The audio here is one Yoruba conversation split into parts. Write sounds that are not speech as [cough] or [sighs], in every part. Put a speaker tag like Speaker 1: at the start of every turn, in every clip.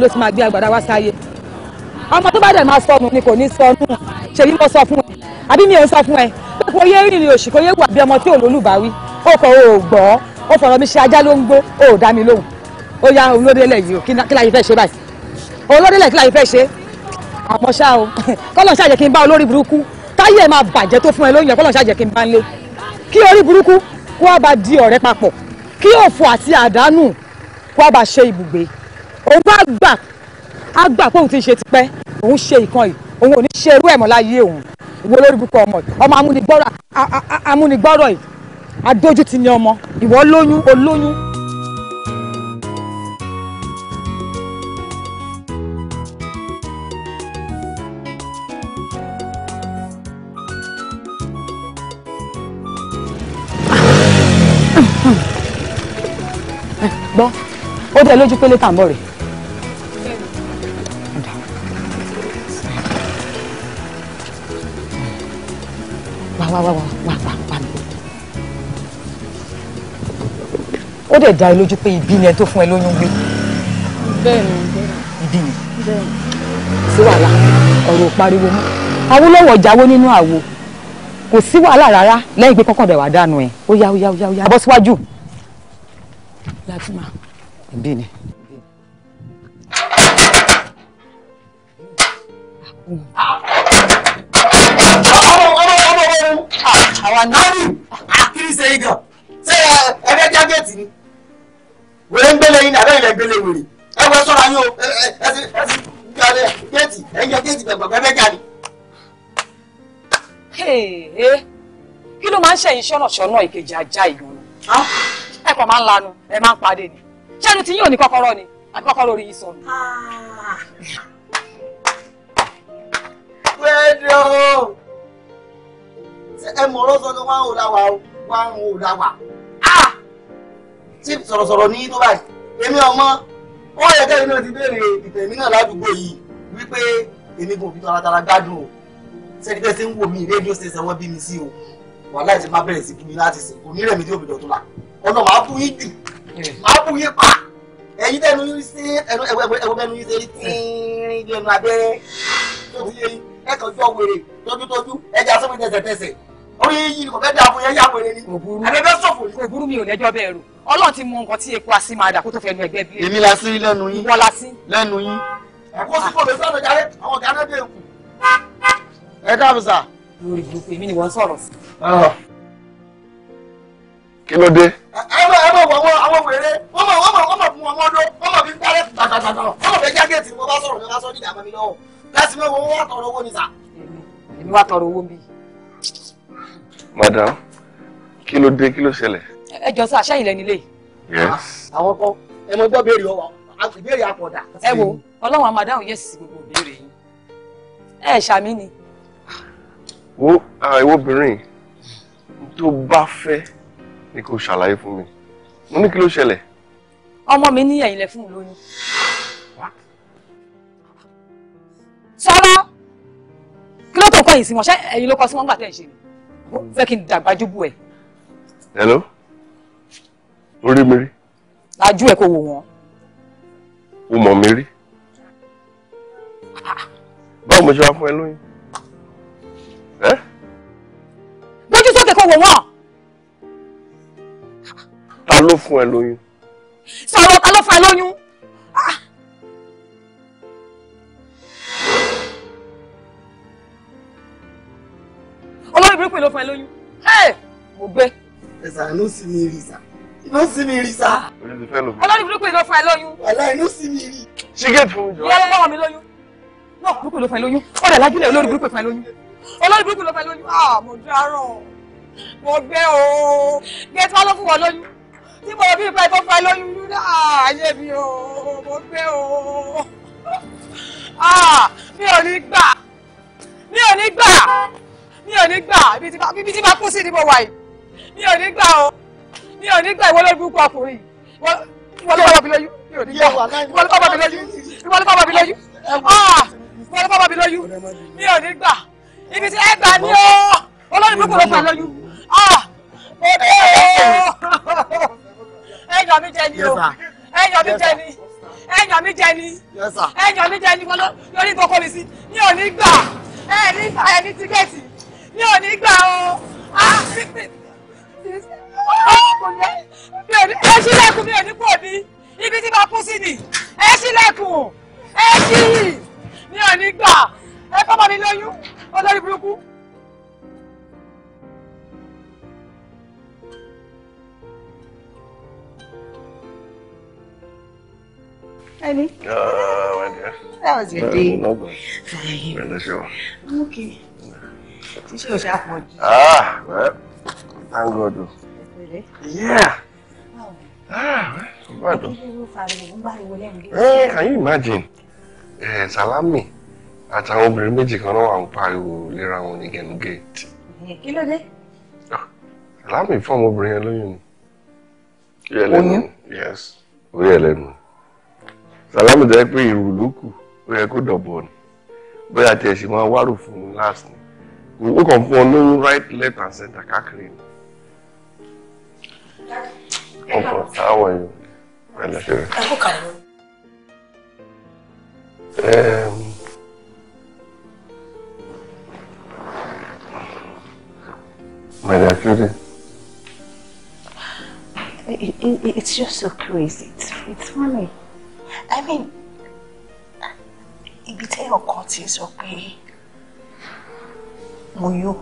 Speaker 1: báyìí ló ti máa gbé agbada wá sáyé ọmọ tó bá dẹ̀ máa sọnù ni kò ní sọnù ṣèyí mo sọ fún ẹ àbí mi ò ń sọ fún ẹ pé kò yé rìnrìn òṣì kò yé wà bí ọmọ tí ò lólùbáwí ó kọ ò gbọ́ ó fọ̀rọ̀ mi ṣe ajá ló ń gbó ó dá mi lóhùn ó ya olódélẹ̀ yìí o kí láyé fẹ́ ṣe báyìí olódélẹ̀ kí láyé fẹ́ ṣe àmọ́ ṣá o [laughs] kọ́lọ̀ ṣàjẹ́ kí n bá olórí burúkú táyé máa bàjẹ́ tó fún ẹ lóyún ẹ̀ á gbà pé òun ti ṣe tipẹ́ òun ṣe ìkan yìí òun ò ní ṣe irú ẹ̀ mọ́ láyé òun ìwọ lórí ọmọ ọmọ amúnigbọ́rọ̀ yìí adójútì ni ọmọ ìwọ lóyún olóyún. gbọ́ ó dẹ̀ lójú pé létà ń dẹ̀ dá ẹ lójú pé ibi ni ẹ tó fún ẹ lóyún gbé. bẹ́ẹ̀ni ibi ni. bẹ́ẹ̀ni sí wàhálà ọ̀rọ̀ pariwo mọ́ Awólọ́wọ̀ jáwọ́ nínú àwo kò sí wàhálà rárá lẹ́yìn pé kọ́kàn bẹ̀ wá dànù ẹ̀ ó yá ó yá ó yá ó yá bọ́ síwájú. Látímà. ibi ni.
Speaker 2: àwa náà. àkírísẹ́ igàn ṣé ẹgbẹ́ jágẹ́tì ni wèrè ń gbélé yín àbẹ́yìn lẹ́ gbélé wèrè ẹ wọ sọ́ra yín o ẹ ẹ ẹ ẹ
Speaker 1: géètì ẹ yẹ géètì bẹ̀gbẹ̀ bẹ́ẹ̀ jáde. Eh, kí ló máa ń ṣẹ̀yìn sọ́nà sọ́nà ìkejì ajá ìlú ẹ kàn máa ń lanu ẹ máa ń pàdé ni ṣẹ́nu tí yín ò ní kọ́kọ́rọ́ ni àbí kọ́kọ́rọ́ orí yín sọnù.
Speaker 2: pédro ah! ẹ mọ̀ ọ́ lọ́sọ̀ọ́ wá ń wò láwa wá ń wò tí sọ̀rọ̀sọ̀rọ̀ ní tó báyìí èmi ọmọ ó yẹ kẹ́rin náà ti béèrè ìtẹ̀mí náà ládùúgbò yìí wípé èmi kò fi taratara gbádùn o sẹ́kítẹ́ sí ń wò mí rédíò ṣe sẹ́wọ́n bí mi sí o wàhálà ìṣe má bẹ̀rẹ̀ sí fún mi láti sìn kò ní rẹ̀ mi tí ò fi dọ̀tún la ọ̀nà màá bú yín jù màá bú yín pa ẹ̀yin tẹ́nu yín sí ẹnu ẹ̀wọ́ bẹ́nu yín ṣe rí tíírín ju ẹnu abẹ́rẹ́ tó ti yé yín ẹ̀kọ́
Speaker 1: orí yìí kò fẹ́ dà fún yẹn yà wẹ̀rẹ̀ ni àbẹ̀bẹ̀ sọ̀fọ̀ ni. kò burú mi ò lẹ́jọ́ bẹ́ẹ̀ rò ọlọ́run ti mú nǹkan tí epo àsí máa dà kó tó fẹ́ nu ẹgbẹ́ bí. èmi la sí lẹ́nu yín ìwọ la sí lẹ́nu yín. ẹ̀kọ́ sí kòlè
Speaker 2: sọ̀rọ̀ jáde àwọn ọ̀gá náà dé kù. ẹ káàbù sà. lórí gbogbo èmi ni wọ́n sọ̀rọ̀ sí.
Speaker 3: Ah. kí ló dé.
Speaker 2: ẹ bẹ ẹ bẹ wọ àwọn àwọn wèrè wọn mọ wọn mọ wọn mọ fún wọn mọdọ wọn mọ fi ń gbálẹ̀ gbàgbàgbà wọn mọ fẹ jágẹẹtì wọn bá sọ̀rọ̀ mi bá sọ nídàá mọ mi lọ́wọ́ láti mọ wọn wá tọrọ owó ni sà.
Speaker 1: èmi wá tọrọ owó mi
Speaker 3: madam kí ló dé kí ló ṣẹlẹ̀.
Speaker 2: ẹ jọ sá aṣẹ́yìn lẹ́ni lè. yes. Ah, àwọn kan ẹ mọ gbọ́ béèrè ọwọ́ ìbéèrè àpọ̀dà. ẹ wo ọlọ́run àmàdáhùn yẹ̀ sí gbogbo ìbéèrè yìí ẹ ṣàmì ni.
Speaker 3: wo ìwọ obìnrin tó bá fẹ́ ni kò ṣàlàyé fún mi mo ní kí ló ṣẹlẹ̀.
Speaker 1: ọmọ mi ní ẹ̀yìn lẹ fún mi lóyún. sọ́lá kí ló tó kọ́ yìí sí wọn ṣé ẹ̀yin ló kọ sí wọn gbà tẹ̀ ṣe ni fẹ́ kí n dàgbà jù bú ẹ.
Speaker 3: hello orí mi rí.
Speaker 1: lajú ẹ kò wò wọn.
Speaker 3: o mọ̀ mi rí. báwo mo ṣe wá fún ẹ lóyún.
Speaker 1: bójú sókè kò wò wọn.
Speaker 3: ta ló fún ẹ lóyún.
Speaker 1: sọ̀rọ̀ ta ló fún ẹ lóyún. Ah! ọkùnrin pè ló fún ẹ lóyún. mo bẹ.
Speaker 2: ẹ̀sà ló sì mi rí sá
Speaker 1: ló sì mi rí sá. ọlọ́run burúkú ló fún ẹ lóyún. wàhálà ló sì mi rí. ṣígẹ́tì fún mi jọ. ìyá lọ́wọ́ mi lóyún. náà burúkú ló fún ẹ lóyún. ọ̀rẹ́ alájúlẹ̀ olórí burúkú fún ẹ lóyún. olórí burúkú ló fún ẹ lóyún. ah mo dáràn mo gbé o gbé tí wọ́n ló fún wọn lóyún tí mo bí ipa ìtọ́ fún ẹ lóyún ayé mi o mo gbé o ah, mi ò ní gbà mi ò ní gbà mi ò ní gbà ibi tí máa kú sí ni mo wà yìí mi ò ní gbà o mi ò ní gbà ìwọ lórí burúkú ọkùnrin ìwọ ló bá mi lóyún mi ò ní gbà ìwọ ló bá mi lóyún ìwọ ló bá mi lóyún ah! ìwọ ló bá mi lóyún mi ò ní gbà ibi tí ẹ gbà ni o olórí burúkú ló gbà lóyún ah! mo dé o ẹ yàn jẹ ni o ẹ yàn jẹ ni ẹyàn mi jẹ ni ẹyàn mi jẹ ni wọn lórí gbogbo mi sí mi ò ní gbà ẹ ní ẹni tíkẹ́ẹ̀tì mi ò ní gbà o ah, ẹ ṣílẹ̀kùn mi ò ní kú òbí ibi tí máa kú sí ni ẹ ṣílẹ̀kùn ẹ ṣí yìí mi ò ní gbà ẹ fọmọ mi lóyún olórí burúkú. Annie.
Speaker 3: Oh, ah, my dear. How was your uh, day? Fine. I'm
Speaker 1: okay. Tí ah, ah, o ṣe àpọ̀jù.
Speaker 3: Um um ah, well, thank God.
Speaker 1: Ẹ̀pẹ̀rẹ̀. Yeah. Wow. Ah, well, bad. Ẹ
Speaker 3: can you imagine? Ẹ Salami àtàwọn obìnrin méjì kan náà wà ń pariwo léra wọn ní Gẹ̀nú Gate. Kí ló Salami fún ọmọbìnrin yẹn lóyún ni. Yes, orí ẹ̀ lẹ́nu. Salami jẹ́ pé ìrù ló kù, ó yẹ kó dọ̀bọ̀ ni. Bóyá tiẹ̀ sì máa last ni ó kàn fún ọ lóyún right left and center káàkiri. ọkọ táwọn yìí pẹ̀lẹ́ fèrè. Maria Curie.
Speaker 1: It, it, it's just so crazy. It's, it's funny. I mean, ibi tell your ti sọ pé mo yó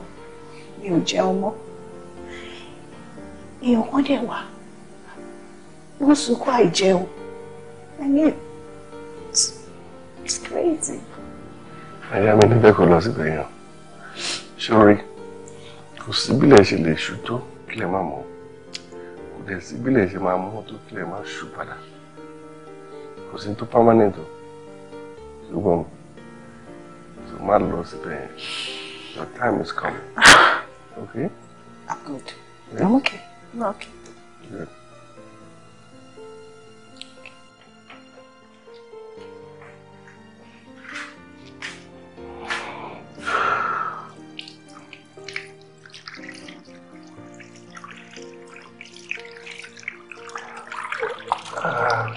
Speaker 1: mi ò jẹun mọ́ èèyàn kan dẹ̀ wà wọ́n sunkún àìjẹun I mean it's, it's crazy.
Speaker 3: àyà mi níbẹ̀ kò lọ síbẹ̀ yẹn sórí kò síbílẹ̀ ṣe lè ṣú tó kílẹ̀ máa mọ̀ kò dẹ̀ síbílẹ̀ ṣe máa mọ́ tó kílẹ̀ máa ṣú padà kò sí tó permanent ṣùgbọ́n tó má lọ síbẹ̀ yẹn. Your time is coming. [sighs] okay?
Speaker 1: I'm good. Yeah. I'm okay. I'm okay.
Speaker 3: Good. [sighs] Ah.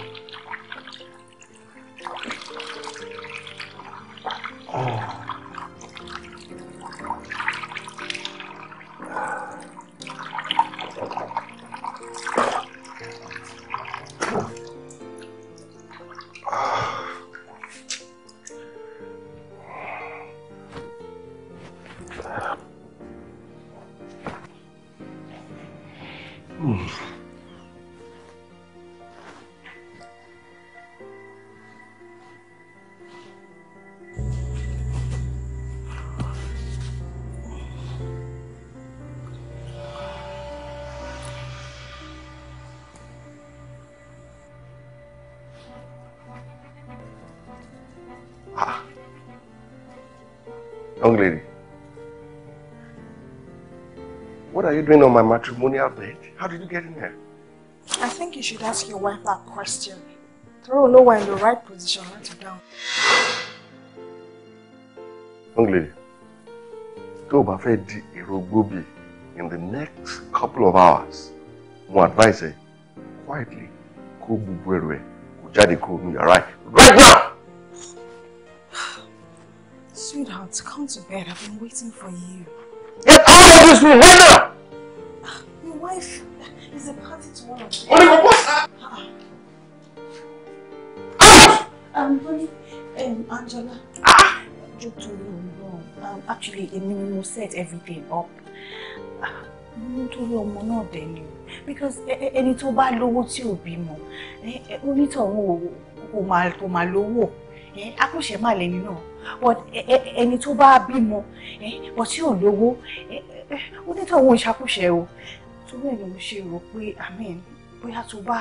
Speaker 3: doing on my matrimonial bed? How did you get in there?
Speaker 1: I think you should ask your wife that question. Throw no one in the right position, let it down.
Speaker 3: Young lady, tó o bá in the next couple of hours, my advice is quietly kó gbogbo ẹrù ẹ kó jáde kó nu yàrá right now.
Speaker 1: Sweetheart, come to bed. I've been waiting for you. Get out of this room right now! wife is a party to one of them. Only for what? Ah! Um, honey, um, Angela. Ah! Jọ torí no. um, actually èmi ni mo set everything up. Nítorí ọmọ náà dẹ̀ ni o because ẹni tó bá lówó tí ò bímọ onítọ̀hún ò máa lówó akúṣẹ̀ má lẹ́ni náà but ẹni tó bá bímọ but tí ò lówó onítọ̀hún ò ṣàkúṣẹ̀ o torí ẹ̀ ni mo ṣe rò pé amen bóyá tó bá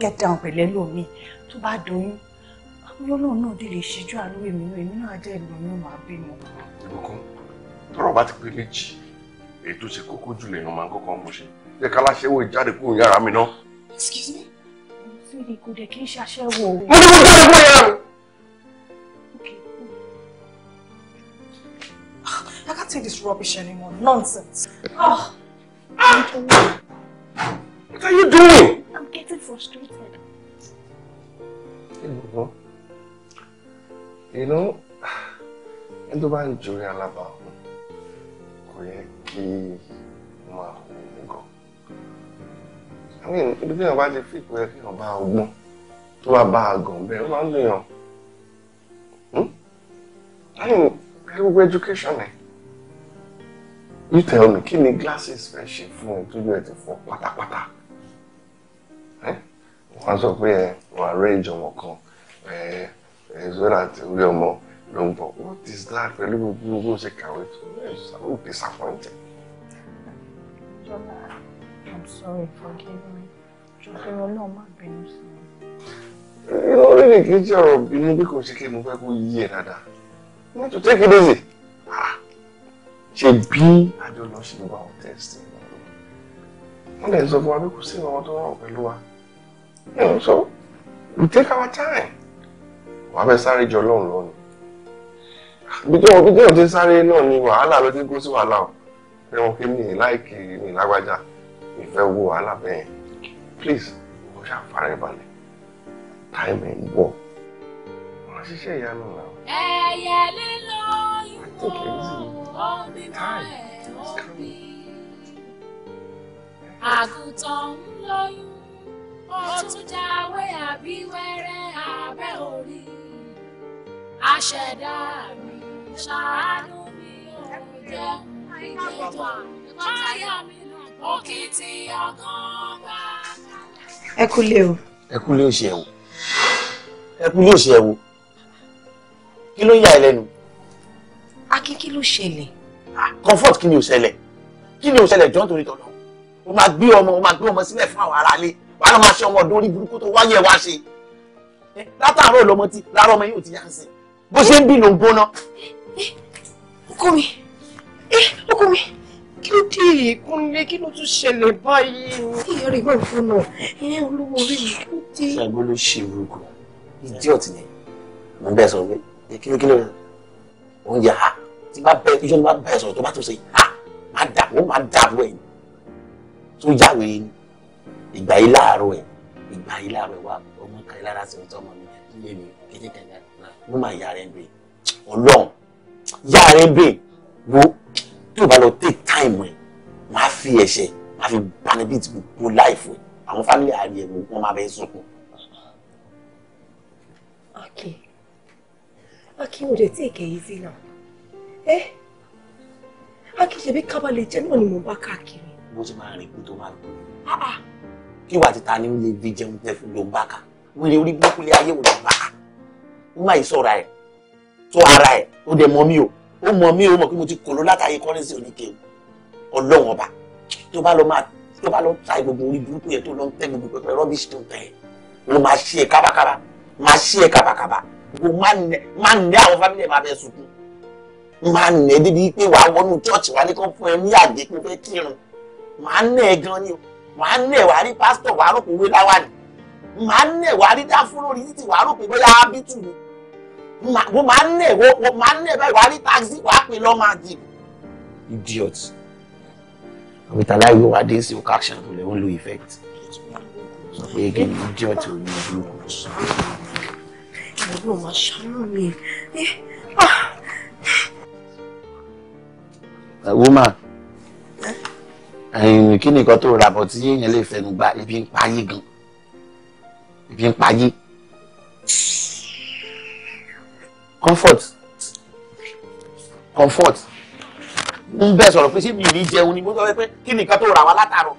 Speaker 1: get down pẹ̀lẹ́ lómi tó bá doyún bóyá ọlọ́run náà dé lè ṣíjú àlọ́ èmi náà èmi náà jẹ́ ìlóyún màá bímọ.
Speaker 3: ìbùkún tọrọ bá ti pé méjì èyí tó ṣe kókó jù lèèyàn máa ń kọ́kọ́ mú ṣe jẹ́ ká láṣẹ́wó ìjáde kúrò yàrá mi náà. excuse
Speaker 1: me fèrè kò dẹ̀ kí n ṣaṣẹ́wó. mo ní mo jáde kúrò yàrá I can't take this rubbish anymore. Nonsense. Oh. Ah! What are you doing? I'm getting frustrated.
Speaker 3: You know, you know, bá ń jorí alábàáhùn kò yẹ kí I mean, ibi tí èèyàn bá ti fi ìpínlẹ̀ fi hàn bá ọgbọ́n tó bá bá àgàn bẹ́ẹ̀ ó máa ń hmm? I mean, gbogbo education eh you tell me kí ni glasses fẹ́ ṣe fún ẹ tójú ẹ ti fọ́ pátápátá wọ́n sọ pé ẹ wà rẹ́ẹ̀jì ọmọ kan ẹ ẹ zora àti orí ọmọ ló ń bọ̀ what is that pẹ̀lú gbogbo gbogbo ṣe kàwé tó ẹ sọ disappointed.
Speaker 1: Jọba, I'm sorry, forgive me. Jọba, Ọlọ́run má bínú sí mi.
Speaker 3: Inú orí nìkan jẹ́ ọ̀rọ̀ bínú bí kò ṣe kí mo fẹ́ kó yí ẹ̀ dáadáa. Wọ́n tún take it easy. Ah ṣe bí àjọ lọ ṣe gba àwọn tẹ́sítì wọ́n lè sọ fún wa pé kò sí ìrànwọ́ tó rọrùn pẹ̀lú wa ẹ ń sọ we take our time wàá fẹ́ sáré jọ lọ́run lọ́nu bí tí wọ́n bí tí wọ́n ti sáré náà ni wàhálà ló ti kó sí wàhálà o ẹ wọn kí ni láìkì ní lágbájá ìfẹ́ wo wàhálà bẹ́ẹ̀ please wọ́n ṣàfàrẹ́ balẹ̀ time ẹ̀ ń bọ̀ wọ́n ṣiṣẹ́ ìyanu náà.
Speaker 4: ẹ̀yẹ lílo. It's okay, it's easy. Time. It's coming. Àgùntàn ń lóyún, ó jáwé àbí wẹ́rẹ́ abẹ́ orí. Aṣẹ̀dá mi ṣàánú mi ò jẹ́ ìgbẹ́jọ́. Káyọ̀ mi òkìtì
Speaker 1: ọ̀gán bá. Ẹ kúlé o.
Speaker 2: Ẹ kúlé òṣèwò. Ẹ kúlé òṣèwò. Kí ló ń yà ẹ́ lẹ́nu?
Speaker 1: Akin kí ló ṣẹlẹ̀? Ah,
Speaker 2: comfort kí ni ò ṣẹlẹ̀? Kí ni ò ṣẹlẹ̀ jọ́ nítorí tọ̀nà? O máa gbé ọmọ o máa gbé ọmọ sílẹ̀ fún àwọn aráalé. Wàá lọ máa ṣe ọmọ ọdún orí burúkú tó wáyé ẹ̀ wá ṣe. Eh, látàárọ̀ lọmọ tí láàárọ̀ ọmọ yóò ti yá sí. Bó ṣe ń bì ló ń gbóná. Eh, eh, ọkọ
Speaker 1: mi, ọkọ mi, kí ló dé ìkúnlé kí ló tún ṣẹlẹ̀ báyìí? Ìyá rẹ̀ gbọ́ ìfúnná, ẹ̀yẹ́ olówó orí mi kí ló dé?
Speaker 2: Ṣàgbọ́n ló ṣe ìrúgùn, ìdí ọ̀tí ni, mo bẹ́ẹ̀ sọ pé, kí ló kí ló rẹ̀? oúnjẹ ha tí bá bẹ iṣẹ́ ló bá bẹ sọ̀rọ̀ tó bá tó ṣe ha máa dàbò máa dàbò ẹ̀ tó yàwé ìgbà yìí láàárọ̀ ẹ̀ ìgbà yìí láàárọ̀ ẹ̀ wá ọmọ kan lára sí ọtọ́ ọmọ mi yé mi kékeré kan náà mo máa yà rẹ̀ bè ọlọ́run yà rẹ̀ bè wo tí bá lọ take time ẹ̀ máa fi ẹ̀ṣẹ̀ máa fi benefit gbogbo láìfò ẹ̀ àwọn family àríyẹ̀wò wọn máa bẹ sunkún.
Speaker 1: Okay. Akin would take it easy now. Eh? Akin ṣe bí kábà lè jẹ́ náà ni mo bá káàkiri.
Speaker 2: Mo ti máa rìn kú tó máa gbó. Ah, ah. Kí wàá ti ta ni ó lè fi jẹun tẹ́ fi lò bá ká? Wọ́n lè rí gbókúlé ayé wò lè bá ká. Ó máa ìṣọ́ra ẹ̀ tó ara ẹ̀ ó dẹ̀ mọ mí o. Ó mọ mí o mọ̀ pé mo ti kòló látàyè kọ́rẹ́sì oníke o. Ọlọ́run ọba tó bá lọ máa tó bá lọ ta gbogbo orí burúkú yẹn tó lọ ń tẹ gbogbo pẹpẹ rọ́bìṣì tó ń tẹ ẹ̀. Mo máa ṣí ẹ kábàkábà. Máa ṣí ẹ kábàkábà kò má nẹ a nẹ àwọn fámìlì ẹ̀ máa bẹ sunkún má nẹ débi pé wàá wọnú chọ́ọ̀chì wà ní kàn fún ẹ ní àgbẹ̀ pé fẹ́ kírun má nẹ gan ni o má nẹ wàá rí pásítọ̀ wàá rò pé wé láwà ni má nẹ wàá rí dáfún lórí títì wàá rò pé bóyá ábítù ni wọ́n má nẹ wọ́n má nẹ báyìí wàá rí táxi wàá pè lọ́ọ́ idiot àwọn ìtàláyé yóò wá dé sí ọkọ action tó lè lo effect sọ pé gẹ́gẹ́ idiot ò ní burúkú sọ
Speaker 1: ìwọ máa ṣàánú mi.
Speaker 2: wúmà kí ni nǹkan tó ra bọ̀ tí èèyàn lè fẹnu gba ibi ń payé gan ibi ń payé comfort comfort ń bẹ́ẹ̀ sọ̀rọ̀ pé ṣé mi ò ní jẹun ni mo sọ pé kí ni nǹkan tó ra wa látàárọ̀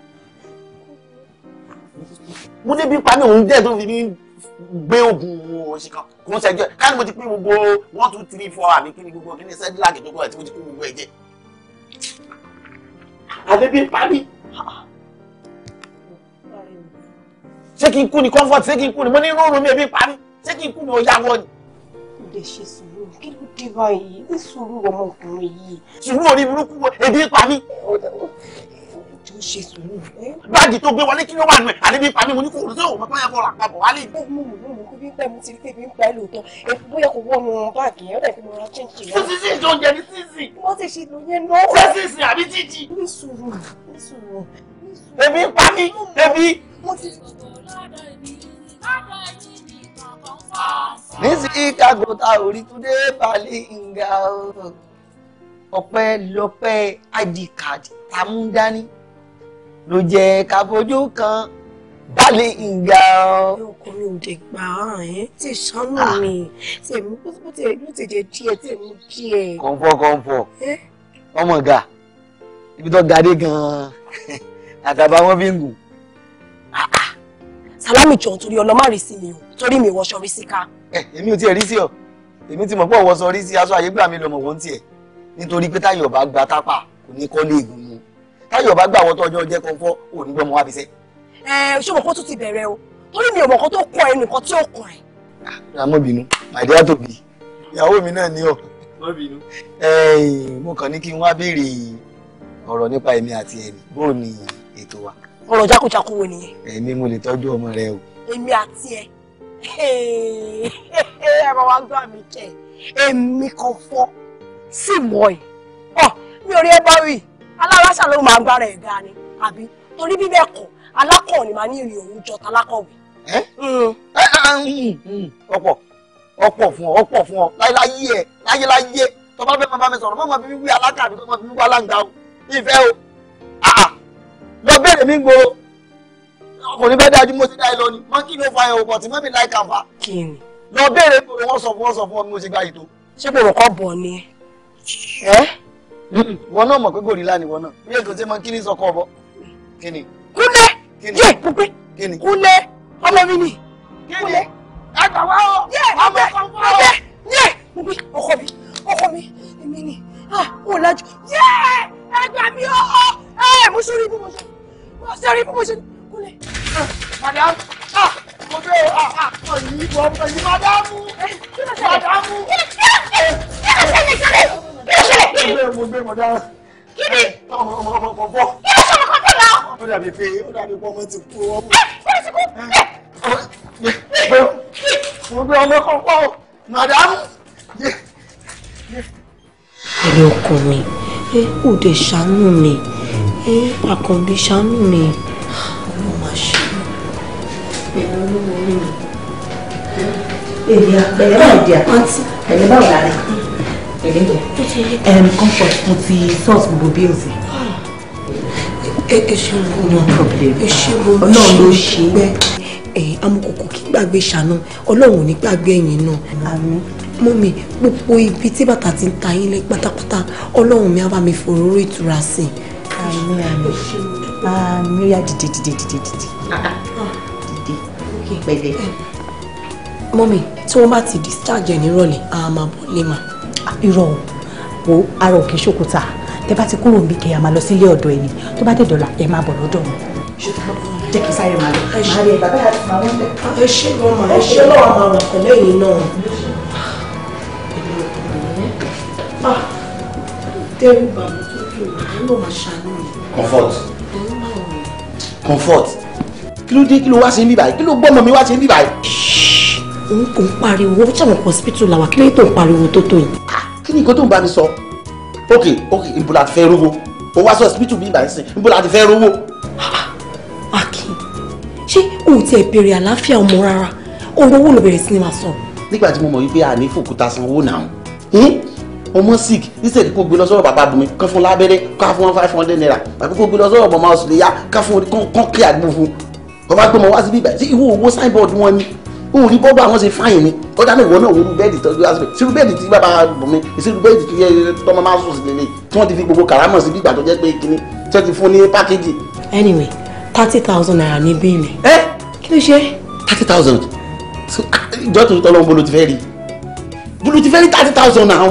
Speaker 2: mo débi gbé oògùn òṣì kan kò ń ṣẹjọ káàdì mo ti pín gbogbo one two three four àbí kí ni gbogbo kí ni sẹ́dílàkì tó kọ́ ẹ̀ tí mo ti kó gbogbo ẹ̀ jẹ. àbẹ́bí parí. ṣé kí n kú ni comfort ṣé kí n kú ni mo ní rúurú
Speaker 1: mi ẹbí parí ṣé kí n kú ni ó yàwọ ni. kò lè ṣe sùúrù kí ló dé báyìí ní sùúrù ọmọkùnrin yìí. sùúrù orí burúkú ebi pa
Speaker 2: ṣe sùúrù. báàgì tó gbé wọlé kí ló wà nù ẹ àdébí pàmí mo ní kò sí òun pẹ́ẹ́ kọ́ ra
Speaker 1: papọ̀ wálé. mo mú mo mú bí pẹ́ mo ti rí pé pẹ́ lóòótọ́ èfú bóyá kò wọ́n mu báàgì yẹn ó dẹ̀ fi mo ra chíńchì rẹ. sísì ìjọ jẹ ní sísì. wọ́n ti ṣe lóyún náà. ṣé àbí jíjì. ní sùúrù ní sùúrù. èmi pa mí èmi. mo ti
Speaker 2: orí túndé Balinga ọpẹ́ lọpẹ́ id card tá
Speaker 1: ló jẹ́ ká fojú kan balẹ̀ ìgbà ọ. ọkùnrin òde gbà á ẹ ti sọnù ah. mi tí èmi bó ti èmi ti jẹ díẹ̀ tí èmi díẹ̀.
Speaker 2: kọ̀ǹfọ̀ kọ̀ǹfọ̀ ọmọ ọ̀gá ibi tó gadé gan-an [laughs] àtàbà wọn fi ń gùn. Ah, ah. Salami jọ̀ọ́ torí ọlọ́mọ rí sí mi o
Speaker 1: torí mi wọṣọ rí sí ká.
Speaker 2: Eh, èmi ò tiẹ̀ rí sí ọ èmi ti mọ̀ pé ọ̀wọ́sọ rí sí aṣọ àyégbà mi lọ́mọ̀ wọ́n tiẹ̀ nítorí pé táyọ̀ bá gba tápà kò ní kọ́ lé ìgùn mi táyọ̀ bá gbà wọ́n tó ọjọ́ jẹ́ kọ́ńkọ́ ò ní gbọ́mọ wá bíṣẹ́.
Speaker 1: ẹ ṣé mọ̀kọ́ tó ti bẹ̀rẹ̀ o torí mi ò mọ̀kọ́ tó kọ ẹnìkan tí ó kọ ẹ̀.
Speaker 2: àmọ́ bínú màdé á tòbi ìyàwó mi náà ní ọ. mo kàn ní kí n wá béèrè ọ̀rọ̀ nípa èmi àti ẹ̀mí bóò ni ètò wa. ọ̀rọ̀ jákujàku wo nìyẹn. èmi mo lè tọ́jú ọmọ rẹ o.
Speaker 1: èmi àti ẹ ẹ bá wa gbà mí kẹ èmi kan fọ sí mọ́ ẹ mi ò rí ẹ bá wì aláràṣà ló máa gbára ẹ̀ ga ni àbí torí bí bẹ́ẹ̀ kọ́ alákọ̀ ni màá ní èrè òun jọ talákọ̀wé.
Speaker 2: ọ̀pọ̀ ọ̀pọ̀ fún ọ ọ̀pọ̀ fún ọ láyé ẹ láyé láyé tó bá fẹ́ bàbá mi sọ̀rọ̀ mọ́ máa fi wí alága àbí tó máa fi wí alága o ìfẹ́ o lọ bẹ̀rẹ̀ mi gbòòrò ọkùnrin bẹ́ẹ̀ dájú mo ti dá ẹ lọ ni mọ́ kí ló fa ẹ̀ ọ̀pọ̀ tí mọ́ mi láì kàfà. kí ni. lọ bẹ̀rẹ̀ gbòòrò wọ́n sọ fún wọ́n sọ fún ọ bí mo ṣe gbà yìí tó. ṣé kò rọ̀ bọ̀ ni ẹ́ wọn náà mọ̀ pé gòrílà ni wọn náà bí ètò tí mo kí ní sọkọ ọbọ kí ni. kúnlẹ̀ yé pípé kúnlẹ̀ ọmọ mi ni
Speaker 1: kúnlẹ̀. ẹgbà wá o ọmọ kan wá o. yé pípé ọkọ mi ọkọ mi èmi ni ó ah, lajú. yé ẹgbà mi o ẹ eh, mo sọ bí mo ṣe ah, ah, mo sọ bí mo ṣe kúnlẹ̀. madam mo eh, fẹ́ ọ̀yìn ìbọn ọ̀yìn madamu madamu. kí ló ṣẹlẹ̀ kí
Speaker 5: ló ṣẹlẹ̀ kí ló ṣẹlẹ̀ kí
Speaker 2: ni. mo gbé mo dára.
Speaker 5: kí ni. ọmọ ọmọ ọmọ ọmọ bọ.
Speaker 2: kí ló ṣẹlẹ̀ kọ́ tẹ̀lé ọ. ó dàbí pé ó dàbí pé ọmọ ti kú ọmọ. ẹ ṣe kú. mo gbé ọmọ kan pọ̀ màdámù.
Speaker 1: ẹ̀rẹ̀ ọkọ mi ẹ kò dé ṣàánú mi ẹ àkànbí ṣàánú mi ọmọ máa àpẹẹrẹ àìdíà pẹ̀lẹ́ yẹn comfort mo ti sort gbogbo bills ah. ẹ ṣe wo no problem ẹ ṣe wo ọlọ́run ló ṣe pẹ́ ẹ̀yin amukoko kí gbàgbé ṣàná ọlọ́run ò ní gbàgbé ẹ̀yin náà. àmín mọ́mi gbogbo ibi tí bàtà ti ń ta yín lẹ́ pátápátá ọlọ́run mi á bá mi fòróró ìtura sí i. àmín àmín àmín ó yá dìde dìde dìde dìde ah, ah. dìde pẹ̀lẹ́. mọ́mi tí wọ́n bá ti discharge ẹ̀ nírọ̀lẹ́ àá máa bọ̀ irọ́ o wo ara òkè ṣòkòtà tẹ bá ti kúrò níbi kẹyà máa lọ sílé ọ̀dọ̀ ẹni tó bá dé dọ́là ẹ máa bọ̀ lọ́dọ̀ wọn. jẹ́ kí sáré máa lọ máa rí bàbá àti màmá wọn. ẹ ṣe lọ mà ẹ ṣe lọ́wọ́ àwọn ọ̀rọ̀ pẹ̀lú ẹ̀yìn náà. Ah, tẹ́rù bàbá tó dùn ún ló máa ṣàánú mi. comfort
Speaker 2: comfort kí ló dé kí ló wá ṣe ń bí báyìí kí ló gbọ́mọ mi wá ṣe ń bí báyìí òun kò ń pariwo ó ṣàwọn hospital làwà kí lóye tó ń pariwo tó tó yìí. Ah, kí ni nǹkan tó ń bá mi sọ ok ok ibo la fẹ́ rówó o wá sí hospital bí ìgbà ìsìn ibo la ti fẹ́ rówó. Ah,
Speaker 1: akin ṣé òun ti ẹ̀ bèrè àlàáfíà ọmọ rárá òun owó ló bẹ̀rẹ̀ sí ni máa sọ.
Speaker 2: nígbà tí mo mọ̀ wípé a ní fòkúta sanwó náà ọmọ sick nísèdí kó gbé lọ sọ́rọ̀ bàbá bùnmi kán fún lábẹ́rẹ́ ká fún wọn five hundred naira àbí kó gbé lọ sọ́rọ̀ bọ̀mọ́ ọ̀sùn lè yá ká fún kán kí àgbo fún ọba gbọmọ wá sí bíbá ìwọ owó signboard wọn ni n rí bọ́ọ̀bù àwọn ṣe fáyìn mi kọjá náà ìwọ náà wo irú tó gbé lásìkò tí bàbá bùnmi sírú bẹ́ẹ̀dì tí tọ́mọ máa sùn sí lélẹ̀ tí wọ́n ti fi gbogbo kàrámọ̀ sí bí ìgbà tó jẹ́ pé kíní tí wọ́n ti fún ní pákéjì.
Speaker 1: anyway thirty thousand naira ní bíìlì.
Speaker 2: ẹ kí ló ṣe. thirty thousand ah, ìjọ tó tọ́lọ́ bolo ti fẹ́ rí bolo ti fẹ́ rí thirty thousand náà.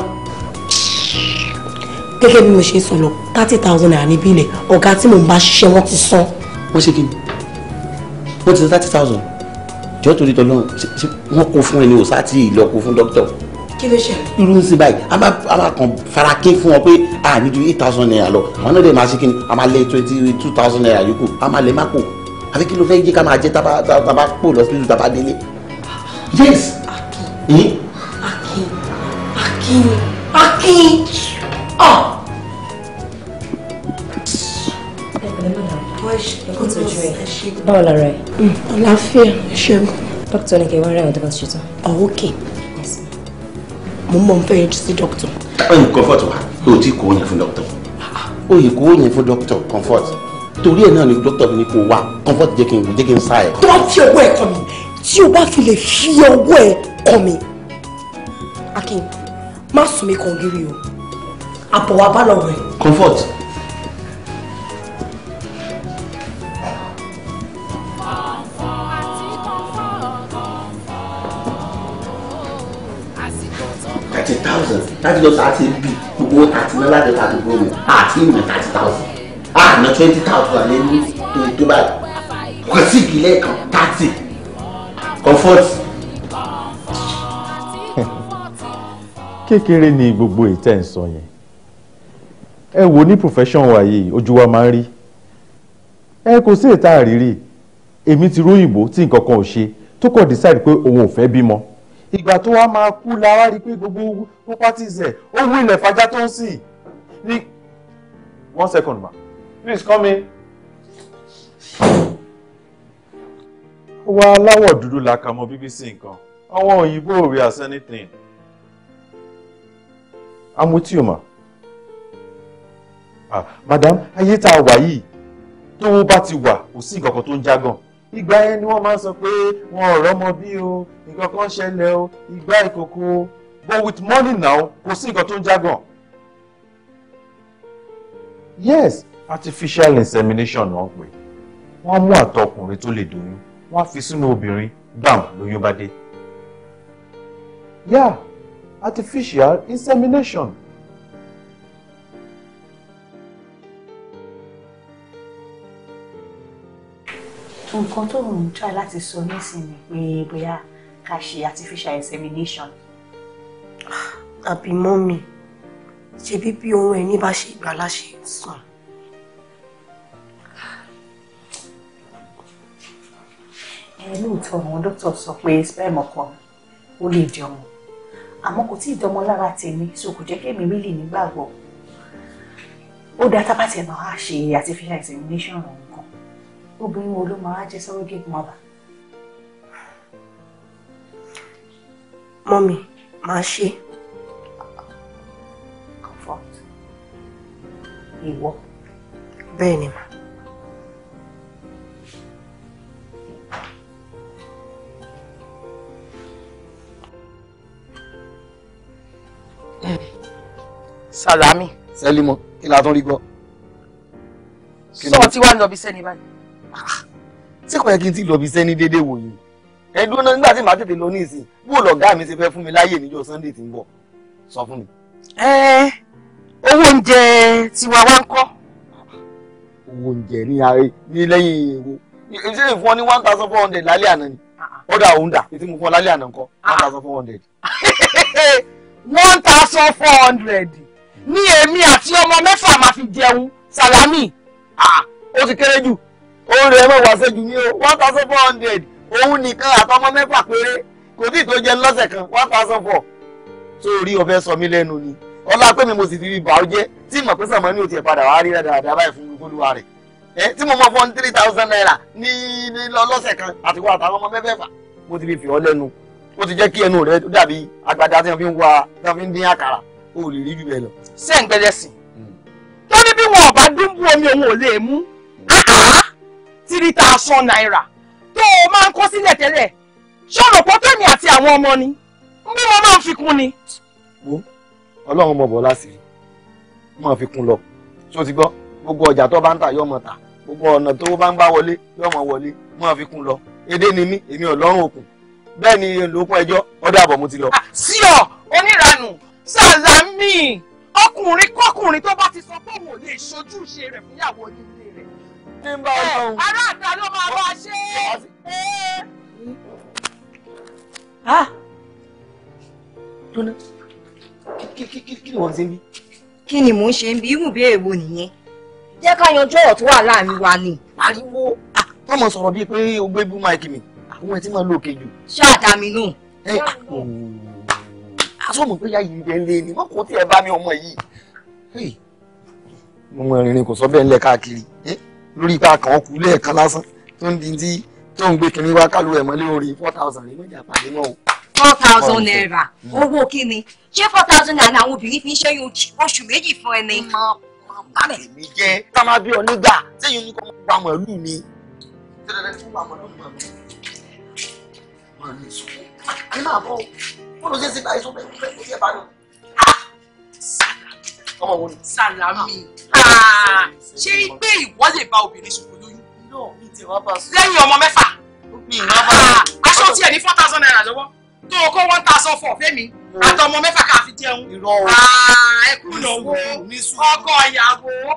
Speaker 1: gẹ́gẹ́ bí mo ṣe sọ lọ thirty thousand naira ní bíìlì ọ̀gá tí mo bá ṣiṣẹ́ wọ́n ti san.
Speaker 2: wọ́n ṣe kí ni wọ́n ti thirty thousand jọ́ torí tọ́lọ́ wọn kó fún ẹni òsá tí ì lọ kó fún dókítà. kí ló ṣe. irú ń sin báyìí a máa a máa kàn fara ké fún wọn pé a ní ju eight thousand naira lọ àwọn náà dẹ̀ máa ṣe kí ni a máa lé twenty two thousand naira yòókù a máa lè má kó àfi kí ló fẹ́ jẹ́ ká máa jẹ́ tábà tábà pò lọ síbi tábà délé. yes. akin hmm? akin
Speaker 1: akin akin. Ah! báwo la rẹ. àlàáfíà ṣeun. dókítà ní kí n wá rẹ àwọn tó bá ti ṣetán. Ah, ok mo ń bọ̀ ń fẹ́ yẹjú sí dókítà.
Speaker 6: ọyìn comfort wa o ti kò yẹn fún dókítà. Ah, o yẹ kò yẹn fún dókítà comfort
Speaker 2: torí ẹ̀ náà ni dókítà ní kò wá comfort jẹ́ kí n jẹ́ kí n sá ẹ̀. tó
Speaker 1: bá fi ọwọ́ ẹ̀ kàn mí tí o bá fi lè fi ọwọ́ ẹ̀ kàn mí. akin má sùn mí kàn gírí o àbọ̀wá bá lọ rẹ̀.
Speaker 6: comfort
Speaker 2: Thirty lọ sáà ti ń bì gbogbo tàti náà láti ta àdúgbò mi àti ìmọ̀ thirty thousand àná twenty thousand lé ní tó bá kò sí ìpìlẹ̀ kan thirty
Speaker 6: comfort. kékeré ni gbogbo ìtẹ́ ń sọ yẹn ẹ wo ní profession wa yìí ojú wa máa ń rí ẹ kò sí ètà àrírí èmi ti róyìnbó tí nǹkan kan ò ṣe tó kọ̀ decide pé òun ò fẹ́ bímọ ìgbà tó wá máa kú la wá rí pé gbogbo properties ẹ̀ ó ilẹ̀ fajá tó ń sìn ní one second ma please come in. wa aláwọ̀ dúdú la kà mọ bbc nǹkan àwọn òyìnbó ò rí as anything. I'm with you ma. ah madam ayé tá a wà yìí tó bá ti wà kò sí nǹkan kan tó ń jágàn ìgbà yẹn ni wọ́n máa sọ pé wọn ò rọ́mọ bí o nǹkan kan ṣẹlẹ̀ o ìgbà ìkòkò but with money now kò sí nǹkan tó ń jágàn. yes artificial insemination náà pè wọ́n mú àtọ̀ ọkùnrin tó lè doyún wọ́n á fi sínú obìnrin gbàm lóyún bá dé. yeah artificial insemination.
Speaker 1: nǹkan tó ń try láti sọ nísìnyí pé bóyá ká ṣe artificial insemination. àbí mọ́mì ṣebí bí ohun ẹni bá ṣe ìgbà láṣẹ sùn. ẹ lóòótọ́ àwọn dókítà sọ pé sperm ọkọ mi ó lè di ọmọ àmọ́ kò tí ì dọmọ lára tèmi so kò jẹ́ kí èmi rí lè nígbàgbọ́ ó dáa tá bá tiẹ̀ máa ṣe artificial insemination ọ̀hún obìnrin wo ló máa jẹ́ surrogate mother. mọ́mí máa ṣe. comfort ìwọ. bẹ́ẹ̀ ni mà.
Speaker 2: Salami. Sẹ́límọ̀ kí la tún rí gbọ́. Sọ ọtí wá lọ bí sẹ́ni báyìí ṣé kò yẹ kí n ti lọ bí sẹ́ni déédéé wò yìí ẹdúró náà nígbà tí màá tètè lọ ní ìsìn bó lọ̀gá mi ṣe fẹ́ fún mi láyè níjọ́ Sunday tí ń bọ̀ sọ fún mi. ẹ owó oúnjẹ tiwa wá ń kọ́. owó oúnjẹ ní ààrẹ ní lẹ́yìn èrò ṣé ìfún ọ ní one thousand four hundred lálẹ́ àná ni ọ̀dà òun dà ètí mo fún ọ lálẹ́ àná ńkọ́ one thousand four hundred. [laughs]
Speaker 1: one thousand four hundred ní èmi àti ọmọ mẹ́fà máa fi jẹun sàlámì ah,
Speaker 2: ó ti kéré jù orí ẹ mọ̀ wá séjú ní o one thousand four hundred òun nìkan àtọmọ mẹ́fà péré kò tí ì tó jẹ lọ́sẹ̀ kan one thousand four tó rí ọ̀fẹ́ sọ mí lẹ́nu ni ọlá pé mi mo sì ti rí bàá jẹ́ tí mọ̀ pé sàmọ́ ní o tiẹ̀ padà wá rí dáadáa báyìí fún olúwa rẹ̀ ẹ tí mo mọ̀ fún three thousand naira ní lọ́sẹ̀ kan àtìwọ́ àtàwọn ọmọ mẹ́fẹ̀ẹ̀fà mo ti fi fi ọ́ lẹ́nu ó ti jẹ́ kí ẹnu rẹ dàbí agbada tí wọ́n fi ń wa tí wọ́n fi ń dín àkàrà o lè rí jù bẹ́ẹ̀ lọ. ṣé ń gbẹ́dẹ̀ sìn. Hmm. tó ní bí wọn ò bá dún omi òun ò lè mú
Speaker 1: three thousand naira tó o máa ń kó sílẹ̀ tẹ́lẹ̀ ṣé o rò pé tèmi àti àwọn ọmọ ni bí wọ́n máa ń fi kún ni.
Speaker 5: wo
Speaker 2: ọlọ́run mọ̀ bọ́ láti rí máa fi kún lọ ṣé o ti gbọ́ gbogbo ọjà tó bá ń tà yóò máa tà gbogbo ọ̀nà tó bá ń bá wọlé yóò máa wọlé máa fi kún lọ edé ni mí èmi ọlọ́run òkun bẹ́ẹ̀ ni lókun ẹjọ́ ọdọ àbọ̀ mo ti lọ. Ah, síọ
Speaker 5: oníranù sàlámì
Speaker 1: ọkùnrin kọkùnrin tó bá ti sọ pé òun ò lè ṣojúṣe rẹ̀ fúnyàwó ni kí n bá ọ lọ. Eh, aláàdá ló máa bá a ṣe é. Eh. a ah! jóná kí ni wọ́n ṣe ń bí. kí ni mò ń ṣe ń bí irú bí èèwọ̀ nìyẹn jẹ́ ká yanjú ọ̀rọ̀ tó wà
Speaker 2: láàrin wa ni. ariwo táwọn ah, máa sọ̀rọ̀ bíi pé o gbé bú máìkì mi àwọn ẹ̀ tí máa lò kejì. ṣáà dá mi nù. Eh, asọ́mù ah, oh. pé yá yìí bẹ́ẹ̀ lé ni wọ́n kò tiẹ̀ bá mi ọmọ yìí. ọmọ ìrìn kò sọ bẹ́ẹ̀ ńlẹ̀ káàkiri. Eh? lórí ipa kan ọkù lẹ́ẹ̀kan lásán tó ń di tí tó ń gbé kínní wá kálù ẹ̀ mọ́lé orí four thousand ní mọ́jà pàdé náà o.
Speaker 1: four thousand naira owó kíni ṣé four thousand naira àwọn obìnrin fi ń ṣẹ́yìn oṣù méjì fún ẹni. èmi jẹ́ támábí onígbà sẹ́yìn oníkọ́
Speaker 2: mọ́ pa mọ̀lú mi. Ah!
Speaker 1: ọmọ wo ni. salami ṣé pé ìwọ lè bá obìnrin ṣùgbọ́n lóyún. lẹ́yìn ọmọ mẹ́fà. aṣọ tiẹ̀
Speaker 2: ní four thousand naira lọ́wọ́ tó o kó one thousand four fẹ́mi àtọmọ mẹ́fà ká fi jẹun. ẹkú lọ́wọ́ ọkọ ìyàwó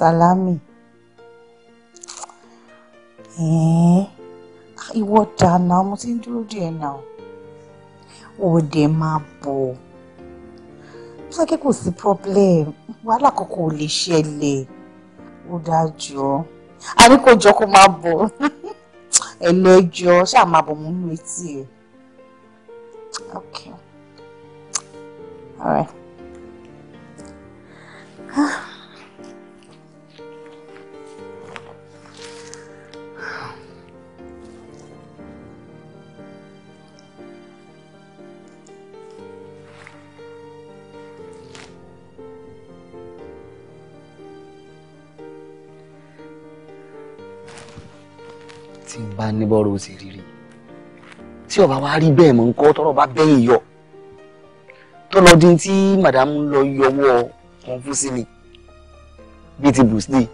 Speaker 1: sálámì ẹ̀ẹ́n ah, ìwọ dànà mo ti ń dúró díẹ̀ náà ó dẹ̀ máa bọ̀ ó sọ pé kò sí problem wàhálà kankan ò lè ṣẹlẹ̀ ó dájú ọ́ àní kò jọ kó máa bọ̀ [laughs] ẹlẹ́jọ́ ṣáà máa bọ̀ mú etí ẹ̀ okay
Speaker 5: all right. Ah.
Speaker 2: tí n bá ní bọ́rọ̀ ó sì rírí tí ọba wa rí bẹ́ẹ̀ mọ̀ nǹkan tọ́rọ̀ bá bẹ́yìn yọ tọ́lọ́dín tí màdàmú lọ yọwọ́ kan fún sí ni bíi ti bruce lee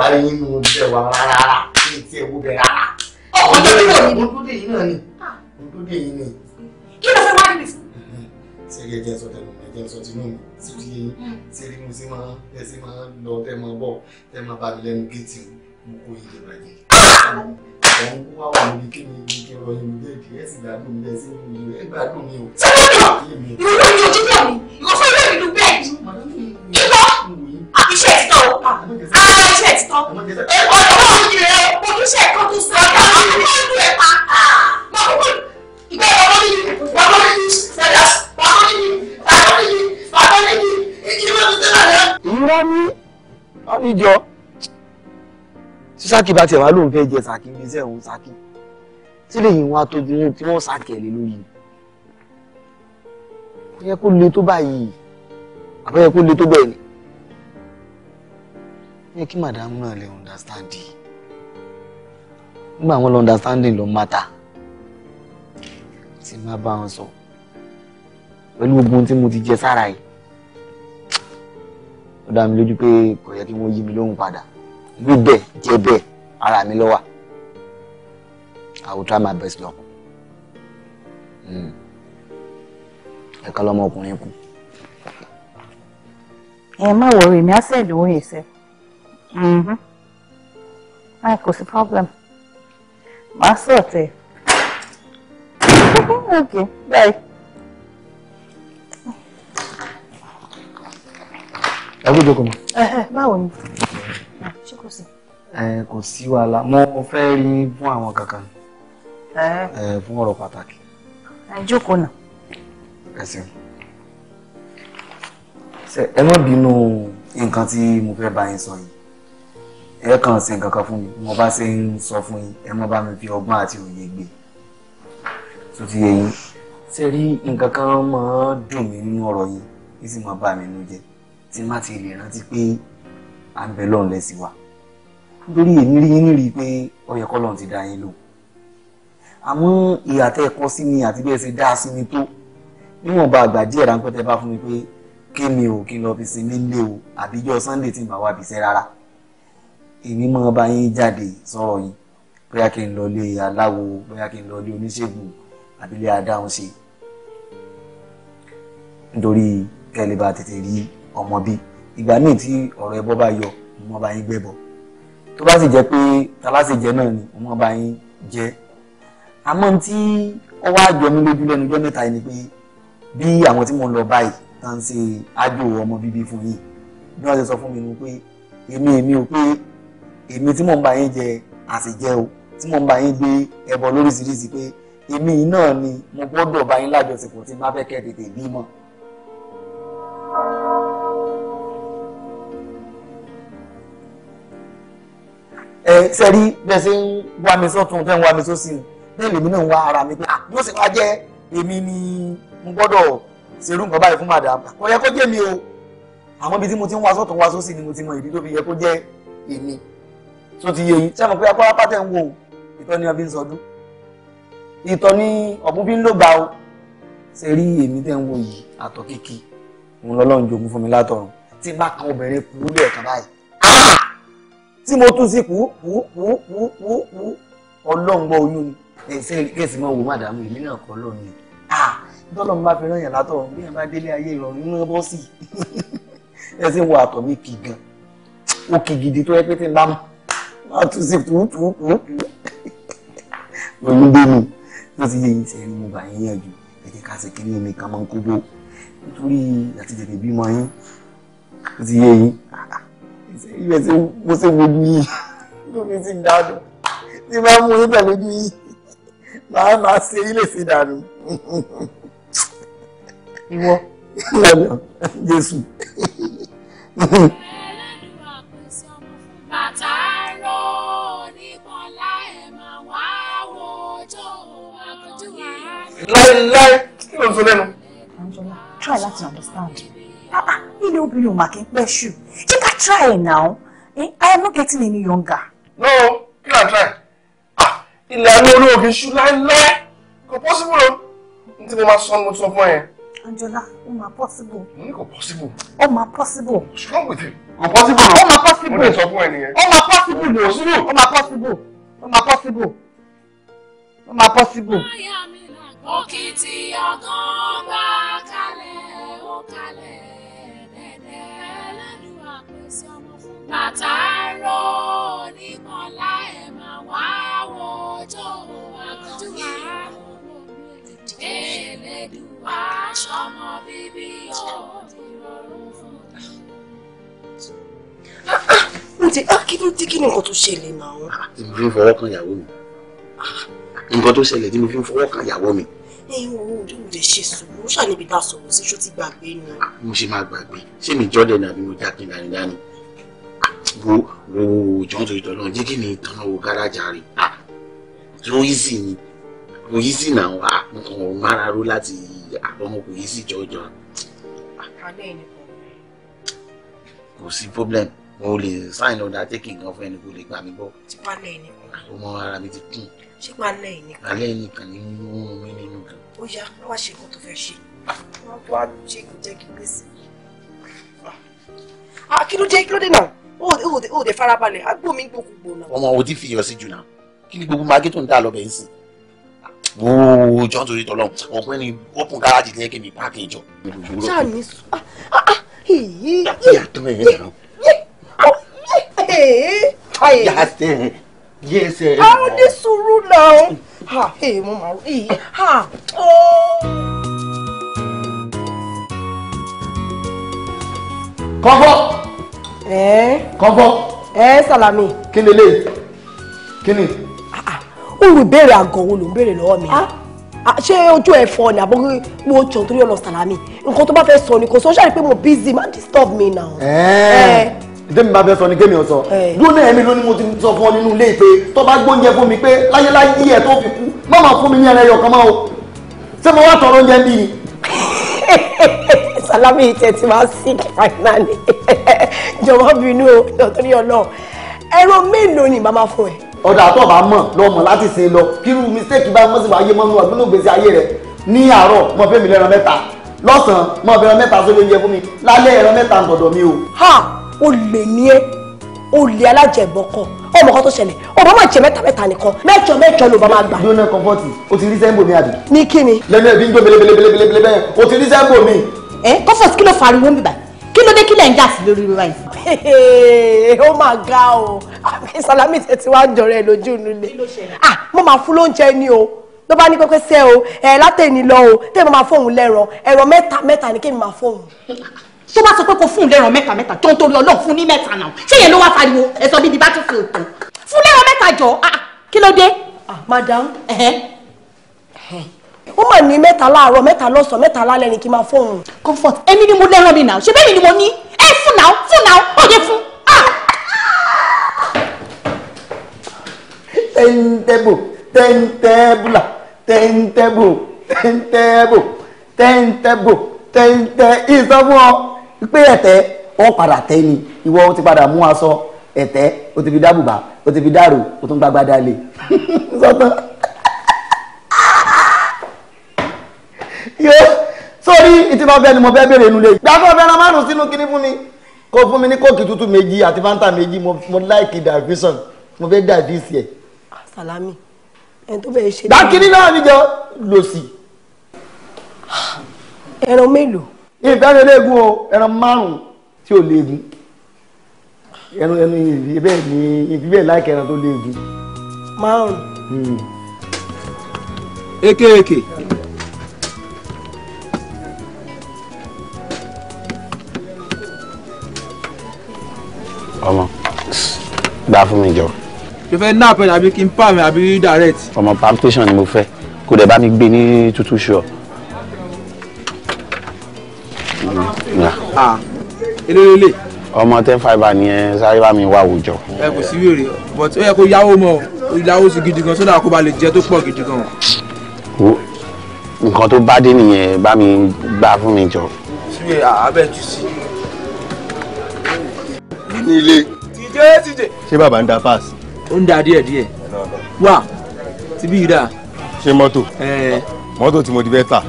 Speaker 2: wá rí nínú bẹ̀ wá rárá ní ti ẹ̀wọ́ bẹ̀ rárá.
Speaker 5: ọkọ tó ní òní. odúdé yìí náà ni odúdé yìí ni.
Speaker 2: kí ló fẹ́ wá níbi. sẹ́yìn ẹ̀jẹ̀ sọ tẹnu ẹ̀jẹ̀ sọ tinú mi sí ti yẹn sí hmm. rí mo sí máa ẹ sí máa lọ tẹ máa bọ̀ tẹ máa bá mi lẹ́nu géètì mo kó ilé bàjẹ́. àwọn kó wá wà níbi kí ni kí n lọ lé ìdí ẹ̀ sì gbádùn mi ẹ̀ sì gbádùn mi o. sẹ́yìn
Speaker 4: ìrọ̀lẹ́ ìjọ ara iṣẹ́ ti tán èkó lọ́wọ́ yìí mo tún ṣe ẹ̀kọ́ tó sọ ọ̀gá mi ní ìlú ẹ̀ pa mo kúkú ìgbà bàbá mi yìí bàbá mi yìí sẹ́dá bàbá mi yìí
Speaker 5: bàbá mi yìí bàbá mi yìí ìdí mi tó tẹ́lẹ̀ rẹ̀.
Speaker 2: ìrọ́ ní ọ́nìjọ́ tí sákì bá tiẹ̀ wá lóun fẹ́ jẹ sàkí ní iṣẹ́ òun sàkí tí lè yìn wá tójú wọn tí wọ́n sàkẹ̀lẹ̀ lórí kò yẹ kó le tó báyìí àbẹ́yẹ kó le tó bẹ́ẹ̀ ni yẹ kí madam náà lè understand yìí nígbà wọn lọ understanding ló matter tí má bá wọn sọ pẹ̀lú gbogbo ohun tí mo ti jẹ sára yìí ó dá mi lójú pé kò yẹ kí wọ́n yí mi lóhùn padà wí bẹ́ẹ̀ jẹ́ bẹ́ẹ̀ ara mi lọ́wà I will try my best luck hmm. ẹ̀ka lọ́mọkùnrin kù.
Speaker 1: ẹ má wọrí mi á sẹ́ẹ̀dì owó sẹ́ẹ̀. Mm-hmm. Aye, kò sí problem. Màá sọ̀tẹ̀. Okay, bye. Ẹgbẹ́ ìjókòó mọ́. Báwo ni? Ṣé kò sí?
Speaker 2: Kò sí wàhálà. Mo fẹ́ rí fún àwọn kankan. Fún ọ̀rọ̀ pàtàkì. Jókòó náà. Ẹ ṣeun. Ẹ má bínú nǹkan tí mo fẹ́ bá yín sọ yìí ẹ kàn ṣe nǹkan kan fún mi mo bá ṣe ń sọ fún yín ẹ mọ́ bá mi fi ọgbọ́n àti òye gbé tó ti yẹ yín ṣe rí nǹkan kan máa dùn mí nínú ọ̀rọ̀ yín kí sì máa bà mí nínú jẹ́ tí má ti lè rántí pé à ń bẹ lọ́run lẹ́sìn wa nítorí èmi rí yín rí i pé ó yẹ kọ́lọ́run ti dá yín lò àmọ́ ìhà tẹ́ sí mi àti bí ṣe dá sí mi tó níwọ̀nba àgbà díẹ̀ ráńpẹ́ tẹ́ bá fún mi pé kémi ò kí n lọ fi sinmi nílé o àbíjọ́ Sunday tí n bá wà bìṣẹ́ rárá èmi máa bá yín jáde sọ̀rọ̀ yìí bóyá kí n lọ ilé aláwo bóyá kí n lọ ilé oníṣègùn àbí ilé adáhùn ṣe nítorí kẹlẹ bá tètè rí ọmọ bí ìgbà míì tí ọ̀rọ̀ ẹbọ bá yọ mo bá yín gbẹbọ tó bá sì jẹ́ pé talásìjẹ náà ni mo bá yín jẹ àmọ́ tí ó wá jọ mí lójú lẹ́nu ọjọ́ mẹ́ta yìí ni pé bí àwọn tí mo lọ báyìí tá ń ṣe ájò ọmọ bíbí fún yìí bí wọ́n ṣe sọ fún mi ni pé èmi èmi ò pé èmi tí mò ń bá yín jẹ àsìjẹ o tí mò ń bá yín gbé ẹbọ lóríṣiríṣi pé èmi náà ni mo gbọ́dọ̀ bá yín lájọṣepọ̀ tí n bá fẹ́ kẹ́ tètè bímọ. ẹ sẹ́rí bẹ́ẹ̀ ṣe ń wá mi sọ́tún fẹ́ ń wá mi sósì bẹ́ẹ̀ lèmi náà ń wá ara mi pé yóò sì wá jẹ́ èmi ni mo gbọ́dọ̀ ṣerú nǹkan báyìí fún màdàm kò kó jẹ́ mi o àwọn ibi tí mo ti ń wá sọ́tún wá sósì ni mo ti mọ ìdí tó fi yẹ kó jẹ́ èmi tó ti yé yín sẹ́wọ̀n pé akọ́lá pátẹ̀ ń wò ìtọ́ ni ọbí ń sọdún ìtọ́ ni ọ̀bùn bí ń lògbà o ṣe rí èmi tẹ́ ń wò yìí àtọ̀ kíkì òun lọ́lọ́run jogún fún mi látọ̀run tí bá kan obìnrin kú lẹ́ẹ̀kan báyìí tí mo tún sí kú kú kú kú kú kú ọlọ́run gbọ́ oyún ni ẹ̀sẹ̀ kẹ̀sì máa wò mádàmú èmi náà kọ́ lọ́ọ̀ ni tọ́lọ́run bá fi rán yàn látọ̀run bí yàn bá délé ayé ìrọ̀rùn náà bọ́ sí [laughs] ẹ̀sìn wo àtọ̀ mi kì gan ó kì gidi tó yẹ pé tí n bá mọ̀ máa tún sí pùpùpùpù pẹ̀lú bẹ́ẹ̀ni tó ti yẹ yín sẹ́yìn ni mo bá yín yànjú ẹ̀jẹ̀ ká ṣèké ní mi ká máa ń kóbó nítorí àti tètè bímọ yín tó ti yẹ yín ìbẹ̀ ṣe mo ṣe wojú yín tó fi ti dànù tí bá mú yín pẹ̀lú ojú yín máa máa ṣe yín lè ṣe dànù. ìwọ.
Speaker 5: jésù.
Speaker 1: Lie lie, ló ń sọ Angela, Anjola try láti understand nílé ah, ah, you ò mà kí n Bless you. ṣé ká try ẹ̀ now eh, I am not getting any younger.
Speaker 3: no you can ń try
Speaker 1: ah, ilẹ̀ àná olóògì
Speaker 3: ṣú láéláé kò possible o n tí mo máa sọ ni mo sọ fún ẹ.
Speaker 1: Anjola ó possible. n kò possible. ó máa possible. what's wrong with you. kò possible Oh my
Speaker 3: possible. mo lè sọ fún ẹ possible
Speaker 4: Oh
Speaker 1: my possible. Oh my possible. Oh my
Speaker 6: possible
Speaker 4: òkìtì ọ̀gán bá kalẹ̀ ó kalẹ̀ dẹ̀dẹ̀ ẹlẹ́dùn àpèsè ọmọ fún mi. bàtà rọ onímọ̀lá ẹ̀ máa wá wọ ọjọ́ àkànjá ẹlẹ́dùn aṣọ ọmọ bíbí ọ̀dì rọrùn fún
Speaker 1: mi. mo ti kí ni kí ni nǹkan tó ṣẹlẹ̀ náà.
Speaker 2: ìbúrú ah, fọwọ́ kan ìyàwó mi. Ah, nǹkan tó ṣẹlẹ̀ tí mo fi ń fọwọ́ kan ìyàwó mi.
Speaker 1: ẹ wo ojú mi lè ṣe sùúrù ṣàníbi tá a sọ̀rọ̀ sí ṣó ti gbàgbé ni. Ah,
Speaker 2: mo ṣe máa gbàgbé ṣé mi jọ́ dẹ̀nà àbí mo jákin dánidáni. wo wo jọ́n tó ìtọ́nà jẹ́ kí ni ìtọ́nà wo gáràjà rẹ̀ ló easy ni kò easy náà wà nǹkan ò mára ró láti àwọn kò easy jọjọ. kò sí problem mo lè sign order taking kan fún ẹni kò lè gbà mí bọ́. tipa lẹ́yìn ni. àlọ́ mọ́ ara mi ti kún
Speaker 1: ṣé máa lẹ́ yìí nìkan. alẹ́ yìí nìkan ni ó mú mi nínú gan. ó yá wá ṣe nǹkan tó fẹ́ ṣe wọ́n ah. wá ṣe kò jẹ́ kí n gbèsè. Ah. Ah, kí ló dé kí ló dé náà ó ò dé farabalẹ̀ àgbo mi gbogbo gbòòna.
Speaker 2: ọmọ wo ti fi iyọ̀ sí jù náà kí ni gbogbo magé tó ń dà lọ bẹ́ẹ̀ sí
Speaker 6: wóó
Speaker 2: jọ́n torí tọ́lọ́ ọ̀pẹ́ ni open garage ní ẹ̀kẹ́ mi páàkì ìjọ. sáà ní sùn yes ẹ. Eh. àwọn
Speaker 1: ní rule now? ha hey, mama. máa rí i ha ooo. kọ́fọ́. ẹ. kọ́fọ́. Eh. Salami. kí ni eléyìí kí ni. ó ah, ah. rò béèrè àgọ́ wo ló ń Ah. lọ́wọ́ mi ah. ṣé ojú ẹ fọ ni àbọ̀ mo jọ torí ọ̀nà Salami nǹkan tó bá fẹ́ sọ ni kò sọ ṣáà rí mo busy man disturb me now.
Speaker 2: Eh. ẹ. Eh tẹ́mi bá fẹ́ sọ ni kémi ọ̀ sọ dúró eh. náà ẹ̀mí lónìí mo ti sọ fún ọ nínú ilé ìpè tó bá gbóúnjẹ fún mi pé láyéláyé ẹ̀ tó fi kú má máa
Speaker 1: fún mi ní ẹrẹ yọkan máa o ṣé mo wá tọrọ oúnjẹ ń bí ni. Salami ìtẹ̀ ti máa sick finally [laughs] jọ̀wọ́ bínú o nítorí ọlọ́ọ̀ ẹ̀rọ mélòó ni màmá fún ẹ. ọ̀dà àtọ̀ bá mọ̀ lọ́mọ láti ṣe lọ kírú mistake bá
Speaker 2: mọ́sí wáyé mọ́nú àgbélógbèsè ayé rẹ̀ ní àárọ̀ mọ́ fẹ́mi lẹ́ran mẹ́ta lọ́sàn-án mọ́ fẹ́ran mẹ́ta sórí oúnjẹ fún mi lálẹ́ ẹ̀ran mẹ́ta ń gbọ̀dọ̀ mi o
Speaker 1: o lè ní ẹ o lè alájẹbọkọ ọmọ kan tó ṣẹlẹ̀ ọba máa jẹ mẹ́ta mẹ́ta nìkan mẹ́jọ mẹ́jọ ló bá máa gbà. lónà kọ́ńfọ́tì o ti rí sẹ́ńbò mi àbí. ní kíni.
Speaker 2: lẹ́nu ẹ̀bí ń jó belebelebelebele bẹ́ẹ̀ o ti rí sẹ́ńbò
Speaker 1: mi. ẹ kọ́fọ̀tì kí ló fa ariwo bíbá kí ló dé kí lẹ̀ ń jà sí lórí rírà yìí. ó mà ga o Salami tẹ̀sí wá jọrọ ẹ lójú nulẹ̀ ah mo máa fún lóúnjẹ ni o ló bá ní pẹ́pẹ́ sẹ́ o ẹ̀ látẹ̀yìn lọ o tẹ́ẹ̀ mo máa fóun lẹ́rọ ẹ̀rọ mẹ́ta mẹ́ta ni kémi máa fóun tó bá sọ pé kò fún un lẹ́ràn mẹ́ta mẹ́ta jọ́ nítorí ọlọ́run fún ní mẹ́ta náà ṣé yẹn ló wá pariwo ẹ sọ bíi di bátú fi òkun fún lẹ́ràn mẹ́ta jọ ah, kí ló dé. Ah, madam ó mà ní mẹ́ta láàárọ̀ mẹ́ta lọ́sàn-án mẹ́ta lálẹ́ ni kí n máa fóun. comfort èmi ni mo lẹ́ràn mi náà ṣé bẹ́ẹ̀ ni mo ní ẹ fún náà fún náà ó yẹ fún. Ah! tẹ́ńtẹ́bù tẹ́ńtẹ́bùlà
Speaker 2: tẹ́ńtẹ́bù tẹ́ńtẹ́bù tẹ́ńtẹ́bù tẹ́ńtẹ́ ìsọfún ọ pé ẹ̀tẹ́ wọ́n padà tẹ́ ni ìwọ ó ti padà mú aṣọ ẹ̀tẹ́ ó ti fi dá bùbá ó ti fi dárò ó tún gbàgbà dalè [laughs] sọ́tàn yóò sórí ìtìmọ̀ bẹ́ẹ̀ ni mo fẹ́ béèrè nulẹ̀ gbàgbọ́ fẹ́ràn márùn-ún sínú kinní fún mi kó fún mi ní kóòkì tútù méjì àti fanta méjì mo láìkì diversion mo fẹ́ dàdísì ẹ̀.
Speaker 1: salami ẹni tó fẹ́ ṣe. dákìrí náà
Speaker 2: níjọ lòsì. ẹran mélòó ìbẹ́rẹ̀ léegun o ẹran márùn-ún tí ò léegun ẹnu ẹnu ìbíbẹ̀ ní ìbíbẹ̀ láìka ẹran tó léegun. márùn.
Speaker 6: èkéèké. Hmm. ọmọ gbà fún mi jọ. ṣe fẹ́ náà pẹ̀lú àbí kí n pààmì àbí direct. ọmọ palpitation ni mo fẹ́ kó dẹ̀ bá mi gbé ní tútù ṣùọ́. Sure
Speaker 2: Ah, eléré lè. ọmọ tẹ fàìbà nìyẹn sáré bá mi wá àwùjọ.
Speaker 6: ẹ kò sí wèrè but ó yẹ kó yáwó mọ ìyáwó sí gidi gan sódà kó ba lè jẹ tó pọ̀ gidi gan.
Speaker 2: nǹkan tó bá dé nìyẹn bá mi gbà fún mi jọ.
Speaker 6: síbi abẹ́ jù sí. ní ilé. tìjẹ́ tìjẹ́.
Speaker 2: ṣé bàbá ń da pass. ó ń da díẹ̀díẹ̀ wá síbí yìí dà. ṣé mọ́tò. mọ́tò tí mo ti fẹ́ tà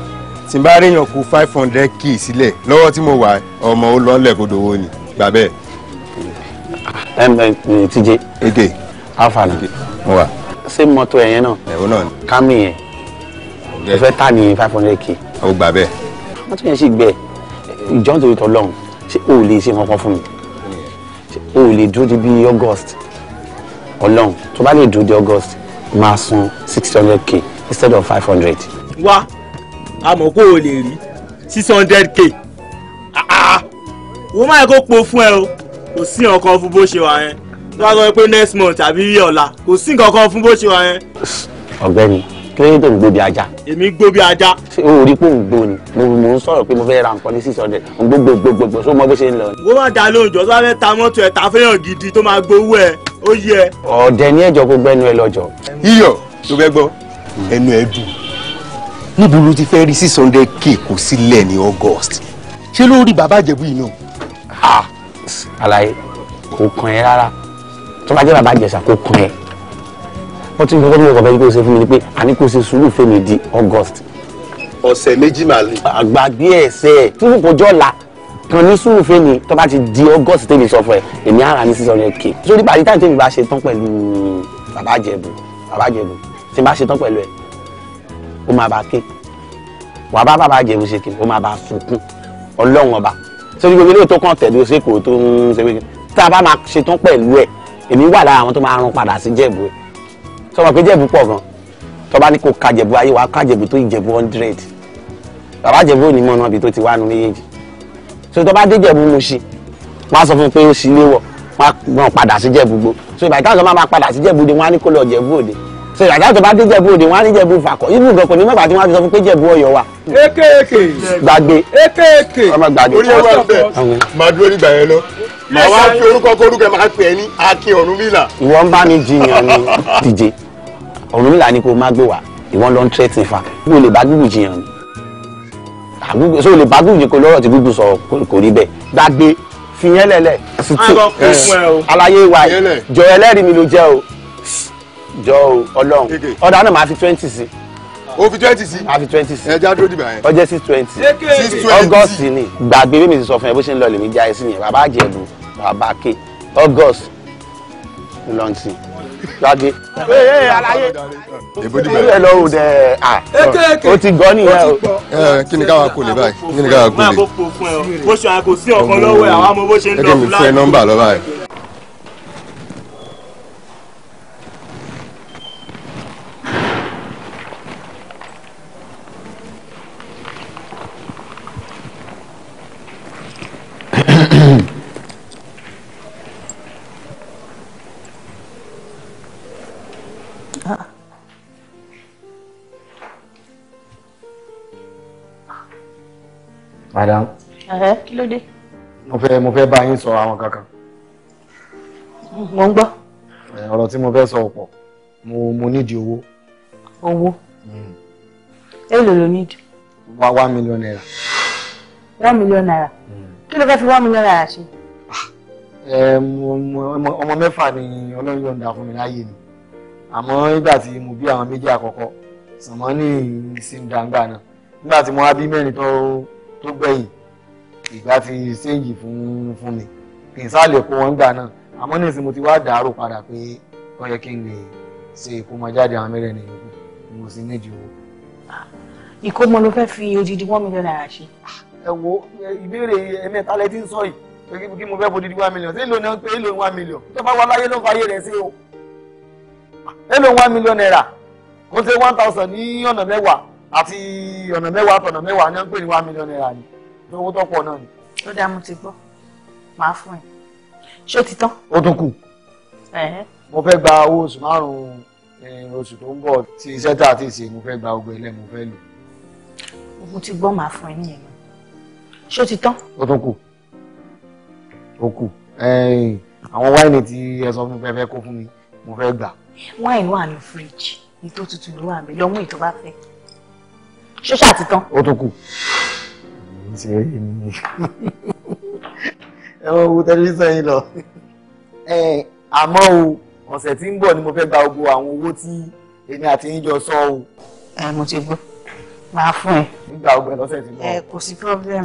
Speaker 2: tí n bá ríyàn kó five hundred k sílẹ̀ lọ́wọ́ tí mo wà ọmọ ó lọ lẹ̀ kodo owó ni gbà bẹ́ẹ̀. ẹ ẹ tíjé. èké. afana. mo wà. ṣé mọ́tò ẹ̀yẹn náà. ẹ̀wọ̀n náà ni. kámi yẹn. o fẹ́ tà ní five hundred k. o gbà bẹ́ẹ̀. mọ́tò yẹn sì gbẹ ìjọ́ nítorí tọ́lọ́run ṣé o lè ṣe kankan fún mi o lè dúró di bíi august ọlọ́run tó bá lè dúró di august máa san six hundred k instead of five hundred. wá àmọ́ kó o lè rí six hundred k ah, ah. wọ́n máa kó po fún ẹ o kò sí nǹkan fún bó ṣe wà yẹn tó bá sọ pé next month àbí ọ̀la kò sí nǹkan kan fún bó ṣe wà yẹn.
Speaker 6: ọ̀gbẹ́ni kí ló
Speaker 2: dé tó ń gbó bí ajá. èmi gbó bí ajá. ṣé o rí pé òun gbó ni mo mò ń sọ̀rọ̀ pé mo fẹ́ ra nǹkan ní six hundred òun gbó gbogbogbò só mọ bó ṣe ń lọ. wọ́n máa dá lóhùn jọ sáré ta mọ́tò ẹ̀ ta fẹ́yàn gidi tó máa gbowó ẹ̀ ó yẹ. ọ̀dẹ ní ẹ̀jọ̀ kó gbẹ́nu ẹ lọ́jọ́. iyọ̀ tó fẹ́ gbọ́ ẹnu ẹ dùn níbo ló ti fẹ́ rí six hundred k kò sílẹ̀ ní august ṣé ló rí bàbá àjẹbù yìí náà. Ah, àlàyé kò kàn ẹ́ rárá tó bá jẹ́ bàbá àjẹsà kò kàn ẹ́ wọ́n ti gbọ́dọ̀ mi ò kọ̀ bẹ́ẹ̀ kí o ṣe fún mi ni pé àní kò ṣe sùúrù fèmí di august. ọ̀sẹ̀ méjì màá lò. àgbàgbé ẹ̀sẹ̀ túbú kò jọ́ la kan ní sùúrù fèmí tó bá ti di august tèmi sọ fún ẹ èmi ara ní six hundred k. sórí pàdé táyì tèmi bá ṣe tán pẹ̀lú bàbá àjẹbù bàbá àjẹbù tí bá ṣe tán pẹ̀lú ẹ̀ ó máa bá ké wàá bá bàbá jẹ̀bù ṣe kìnnìún ó máa bá sunkún ọlọ́run ọba sórí gbogbo ilé tó kàn tẹ̀dó sékòó tó ń ṣe wíkẹ́ tá a bá máa ṣetán pẹ̀lú ẹ̀ èmi wà lára àwọn tó máa rún padà sí jẹ̀bù ẹ̀ sọ̀rọ̀ pé jẹ̀bù pọ̀ gan tó ní kó ka jẹ̀bù ayé wa ká jẹ̀bù tó ìjẹ̀bù hundred bàbá jẹ̀bù ò ní mọ̀ náà bí tó ti wá nu méjèèjì so tó bá dé jẹ̀bù mu ṣi wọ́n á sọ fún un pé ó ṣí léwọ̀ wọ́n á padà sí jẹ̀bù gbó so ìbàdí táwọn máa padà sí jẹ̀bù de wọ́n á ní kó lọ jẹ̀bù òde so yàtọ̀ tó bá dé jẹ̀bú òde wọn á ní jẹ̀bú fàkọ̀ ibú nǹkan kò ní mọ́gbà tí wọ́n á fi sọ fún pé jẹ̀bú ọ̀yọ́ wa. ekeke gbàgbé ekeke ọmọ gbàgbé orí ẹwà ń bẹ màá dúró nígbà yẹn lọ màá wá fi orúkọ korúkọ máa pè é ní akin ọ̀rúnmìlà. ìwọ ń bá mi jiyàn ni díje ọ̀rúnmìlà ni kò má gbé wa ìwọ ń lọ ń tẹ́tì fa mo lè bá gúgù jiyàn ni so lè bá gúgù kó lọ́rọ̀ tí gúgù sọ kò rí bẹ́ẹ̀ gbàgbé fiyẹn lẹ̀lẹ̀ àlàyé wa jọ ẹlẹ́rìí mi ló jẹ́ o jọ o ọlọ́run ọ̀dà náà máa fi twenty sí. o fi twenty sí. a fi twenty sí. ẹja dúró dìbò yẹn. ọjọ́ six twenty. six twenty. august ni gbàgbé bí mi ti sọ fún ẹ bó ṣe ń lọ lèmi jáde sí nìyẹn bàbá àjẹ̀dù bàbá ké august lọ́ntì gbàgbé. ee alaye ìbúdìbẹ̀ lọ o dẹ
Speaker 3: a o ti gbọ́ nìyẹn o. kí ni káwa kò lè báyìí kí ni káwa kò
Speaker 6: lè. mo ṣe àkóso ọkọ lọ́wọ́ ẹ̀ àwọn amọ̀ bó ṣe ń lọ fúláì. ẹ kí mi fẹ́ nọ́mbà lọ
Speaker 3: báyìí.
Speaker 4: madam.
Speaker 1: kí ló
Speaker 2: sọ àwọn kankan. mo tí mo fẹ́ sọ pọ̀ mo mo nídìí
Speaker 1: owó. Hmm. Hmm. kí ló fẹ́ fi naira
Speaker 2: ah, ọmọ mẹ́fà ni ọlọ́run yọ̀ǹda fún mi mi àmọ́ nígbà tí mo bí àwọn méjì àkọ́kọ́ ní náà nígbà tí mo wá bí mẹ́rin tó gbẹ̀yìn ìgbà ti ṣéǹjì fún fún mi kì í sáàlè kó wọn gbà náà àmọ́ nísìnyí mo ti wá dàárò padà pé ó yẹ kí n lè ṣe ìkómọjáde àwọn mẹ́rẹ̀ ní ìlú mo sì ní ìdíwọ́.
Speaker 1: ìkómọ ló fẹ́ fi odidi one million naira ṣe.
Speaker 2: ẹ wo ìbéèrè ẹ̀mẹ́ta lẹ ń sọ yìí kí mo fẹ́ fodidi one million ṣé èlò ni wọ́n pe èlò one million tó bá wà láyé ló ń fa ayé rẹ̀ sí o èlò one million naira kò ṣe one thousand ní ọ̀nà mẹ́wàá àti ọ̀nà mẹ́wàá àtọ̀nà mẹ́wàá ni wọ́n ń pè ní one million naira ni ní owó tó pọ̀ náà ni.
Speaker 1: ó dáa mo ti gbọ́ màá fún ẹ ṣé o ti tán. ó tún kù
Speaker 2: mo fẹ́ gba owó oṣù márùn-ún eh, oṣù tó ń bọ̀ tí iṣẹ́ tá a ti ṣe mo fẹ́ gba ogun ẹlẹ́ mo fẹ́ lò.
Speaker 1: mo ti gbọ́ màá fún ẹ ní ẹ̀yìn ṣé ó ti tán.
Speaker 2: ó tún kù ó kù eh, àwọn wáìnì tí ẹ sọ fún mi fẹ́ fẹ́ kó fún mi mo fẹ́ gbà.
Speaker 1: wáìnì wà ní fíríjì ní tó tutù ló wà mí ìtọ́ bá fẹ́ ṣó
Speaker 2: ṣàtitán. ó tó kù ṣe rí mi ẹ wọ́n wo tẹlifíṣàn yín lọ àmọ́ o ọ̀sẹ̀ tí ń bọ̀ ni mo fẹ́ gba gbogbo àwọn owó tí èmi àti yín jọ sọ o.
Speaker 1: mo ti gbọ́ máa fún ẹ. nígbà
Speaker 2: ọgbẹ́ lọ́sẹ̀ tí ń bọ̀.
Speaker 1: kò sí problem.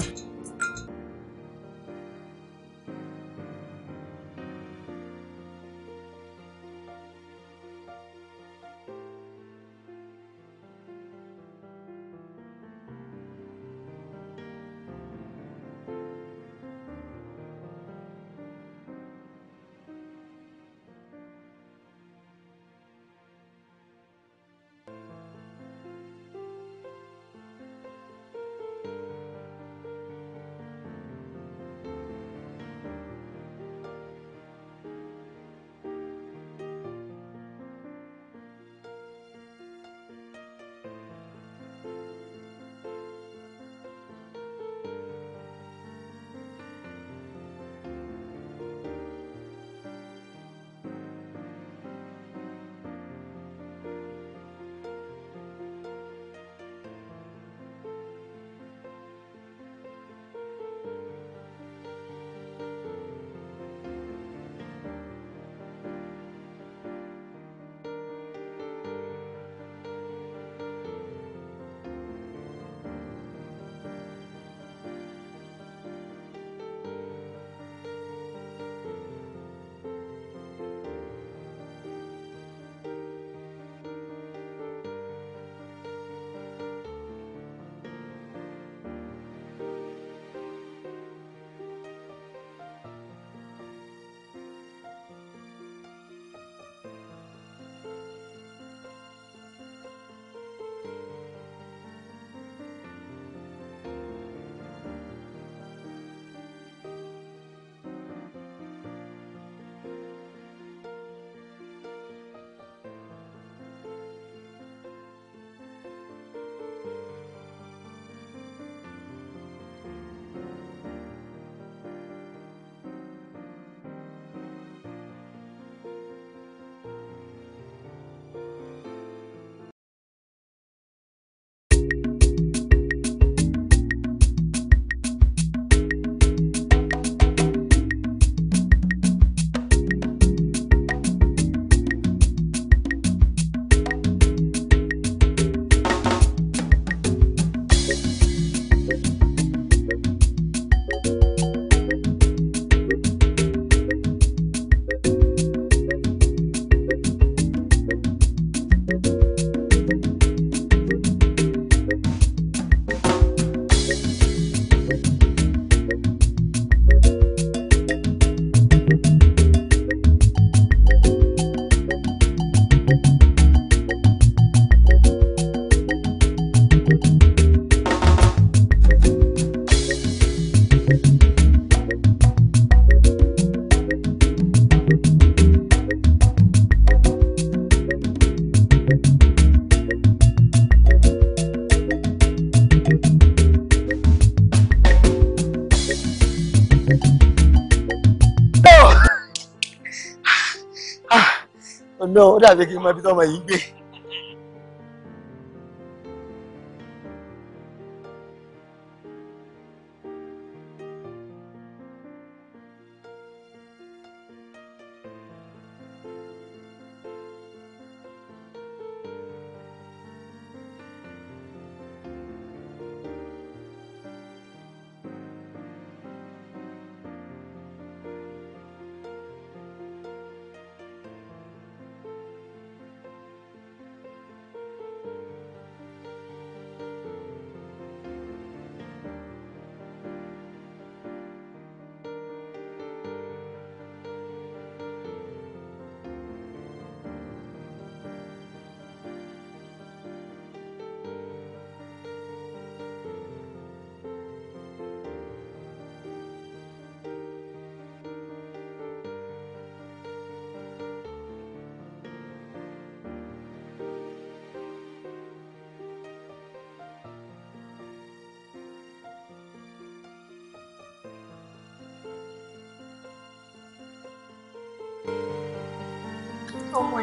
Speaker 2: náà ó dàbí kí n mọ ibi tọ́mọ yìí gbé.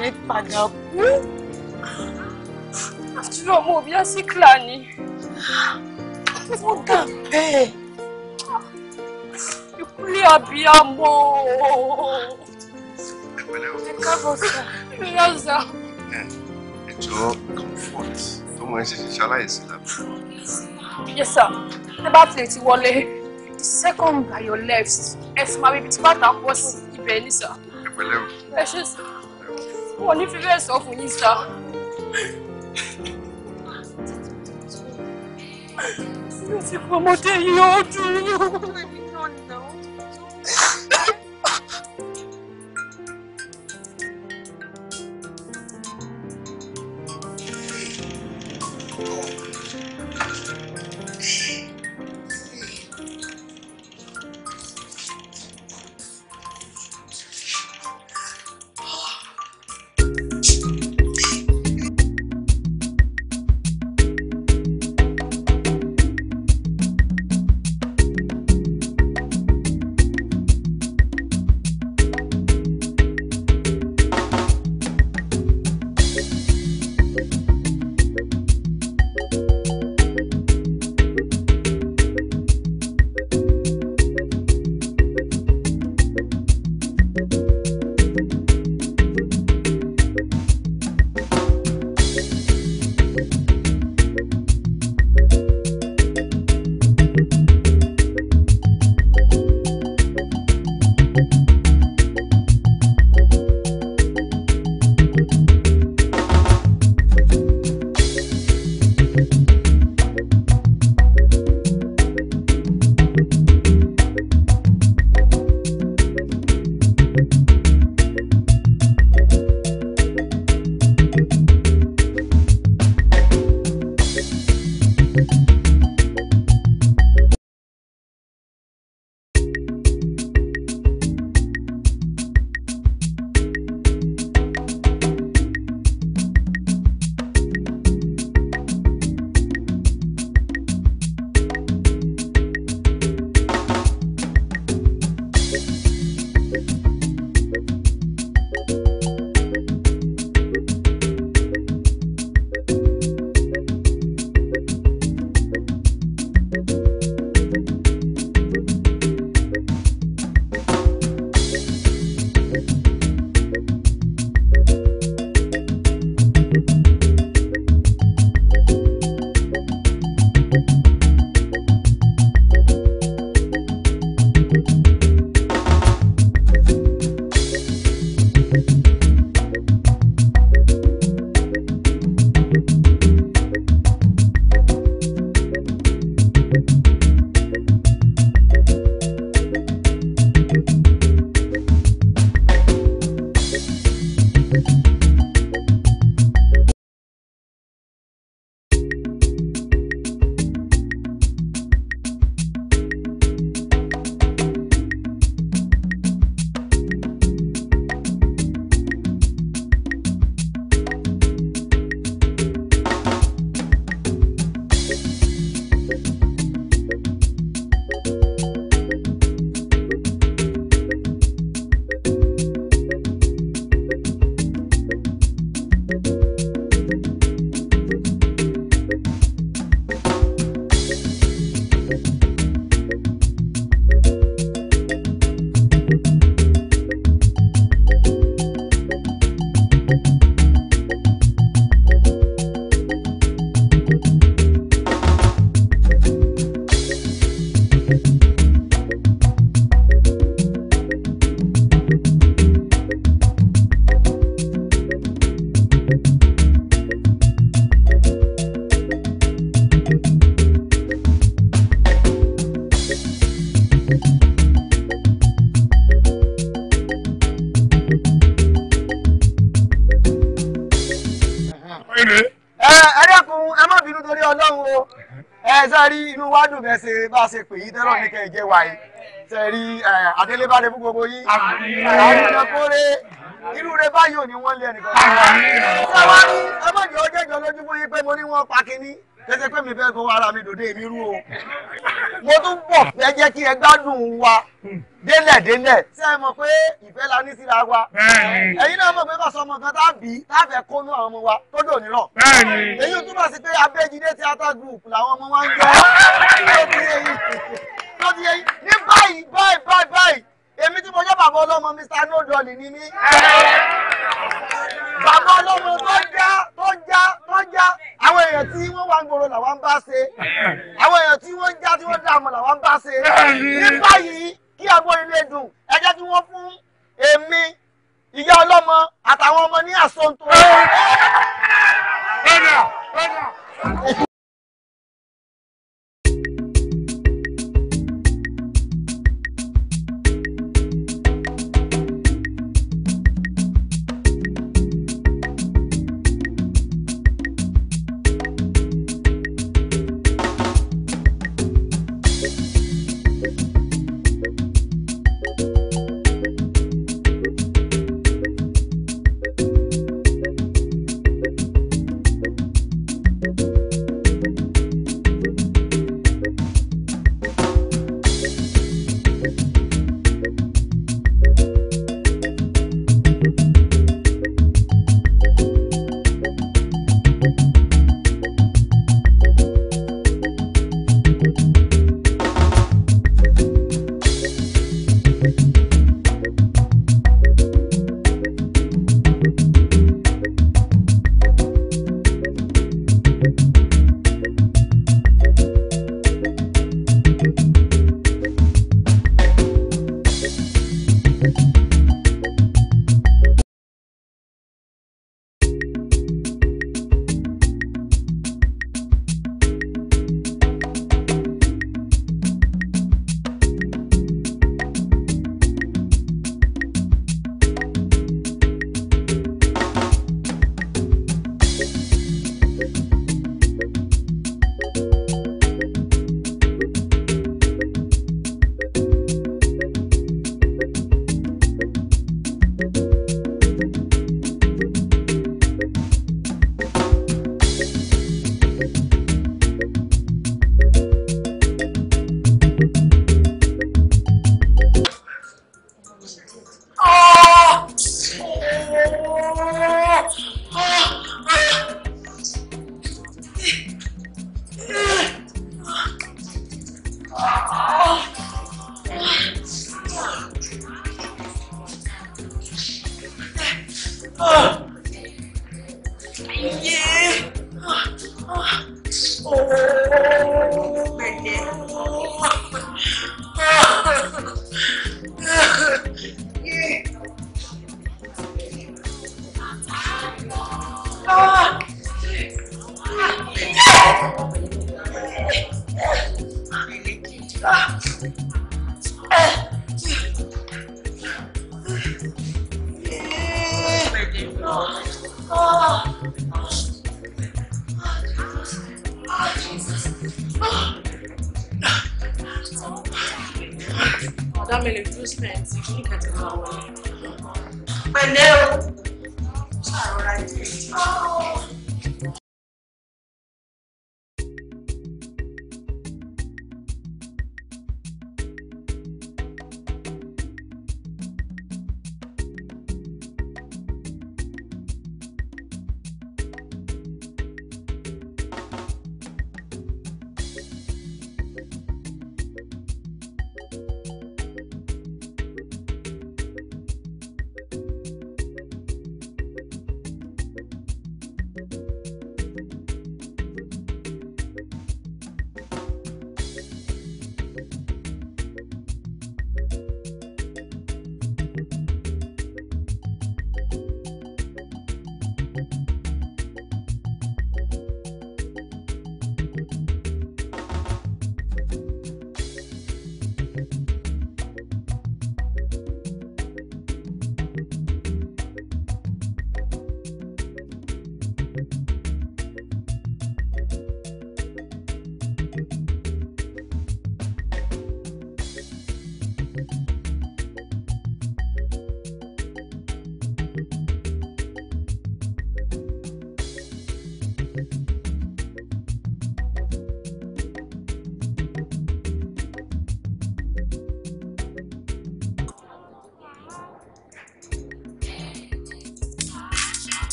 Speaker 1: mi padà kú. àtúrò ọmọ òbí àsìkìlà ni. tapé gbà bẹ́ẹ̀. ìkúlé abiyamọ. ẹ káàbọ̀ sá. ẹ káàbọ̀ sá.
Speaker 3: ẹ jọ comfort tó máa ń ṣe ṣaláìsí lábẹ́.
Speaker 1: yes sir ẹ bá tilẹ̀ ti wọlé the second by your left ẹ sì máa bíbi tí bàtà pọ̀ sí ibẹ̀ ní sá. ẹ o. ẹ ṣe wọn ní fi
Speaker 4: sọ fún yín sá.
Speaker 1: mi ò sì fọmọdé yìí ó dùn
Speaker 2: wá dùn bẹ́ẹ̀ ṣe bá ṣe pè yí tẹ́lọ̀ ní kẹ́ ìjẹ́ wa yìí tẹ̀rí àdélébáde fún gbogbo yín àdínlẹ́kọ́rẹ́ irú rẹ báyìí ò ní wọ́n lé ẹnìkan. ẹ wá ní ẹ ọjọ́ ìjọ lójú yín pé mo ní wọ́n pa kínní kẹsẹ pé mi fẹ́ fọwọ́ ara mi dòde èmi rú o mo tún bọ̀ fẹ́ jẹ́ kí ẹ gbádùn wa délẹ̀ délẹ̀ ṣé ẹ mọ̀ pé ìfẹ́ la ní síra wa ẹ̀yin náà mọ̀ pé kò sọmọ kan tá a bí tá a fẹ́ kónú àwọn ọmọ wa tó dò nírọ̀ èyí ò túmọ̀ sí pé abẹ́jìdé theatre group làwọn ọmọ wa ń jọ ló ti yẹ yín ní báyìí báyìí báyìí báyìí èmi tí mo jẹ́ bàbá ọlọ́mọ Mr. nodoli ni mí bàbá ọlọ́mọ tó já tó já tó já àwọn èèyàn tí wọ́n wá ń gbòòrò làwọn ń bá ṣe àwọn èèyàn tí wọ́n ń já tí wọ́n dààmú làwọn ń bá ṣe ní báyìí kí agbórin lè dùn ẹ jẹ́ kí wọ́n fún èmi ìyá ọlọ́mọ
Speaker 5: àtàwọn ọmọ ní àsonto.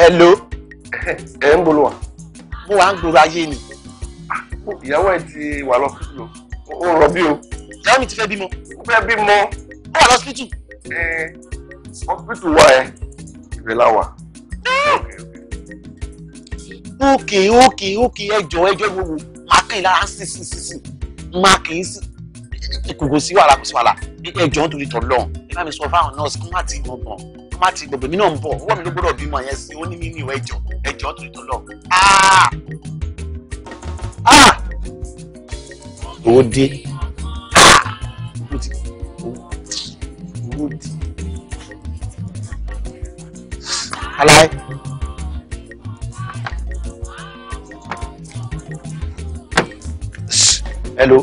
Speaker 2: hello [laughs] ẹ̀ ń bolo wa. mo wà ń gbòòrò ayé ni.
Speaker 3: Ah, ìyàwó ẹ ti wà lọ fún mi o rọ bí o.
Speaker 2: ìyàwó mi ti fẹ́ bímọ. ó fẹ́ bímọ. ó wà lọ́sibítù.
Speaker 3: ẹ hospital wa ẹ ibẹ̀ la wà.
Speaker 2: ókè ókè ókè ẹjọ ẹjọ gbogbo máa kàn lára sí sí sí sí máa kàn yín sí kòkò sí wàhálà kò sí wàhálà ẹjọ nítorí tọ̀ lọ́hùn ẹ bá mi sọ fáwọn nọ́ọ̀sì kí wọ́n má ti gbọ̀ngàn má ti gbogbo mi náà ń bọ̀ owó mi ló gbọ́dọ̀ bímọ yẹn sí ó mímí ìwé ẹjọ́ ẹjọ́ tó ìtọ́ lọ. owó ah!
Speaker 6: ah! dé owó ah! dé aláì.
Speaker 2: hello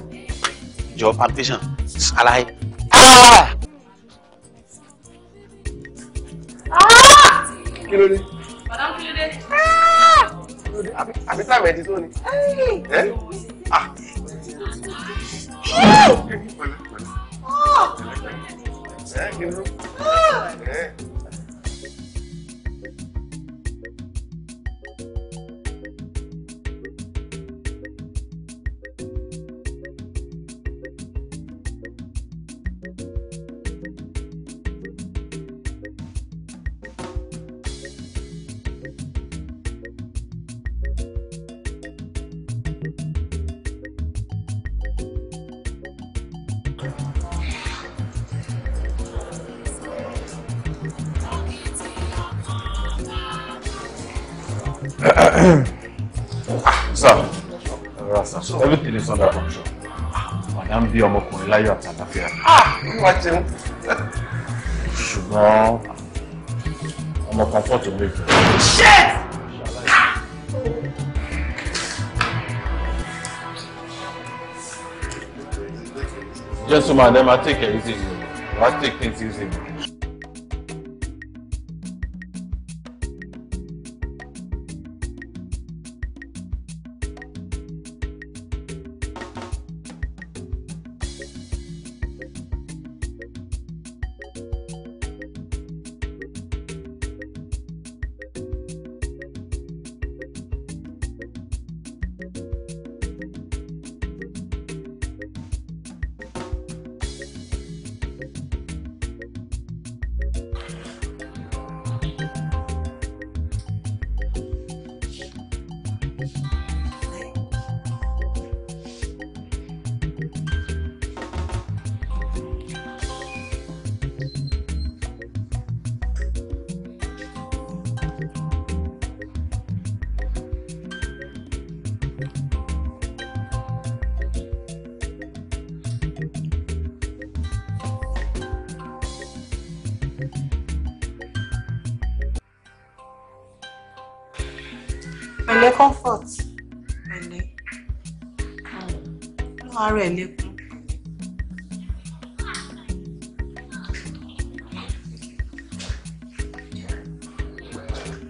Speaker 2: jọ palpitation aláì.
Speaker 3: Ah! kí ló dé.
Speaker 4: madam kí ló dé.
Speaker 3: àbí táwọn ẹ ti tó ni.
Speaker 4: Ah!
Speaker 6: láyọ̀ àtàlàfíà. Ah, wọ́n jẹun. ṣùgbọ́n ọmọ kan fọ́ tó lè jẹ. ṣé. gentleman dem ma take everything you ma take things easy.
Speaker 1: ilé comfort pẹ̀lẹ́ ló ara ẹ̀ lékún.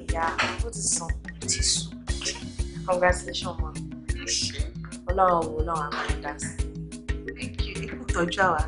Speaker 1: ìyá ó ti sàn ó ti sùn congratulation mọ ọlọ́run wo náà a máa dá sí i tọ́jú àwa.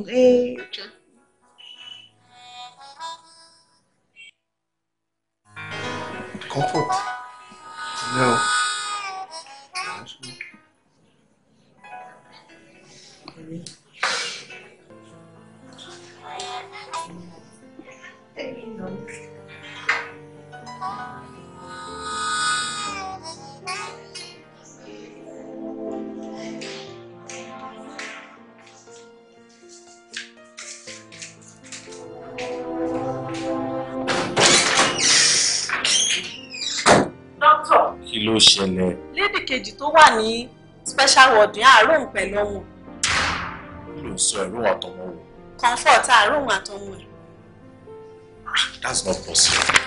Speaker 1: A。ní special ward yẹn àárò pẹ̀lú ọmọ.
Speaker 6: kí ló sọ ẹ̀rọ àtọmọ wò.
Speaker 1: comfort àárò àtọmọ ẹ̀.
Speaker 6: Ah, that's not possible.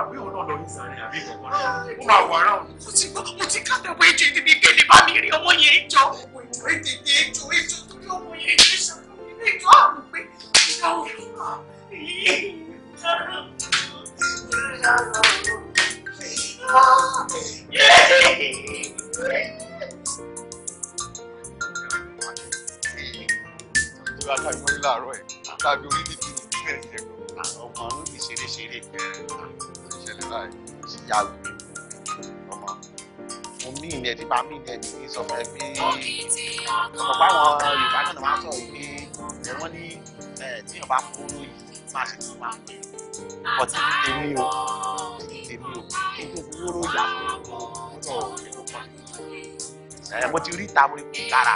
Speaker 6: àbí òun náà lọ ní sáré àbí ìkọ̀kan náà ó máa wà ráùn.
Speaker 5: mo ti gbọ́ mo ti ká
Speaker 6: fẹ́wọ́ ètò ìdíbi kẹ́lẹ́ bá mi rí
Speaker 5: ọmọ yẹn jọ ètò ètò ètò ètò tó ọmọ yẹn jọ ṣàkóso ètò àrùn pé ìyá òun náà yìí
Speaker 2: látàgbọ́n láàárọ̀ ẹ̀ tàbí orí níbi ní ìgbẹ́rẹ̀ ọmọ ọ̀run ní ṣeré ṣeré ti yá wí ọmọ mo mí bá mí ìní ẹ ti sọ fún ẹ
Speaker 5: àwọn Yorùbá
Speaker 2: náà máa ń sọ pé wọ́n ní tí Yorùbá fún lóyè máa ṣe tó máa pè ọtí tèmi o tèmi o kí n tó fi yóró yà fún ọ nínú kan mo ti rí ìta kú lára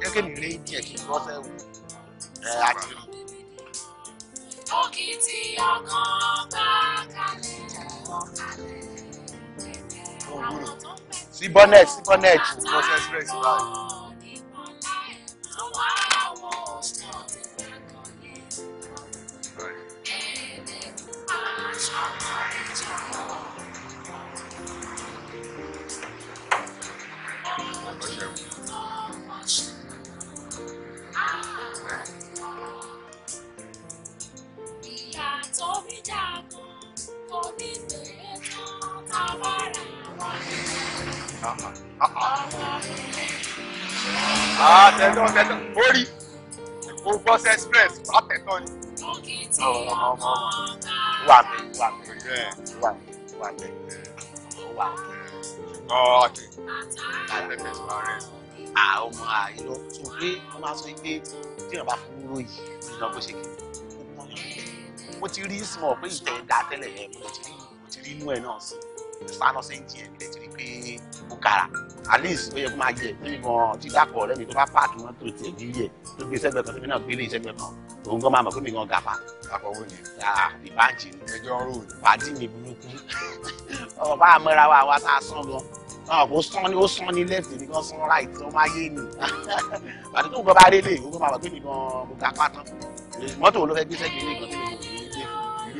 Speaker 2: gẹ́gẹ́ mi rí díẹ̀ kí lọ́sẹ̀ wò ẹ̀ àti rí
Speaker 4: òkìtì ọkàn bá kalẹ̀ ọ̀kalẹ̀ tẹ̀tẹ̀
Speaker 6: àwọn tó ń bẹ̀. sí bọ́nẹ̀tì sí bọ́nẹ̀tì
Speaker 4: mo fẹ́ sílẹ̀ sí báyìí. Thank ah! you ìjà tó fi jagun kò ní bèrè tán bàbá ni.
Speaker 6: Wà mí wà mí wà mí wà mí wà mí. Ọ̀ọ́dì àtẹ̀tẹ̀
Speaker 2: sọ̀rọ̀ rẹ̀ àwọn ọmọ àìlọ́ tó gbé wọ́n máa sọ pé tí wọ́n bá fún un lóyè ìjọba ó ṣe kìí mo ti rí sí mọ̀ pé ìtẹ̀ ẹ̀dá tẹ́lẹ̀ yẹn mo ti rí mo ti rí inú ẹ̀ náà sí sáná sẹ́ńtì ẹ̀ lè ti rí pé ó kára at least ó yẹ kó máa jẹ níbi gan ti dákọ̀ ọ̀rẹ́ mi tó bá páàkì mọ́tò tiẹ̀ dírí ẹ̀ tó gbé sẹ́gbẹ̀ẹ́ kan tó mi náà gbélé sẹ́gbẹ̀ẹ́ kan òun gan máa mọ̀ pé mi gan gàpà. àkọ́wé ni. ìbáǹjì ni. ẹjọ́ ń ròyìn. pàdí mi burúkú [laughs] ọba àmọ́ra wa wa tá sán gan kò sán ni ó sán ni left ni gan sán right ni [laughs] ó máa yé ni pàdé tó ń gbọ́ bá rélé òun gan máa mọ̀ pé mi gan mo gàpà tán mọ́tò ló fẹ́ gbé sẹ́gbẹ̀ẹ́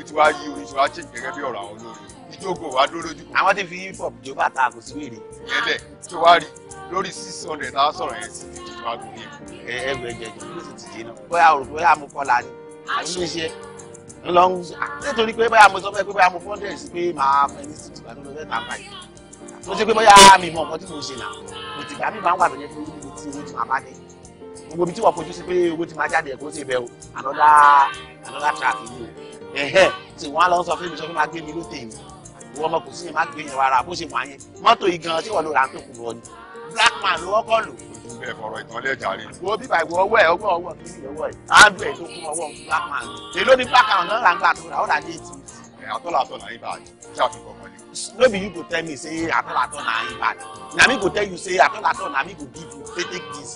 Speaker 2: ti wá yí orin ti wá change gẹ́gẹ́ bí ọ̀rọ̀ àwọn olórin ìjókòó wá dúró lójú. àwọn ti fi hip hop jó bàtà kò sí wèrè. ìyẹlẹ tí o wá rí lórí six hundred tá a sọ̀rọ̀ yẹn sí ti ti wá gùn yẹn. ẹ ẹ bẹ jẹ jù ló sì ti dé náà bóyá o rò bóyá mo kọ́ la ni àbí mi ṣe ń lọ ń nítorí pé bóyá mo sọ fẹ́ pé bóyá mo fọ́ndẹ̀ sí pé màá fẹ́ ní six hundred ló fẹ́ tà báyìí mo ti pé bóyá mi mọ nǹkan tí mo ṣe nà mo ti gbà mí máa ń wà bẹ̀rẹ̀ fún mi tí owó ti máa bá dé gbogbo ibi tí wọ́n fojú sí pé owó ti máa jáde ẹ̀kọ́ sí ibẹ̀ o another another track ẹ̀hẹ́ tí wọ́n á lọ sọ fún mi sọ fún mi agbé mi ló tèmi ìwọ ọmọ kò sí yẹn má gbé yẹn wàrà bó ṣe wà yẹn mọ́tò yìí gan-an tí wọ́n lò rà ń tó kù lọ ni black man ló wọ́kọ̀ lò. bẹ́ẹ̀ fọ̀rọ̀ ìtànlẹ̀ jàre. wo bíbá ìwọ ọwọ́ ẹ̀ ọgbọ́n ọwọ́ kìí ṣe ọwọ́ ẹ̀ áńdù ẹ̀ tó kún ọwọ́ black man. èló ni black man náà là ń gbà tó rà ó rà dé ètí. atọ́làtọ̀ náà ibà ṣé àfikọ́ kọ́lé. no be you go tell me say atọ́làtọ̀ náà ibà na me go tell you say atọ́làtọ̀ na me go give you take take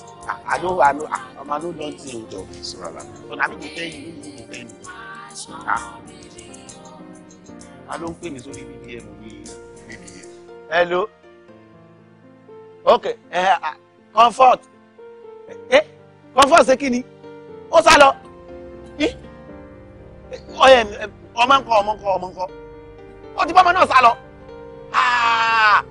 Speaker 2: i no i no ọmọ i no don you. sọ̀rọ̀ so na me go tell you you go tell me sọ. Ah, a ló ń pè mí sórí bbm ní bbm. hello ok eh, ah, comfort eh, eh comfort ṣe kí ni ó sá lọ eh, ọmọ ńkọ́ ọmọ ńkọ́ ọmọ ńkọ́ ó ti bá ọmọ náà sá lọ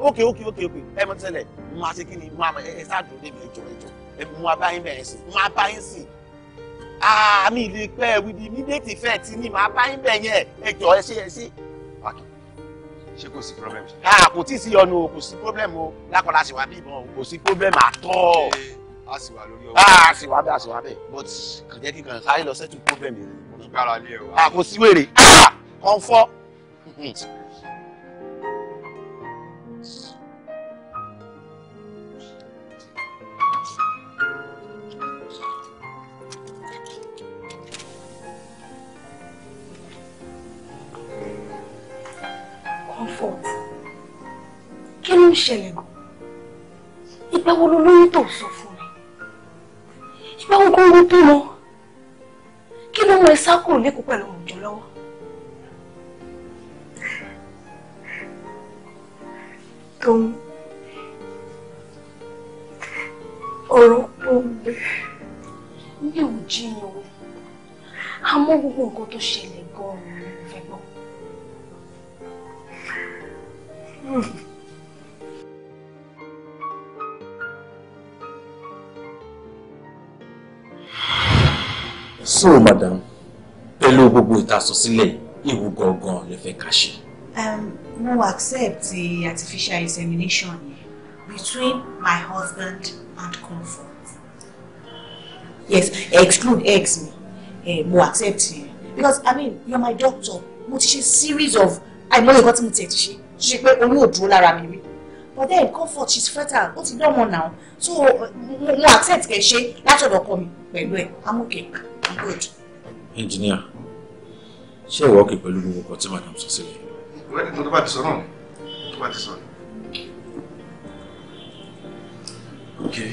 Speaker 2: ókè ókè ókè ókè ẹ mọ tẹ́lẹ̀ mo máa ṣe kí ni mo máa ẹ ṣáà dùn débi ẹjọ́ ẹjọ́ ẹ mú abáyín bẹ̀rẹ̀ sí mú abáyín sí àmì ah, ìlè pẹ́ with immediate effect ni màá bá yín bẹ̀ yẹn ẹ jọ ẹ ṣe ẹ ṣe.
Speaker 6: ṣé kò sí problem.
Speaker 2: Ah, kò tí ì sí ọ̀nà o kò sí problem o lákọ̀ọ́lá sì wá bí ìbọn o kò sí problem àtọ́. a sì wà lórí ọwọ́. Ah, a sì wà bẹ́ẹ̀ a sì wà bẹ́ẹ̀ but kò jẹ́ kí kankan ayé lọ sẹ́tù problem yẹn. mo ti gbára lé ẹ wa. kò sí wèrè kàn [laughs]
Speaker 1: ń ṣẹlẹ̀ gan ìgbà wo lolóyún tó sọ fún mi ìgbà wo kó ló bímọ kí ló mú ẹ sá kúrò lẹ́kọ̀ọ́ pẹ̀lú òjò lọ́wọ́. Tóun ọ̀rọ̀ pọ̀ mi ò jiyàn o àmọ́ gbogbo nǹkan tó ṣẹlẹ̀ gan-an fẹ́ gbọ́. Mm-hmm.
Speaker 6: so madam pẹ̀lú gbogbo ìtasọ̀sílẹ̀ ìwú gangan lè fẹ́ ká ṣe.
Speaker 1: Um, mo accept the artificial insemination between my husband and comfort yes exclude eggs me. eh, mo accept you because i mean you're my doctor mo ti ṣe series of àìmọye nǹkan tí mo tiẹ̀ ti ṣe tó ṣe pé oyún ò dúró lára mi rí but then comfort she's fertile ó ti dánmọ̀ now, so mo accept kẹ̀ ṣe látọ̀dọ̀ ọkọ mi pẹ̀lú ẹ̀ I'm Okay good.
Speaker 6: engineer ṣé ìwọ kì pẹ̀lú gbogbo ọkọ̀ tí madam sọ sílẹ̀.
Speaker 3: ìwé ni tó bá ti sọ náà ni
Speaker 6: tó bá ti sọ okay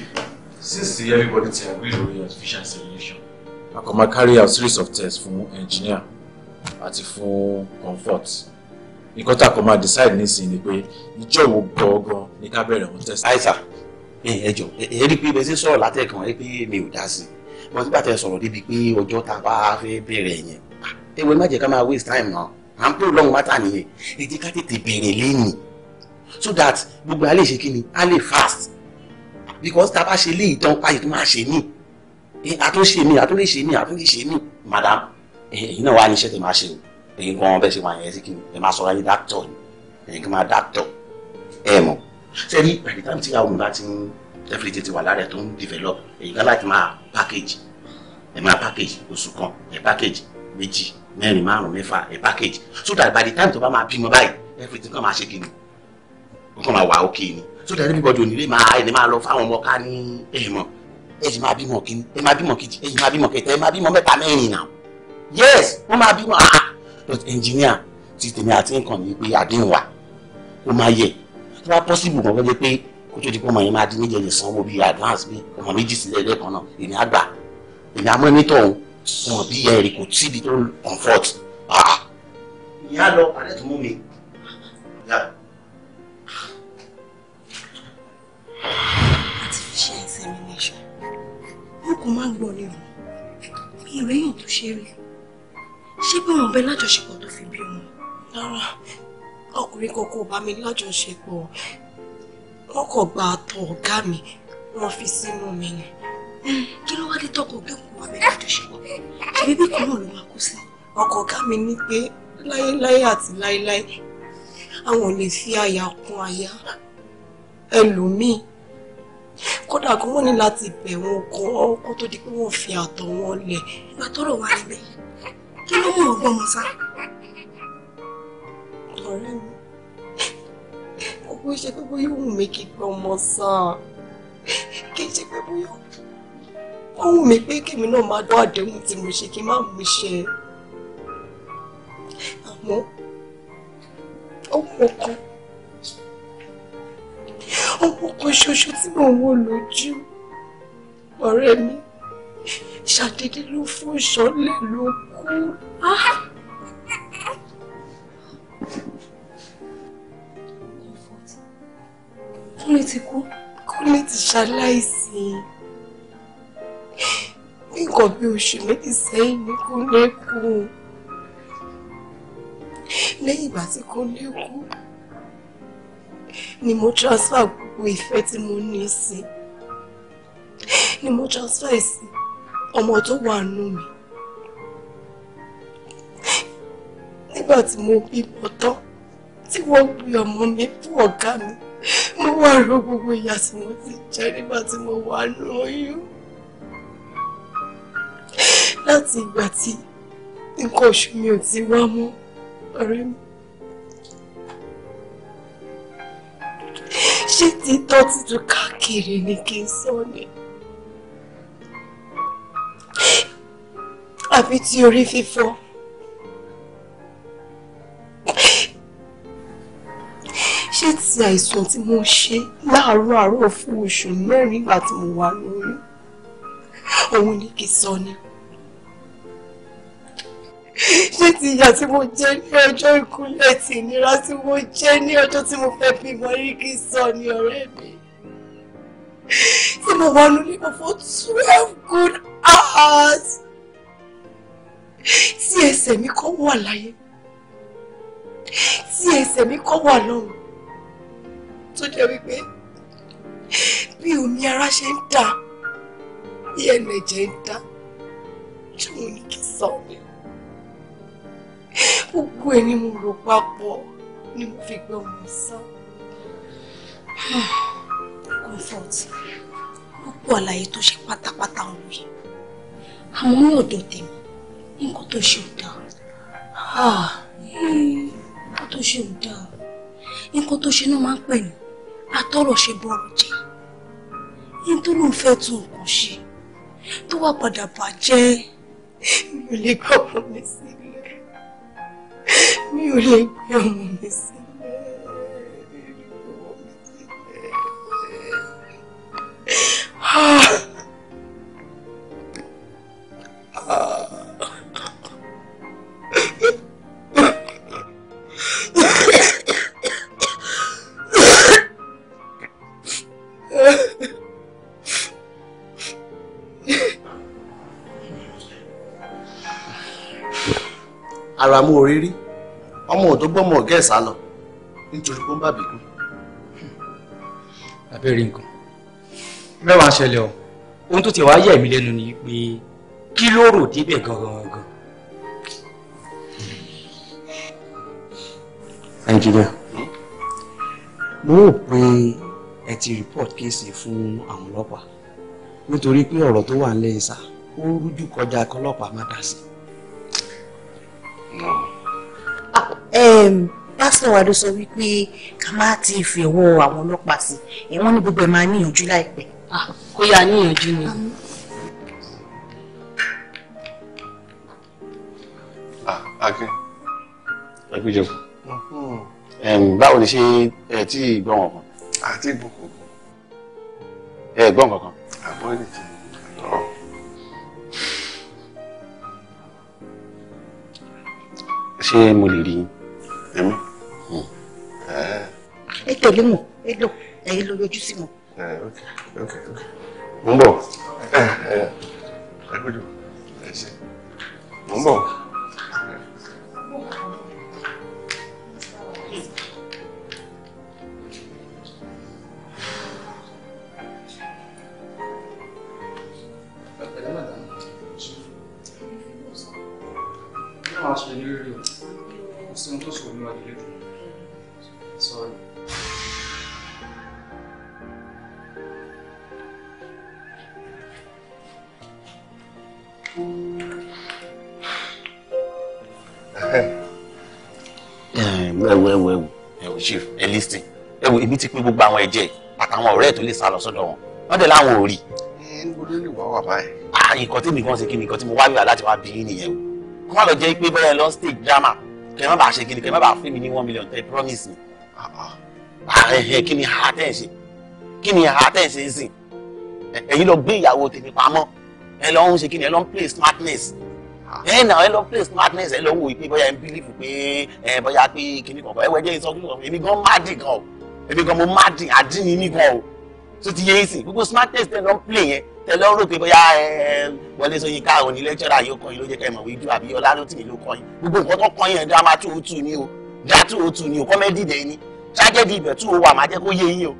Speaker 6: since everybody ti agree lórí artificial insemination a kò máa carry out series of tests fún engineer àti fún comfort nǹkan tá a kò máa decide nísìnyí ni pé ìjọ wo gangan ni ká bẹ̀rẹ̀ wọn test. àìsà ẹ jọ ẹ rí i pé bẹ́ẹ̀ sí sọ̀rọ̀
Speaker 2: látẹ̀kàn ẹ pé mi ò dá sí i wọ́n ti gbàtẹ́ sọ̀rọ̀ débi pé ọjọ́ tá a bá fẹ́ bẹ̀rẹ̀ yẹn ewé ah, má jẹ́ ká máa waste time náà à ń pè lọ́hùn mátà nìyẹn ẹ jẹ́ ká tètè bẹ̀rẹ̀ lẹ́yìn so that gbogbo a lè ṣe kí ni a lè fast because tá a bá ṣe lé ìtàn ayé tó máa ṣe mí àtúnṣe mi àtúnṣe mi àtúnṣe mi madam ẹ̀yin náà wà níṣẹ́ tó máa ṣe o ẹ̀yin kan bẹ́ẹ̀ ṣe wà yẹn sí kí ni ẹ máa sọ̀rọ̀ ayé dáktọ̀ ni ẹ̀yin kan máa dáktọ̀ ẹ mọ̀ sẹ́ni by the time tí àwọn ọmọ bá ti ń definitely ti wà lára ẹ̀ tó ń develop ẹ̀yin kan láti máa package ẹ package oṣù kan a package méjì mẹ́rin márùn mẹ́fà a package so that by the time tó bá máa bímọ báyìí everything kan máa ṣe kí ni ó kàn máa wà ókè ni so that everybody ò ní lè máa ẹni máa lọ fáwọn ọmọ ká ní ẹ̀mọ́ ẹ sì máa bímọ kíní ẹ máa bímọ kejì ẹ sì máa bímọ kẹta ẹ máa bímọ mẹ́ta mẹ́rin náà yes wọ́n máa bímọ ah but engineer ti tèmi àti nǹkan mi pé àdéhùn wa ó máa yẹ tó bá possible kan fẹ́ jẹ́ pé kó tó di pé ọmọ yẹn máa di méjèèjì sanwó bíi advance bíi ọmọ méjì sílẹ̀ lẹ́ẹ̀kan náà èmi á gbà ìyá mọ́nítọ̀ wọn bí ẹ̀rì kò tíbi tó
Speaker 6: comfort ah!
Speaker 2: ìyá lọ alẹ́ tó mú mi.
Speaker 1: artificial insemination wọn kò máa ń gbọ́ ni o mi ò rẹ́yìn tó ṣe rí ṣé bí wọn bẹ lájọṣepọ̀ tó fi bí wọn. rárá ọkùnrin kankan ò bá mi lájọṣepọ̀ wọn kò gba àtọ̀ ọ̀gá mi wọ́n fi sínú mi ni hmm, kí ló wá dé tọkọ gbé àmì ìgbàdo ṣe wà ṣe bí kan náà ló máa kú sí ọkọ ọ̀gá mi ní pé láéláé àti láéláé àwọn ò lè fi àyà kún àyà ẹlòmíì kódà kí wọ́n ní láti bẹ̀ wọn kan ọkọ tó di pé wọ́n fi àtọ̀ wọn lẹ̀ ìgbà tọrọ wà níbẹ̀ kí ló mú ọgbọ́n mọ sá. ọ̀rẹ́ mi kò bó pé bóyá òun mi kì í gbọ́ ọmọ sá kì í ṣe pé bóyá òun ó wù mí pé kèmi náà máa dán àdéhùn tí mo ṣe kí n má mú ṣe àmọ́ ó wù ọkàn ọmọ kan ṣoṣo tí mò ń wò lójú ọ̀rẹ́ mi ṣàdédé ló fún ìṣọ́lẹ̀ ló kú. Ah! Kúnlé ti kú. Kúnlé ti ṣaláìsí ní nǹkan bí oṣù méjì sẹ́yìn ní Kúnlé kú lẹ́yìn ìgbà tí Kúnlé kú ni mo transfer gbogbo ìfẹ́ tí mo ní sí ni mo transfer sí ọmọ tó wà nù mí nígbà tí mo bímọ tán tí wọ́n gbé ọmọ mi fún ọ̀gá mi mo wá ro gbogbo ìyà tí mo ti jẹ nígbà tí mo wà lóyún láti ìgbà tí nǹkan oṣù mi ò ti wá mọ́ ọ̀rẹ́ mi. ṣé títọ́ tuntun káàkiri ni kí n sọ ni? àbí ti orí fífọ́? ṣé ti àìsàn tí mo ṣe láàárọ̀ àárọ̀ fún oṣù mẹ́rin ìgbà tí mo wà lórí òun ni kì í sọ ni? ṣé ti ìyà tí mo jẹ ní ọjọ́ ìkúnlẹ̀ tí ìnira tí mo jẹ ní ọjọ́ tí mo fẹ́ fi mọ rí kí sọ ni ọ̀rẹ́ mi tí mo wà nínú ìbò for twelve good hours tí ẹsẹ̀ mi kọ́ wà láyé tí ẹsẹ̀ mi kọ́ wà lọ́run tó jẹ́ wípé bí omi ara ṣe ń dà bí ẹnẹ̀jẹ̀ ń dà tí mo ní kí sọ mi gbogbo ẹ ni mo rò papọ̀ ni mo fi gbọ́ ọmọ sọ. comfort gbogbo àlàyé tó ṣe pátápátá ń wí àmọ́ ní ọ̀dọ̀ tèmi nǹkan tó ṣe ò dáa ah, nǹkan tó ṣe ò dáa nǹkan tó ṣe náà máa ń pè ní atọ́rọ̀ ṣe bọ́ọ̀rọ̀ jẹ́ ní tó lóun fẹ́ tún nǹkan ṣe tó wá padà bàjẹ́ mi ò lè gbọ́ ọ̀rọ̀ mi sí mi ò lè gbé ọmọ mi Ah.
Speaker 2: ara mú orírí ọmọ ò tó gbọ́mọ ọ̀gá ẹ̀ sá lọ nítorí pé ó ń bàbí kú.
Speaker 6: abẹ́rẹ́ nǹkan mẹ́wàá ṣẹlẹ̀ o
Speaker 2: ohun tó ti wá yà mí lẹ́nu ni pé kí ló rò débẹ̀ gangan nàìjíríà mo rò pé ẹ ti report kéèsì fún àwọn ọlọ́pàá nítorí pé ọ̀rọ̀ tó wà ń lẹ́yìn sá ó rújú kọjá kọlọ́pàá má dá sí i.
Speaker 1: pásítọ̀ wa ló sọ wípé ká má ti fi ọwọ́ àwọn ọlọ́pàá sí ẹ̀ wọ́n ní gbogbo ẹ̀ máa níyànjú láìpẹ́. kó ah, yá níyànjú ni.
Speaker 6: Ah, akin agbẹjọba báwo ni ṣe ẹ tí gbọ́n kankan. àti ìbùkún. ẹ gbọ́n kankan. àbọ̀ ni oh.
Speaker 2: ṣé mo lè rí yín èmi.
Speaker 1: ẹ tẹ̀lé wọn ẹ lọ ẹ lọ yọjú sí wọn.
Speaker 3: ń bọ̀ ẹ ẹ ẹ gbọ́dọ̀ ẹ ṣe ń bọ̀.
Speaker 2: pín gbogbo àwọn ẹ̀jẹ̀ àtàwọn ọ̀rẹ́ tó lè sá lọ sọ́dọ̀ wọn wọ́n dẹ̀ láwọn ò ẹ ń gbọ́dọ̀ ní wàá wà báyìí. ah nǹkan tí mi kàn ṣe kí ni nǹkan tí mo wá wíwà láti wá bí nìyẹn o kọ́ lọ jẹ́ pé bẹ́ẹ̀ lọ stage drama kẹ́ má bàa ṣe kí ni kẹ́ má bàa fún mi ní one million tẹ́ promise mi. Ah, ah. ààrẹ kí ni ha tẹ́ ẹ̀ ṣe kí ni ha tẹ́ ẹ̀ ṣe sìn ẹ̀yin lọ gbé ìyàwó tèmi pamọ́ ẹ lọ ń ṣe kí ni ẹ lọ ń play smartness ah. ẹ nà ẹ lọ play smartness ẹ lọ wò pé bóyá ẹ ń believe pé ẹ bóyá pé kíní ẹ wọ ẹjẹ́ ìsọkúnlọ̀ èmi èmi kan mo má dín àdínní mi gan o tó ti ye yín sìn gbogbo smartest tẹ lọ ń play yẹn tẹ lọ rò pé bóyá Wọlé Ṣóyínká òní lẹ́kṣọ́rà yóò kọ́ yín ló jẹ́ ká ẹ̀ mọ̀ wí ju àbí Ọlárótìmí ló kọ́ yín gbogbo nǹkan tó kọ́ yín drama two o oh two ni o drama two o oh two ni o comedy dẹ̀ ni tragedy ibẹ̀ two o wà má jẹ́ kó yé yín o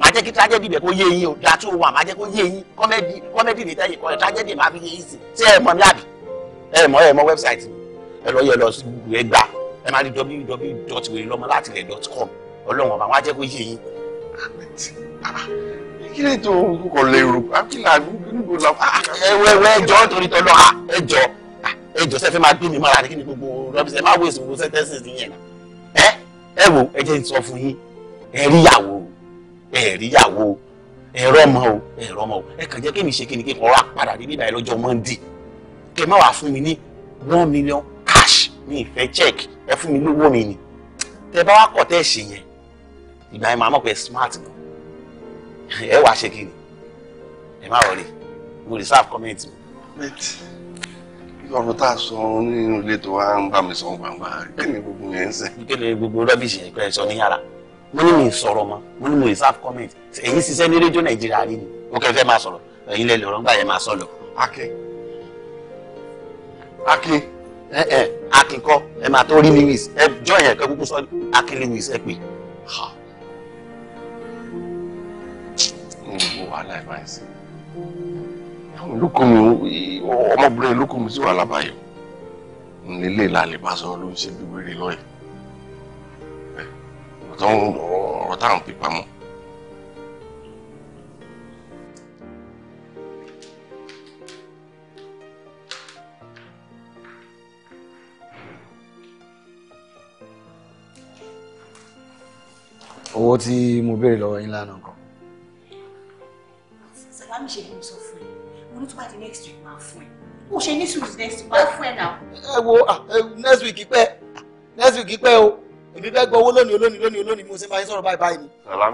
Speaker 2: má jẹ́ kí tragedy ibẹ̀ kó yé yín o drama two o wà má jẹ́ kó yé yín comedy comedy lè tẹ̀yìn kọ́ tragedy má fi yé yín sí ṣé ẹ mọ̀ ní àbí ẹ mọ̀ ẹ mọ̀ website ẹ lọ yẹ lọ ẹ gbà ẹ má rí www.werilomolatilehe.com ọlọ́run ọba wọn á jẹ́ kó yé yín.
Speaker 3: kí lè tó kọ lérò
Speaker 2: àbílà ah, níbo la ah, fún mi. ẹwẹ ẹwẹ ẹjọ nítorí tọlọ ah, ẹjọ ẹjọ sẹfẹ máa gbé mi mọ́ra ní kí ni gbogbo rọbìsẹ máa wé ìsìnkú sẹtẹsì nìyẹn ẹ ẹ wo ẹ jẹ́ ìsọ fún yín ẹ rí ìyàwó ẹ rí ìyàwó ẹ̀rọ ọmọ o ẹ̀rọ ọmọ o ẹ kàn jẹ́ kí mi ṣe kí ni kí n kọ́ ra padà dé nígbà yẹn lọ́jọ́ Monday kẹ má wàá fún mi ní one million cash ní ìfẹ́ check ẹ fún mi lówó mi ni tẹ bá wá kọ̀ tẹ́ yẹn ìgbà yẹn màá mọ̀ pé smart gan ẹ wàá ṣe kí ni ẹ má wọlé
Speaker 3: mo reserve comment mi. tá a sọ nínú ilé tó wá ń bá mi sọ gbangba kí ni gbogbo yẹn ń sẹ́. kí ni gbogbo rọ́bìṣì yẹn pẹ́ sọ ní yàrá mo ní
Speaker 2: mi sọ̀rọ̀ mọ́ mo ní mo reserve comment èyí ṣiṣẹ́ ní rédíò nàìjíríà rí ni mo kẹ́ fẹ́ máa sọ̀rọ̀ ẹ̀yin lẹ́lẹ̀ ọ̀rọ̀ ńgbà yẹn máa sọ lọ. akin akin ẹ ẹ akin kọ ẹ máa tó rí lewis ẹ jọ yẹn kẹ kúkú sọ akin lewis ẹ pè.
Speaker 6: wàhálà ẹ̀ báyìí sí àwọn olókùn mi ọmọbìnrin olókùn mi sí wàhálà báyìí nílé
Speaker 3: ìlàlẹ̀ bá sọ ló ń ṣe bí wèrè lọ́yẹ̀ ọ̀rọ̀ táwọn fi pamọ́.
Speaker 2: owó tí mo béèrè lọ́wọ́ yín lánàá kan
Speaker 1: bá mi ṣe bí mo sọ fún ẹ mo ní next week máa fún ẹ mo ṣe ní sùúrù next week máa fún ẹ náà. ẹ wo
Speaker 2: next week pẹ́ next week pẹ́ o èmi fẹ́ gbọ́ owó lónìí olónìí lónìí olónìí mo ṣe máa ń sọ̀rọ̀ báyìí báyìí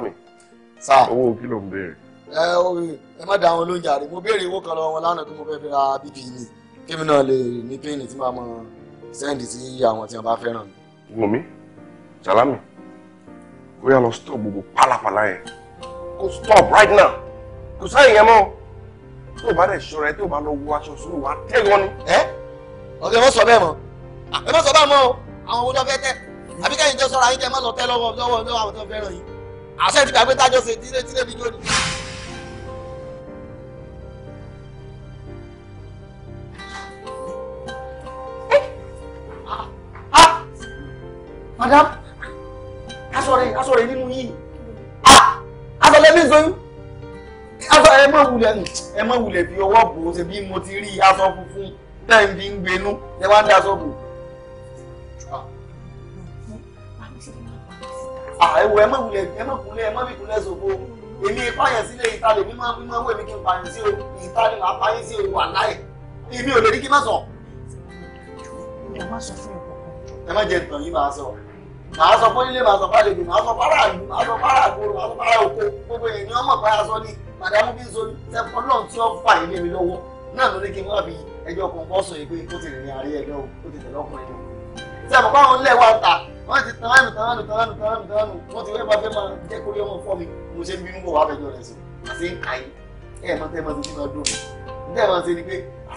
Speaker 3: ni. Salami owó kí ló ń béèrè.
Speaker 2: ẹ ẹ má da àwọn olóúnjẹ àrè mo béèrè owó kan lọ́wọ́ wọn lánàá tó mo fẹ́ fi ra bíbí ni kémi náà lè ní píìnì tí màá mọ sẹ́ǹdì sí àwọn tí wọ́n bá fẹ́ràn
Speaker 3: mi. Salami ó yá lọ stop gbogbo pálapàla yẹn go stop right now kò sáyìn yẹn mọ́ tó o bá dẹ̀ ṣọ́ra ẹ tó o bá lọ wọ aṣọ sùúrù wa tẹ́ wọn ni. ẹ ọ̀gá ẹ má sọ bẹ́ẹ̀ mọ́
Speaker 2: ah, ẹ má sọ bẹ́ẹ̀ mọ́ o àwọn owó lọ fẹ́ tẹ́ àbí kẹ́yìn jẹ́ sọ́ra yín kẹ́ má lọ tẹ́ lọ́wọ́ lọ́wọ́ lọ́wọ́ àwọn tó fẹ́ràn yín àṣẹ ti gbàgbé tájọ́ ṣe tílé tílé fi jóni. Ah, ah, madam aṣọ rẹ aṣọ rẹ nínú yìí aṣọ lẹ́mí sọ́yún. ẹ má wulẹ̀ ẹ má wulẹ̀ bí ọwọ́ bò ó ṣe bí mo ti rí aṣọ funfun tẹ́ fi ń gbénú ẹ wá ń dá aṣọ bò. àìwò ẹ má wulẹ̀ ẹ má kulẹ̀ ẹ má kulẹ̀ ṣòfò èmi ìpáyàn sílé ìtàlẹ̀ wẹ̀ mí kí n pààyàn sí o ìtàlẹ̀ máa pààyàn sí èmi ò lè rí kí n má sọ.
Speaker 3: ẹ
Speaker 2: má jẹ ìtàn yìí máa sọ màá sọ fún ilé màá sọ fún àlejò madam bí sọ ẹ̀kọ́ náà tí wọ́n fà na mi lọ́wọ́ náà ló ní kí n wá fi ẹjọ́ kan bọ́ sọ pé kó ti rìnrìn àárẹ̀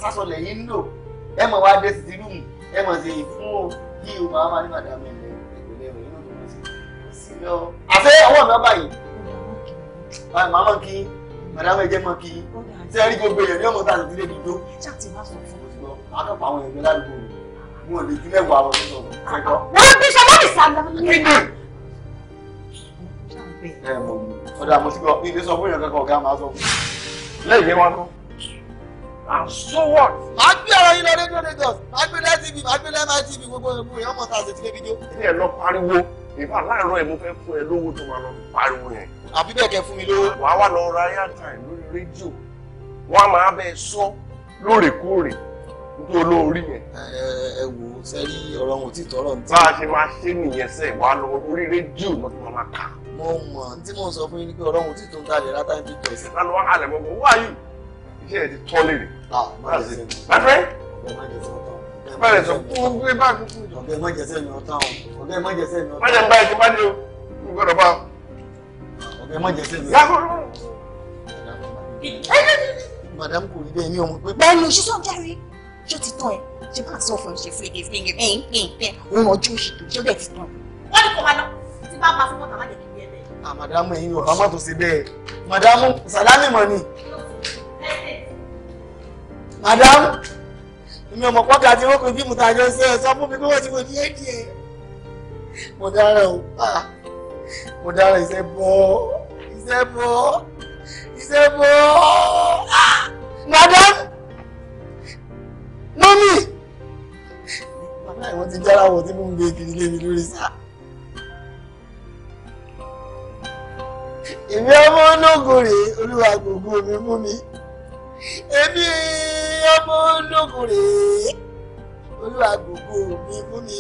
Speaker 2: ta wọ́n màdàmú ẹ̀jẹ̀ mọ́ kí ṣe rí gbogbo èèyàn ní ọmọ tá a lè délé dídó ṣé àti má sọ fún mi àkọ́kọ́ àwọn èèyàn ládùúgbò mi wọn ò lè ju mẹ́wàá wọn nínú wọ́n
Speaker 5: bí
Speaker 2: sọ fún èèyàn máa so what. gbé ọ̀rọ̀ yín lọ rédíò Lagos màá gbé lẹ́tìbì màá gbé lẹ́mà tìbì gbogbo ẹ̀mú èèyàn mọ̀ tá a ṣe ilé
Speaker 3: ẹ̀ lọ pariwo ìfà láàárọ̀ ẹ̀ mo fẹ́ fún ẹ lówó tó máa lọ pariwo yẹn. àbí bẹ́ẹ̀ kẹ́ fún mi lówó. wà á wà lọ ra airtime lórí rédíò wọ́n á máa bẹ́ẹ̀ sọ lóòrèkóòrè nítorí olóorí yẹn. ẹ ẹ wò ó sẹ́rí ọ̀rọ̀ wọn ò tí ì tọrọ nítí. bá a ṣe máa ṣe nìyẹn sẹ́ wà á lọ orí rédíò lọ́tún máa kà. mo
Speaker 2: mọ̀ tí mo sọ fún yín ni pé ọ̀rọ̀ wọn ò tí ì tó ń kalẹ̀ látàn bí tọ̀ sí. lálọ́ àlẹ́ mọ̀ wọ́n wáyù iṣẹ́ ẹ̀ ti tọ́ lé rè. ah má lè sẹ́yìn. bàbá rẹ̀ sọ fún un pé bá a kúkú ọ̀gá ẹ̀ mọ̀jẹsẹ̀ mi ọ̀tá o ọ̀gá ẹ̀ mọ̀jẹsẹ̀ mi ọ̀tá o. má jẹ́ ń bá ẹ̀ tí má ní o n gbọ́dọ̀ bá o. ọ̀gá ẹ̀ mọ̀jẹsẹ̀ mi madam kò rí bẹ́ẹ̀ ní ọmọ pé.
Speaker 1: bẹ́ẹ̀ ni ṣíṣọ́ járe
Speaker 2: èmi ọmọ pọ́kà tí wọ́n kò bí mùtà jọ sí ẹ̀ sọ fún mi pé wọ́n ti wọ díẹ̀ díẹ̀ mo dára o pa mo dára iṣẹ́ bọ́ iṣẹ́ bọ́ iṣẹ́ bọ́ madam mami bàbá ìwọ ti dára wọ tí mo ń gbé kiri lé mi lórí sá. èmi ọmọ ológo rèé olúwa gbogbo mi fún mi èmi ọmọ ológun rèé olúwa gbogbo mi mú mi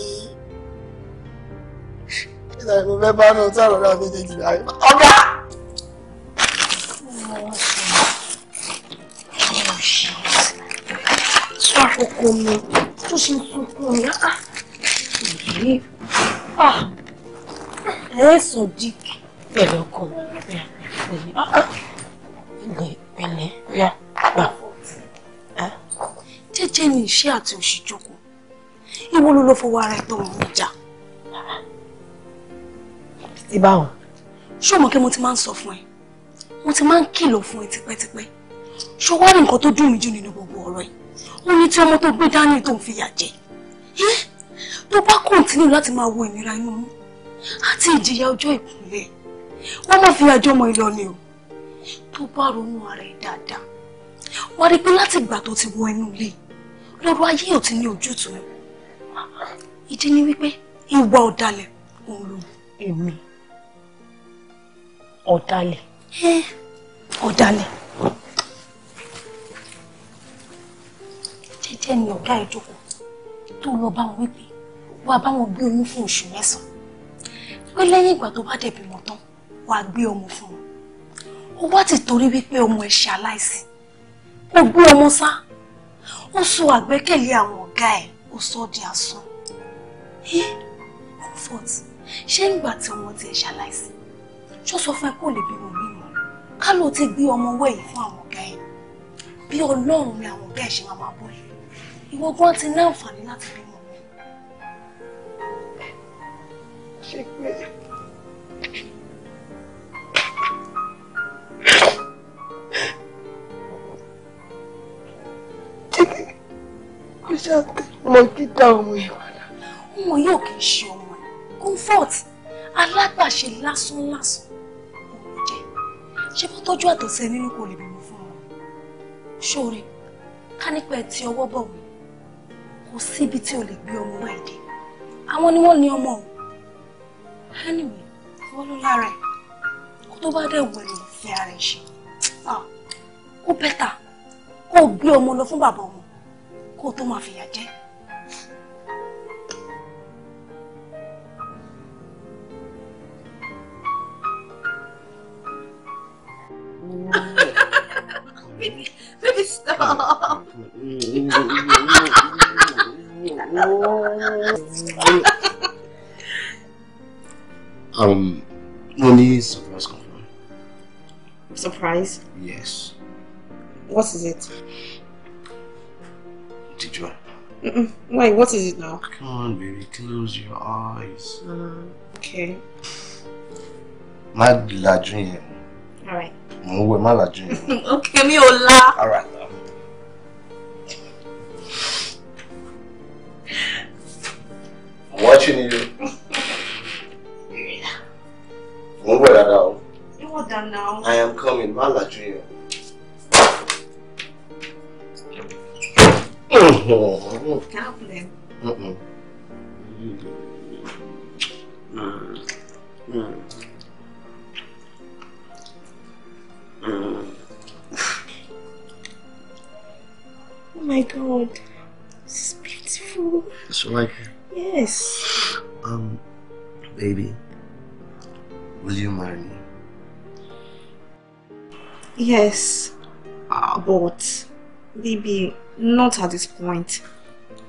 Speaker 2: ìlànà ìmọ̀ fẹ́ bá náà tí àrùn náà méjèèjì
Speaker 1: láyé ọba. sọ àkókò mi tó ṣe sunkún mi yìí ah! ah! ẹ̀ẹ́sùn díkì pẹ̀lú ọkọ mi pẹ̀lú pẹ̀lú ah! pẹ̀lú jẹ́jẹ́ ni ìṣe àti òṣì jókòó ìwọ ló lọ fọwọ́ ara ẹ̀tọ́ mọ̀ níjà. títí báwọn. ṣọmọ kí mo ti máa ń sọ fún ẹ mo ti máa ń kìlọ̀ fún ẹ tipẹ́tipẹ́ ṣọwárí nǹkan tó dùn mí jù nínú gbogbo ọ̀rọ̀ ẹ̀ ó ní tí ọmọ tó gbé dání tó ń fìyà jẹ tó bá kọ̀ǹtínú láti máa wo ìnira inú mú àti ìjìyà ọjọ́ ìkúnlẹ̀ wọ́n má fìyà jọmọ ìlọ o tó bá ronú ara ẹ̀ dáadáa wọ́n rí pé láti ìgbà tó ti wọ ẹnu ilé lọ́rọ̀ ayé ò ti ní ojútùú ìdí ni wípé ìwà ọ̀dàlẹ̀ òun ló èmi ọ̀dàlẹ̀. ọ̀dàlẹ̀ jẹ́jẹ́ ni ọ̀gá ìjókòó tó lọ bá wọn wípé wàá bá wọn gbé oyún fún oṣù mẹ́sàn-án pé lẹ́yìn ìgbà tó bá dẹ̀ bímọ tán wàá gbé ọmọ fún wọn ó wá ti torí wípé ọmọ ẹ̀ ṣe aláìsìn ẹ gbé ọmọ sá ó sọ àgbẹ́kẹ̀lé àwọn ọ̀gá ẹ̀ ó sọ di asán comfort ṣé ìgbà tí ọmọ ti ẹ̀ ṣaláìsí ṣó sọ fún ẹ kó lè bímọ mímọ ká ló ti gbé ọmọ ọwọ́ yìí fún àwọn ọ̀gá ẹ̀ bí ọlọ́run ni àwọn ọ̀gá ẹ̀ ṣe máa máa bọ̀ yìí ìwọ gan ti ní àǹfààní láti bímọ mi. ṣé pé
Speaker 5: jẹ́kẹ́ kó ṣàtẹ ọmọ títà ọmọ yẹn padà.
Speaker 1: ọmọ yóò kì í ṣe ọmọ ẹ comfort alágbàṣe lásán lásán òun jẹ ṣé bó tọ́jú àtọ̀sẹ nínú kò lè bímọ fún wọn ṣóore ká nípa ẹ ti ọwọ́ bọ̀wé kò síbi tí o lè gbé ọmọ náà dé àwọn ni wọ́n ní ọmọ o anyway wọ́n ló lára ẹ̀ kó tó bá dẹ̀ wẹ̀ lò ara ẹ̀ ṣe ah, kó bẹ́tà kó o gbé ọmọ lọ fún bàbá ọmọ kó o tó máa fìyà jẹ. baby, baby, stop.
Speaker 3: um, Moni,
Speaker 1: surprise come Surprise? Yes. What is it? Did you? Mm -mm. Why? What is it now? Come
Speaker 2: on, baby. Close your eyes.
Speaker 1: Um, okay.
Speaker 3: Má lajú yẹn.
Speaker 1: All right. Mo ń wẹ̀ má [laughs] Okay, me ò la. All right.
Speaker 2: I'm watching you. [laughs] Mo ń wẹ̀
Speaker 3: dáadáa o.
Speaker 1: Ẹ wọ̀
Speaker 3: I am coming. Má lajú yẹn. Oh. Uh-uh.
Speaker 1: oh my god. This is beautiful. It's like Yes.
Speaker 2: Um, baby, will you marry me?
Speaker 1: Yes, uh, but Baby, not at this point.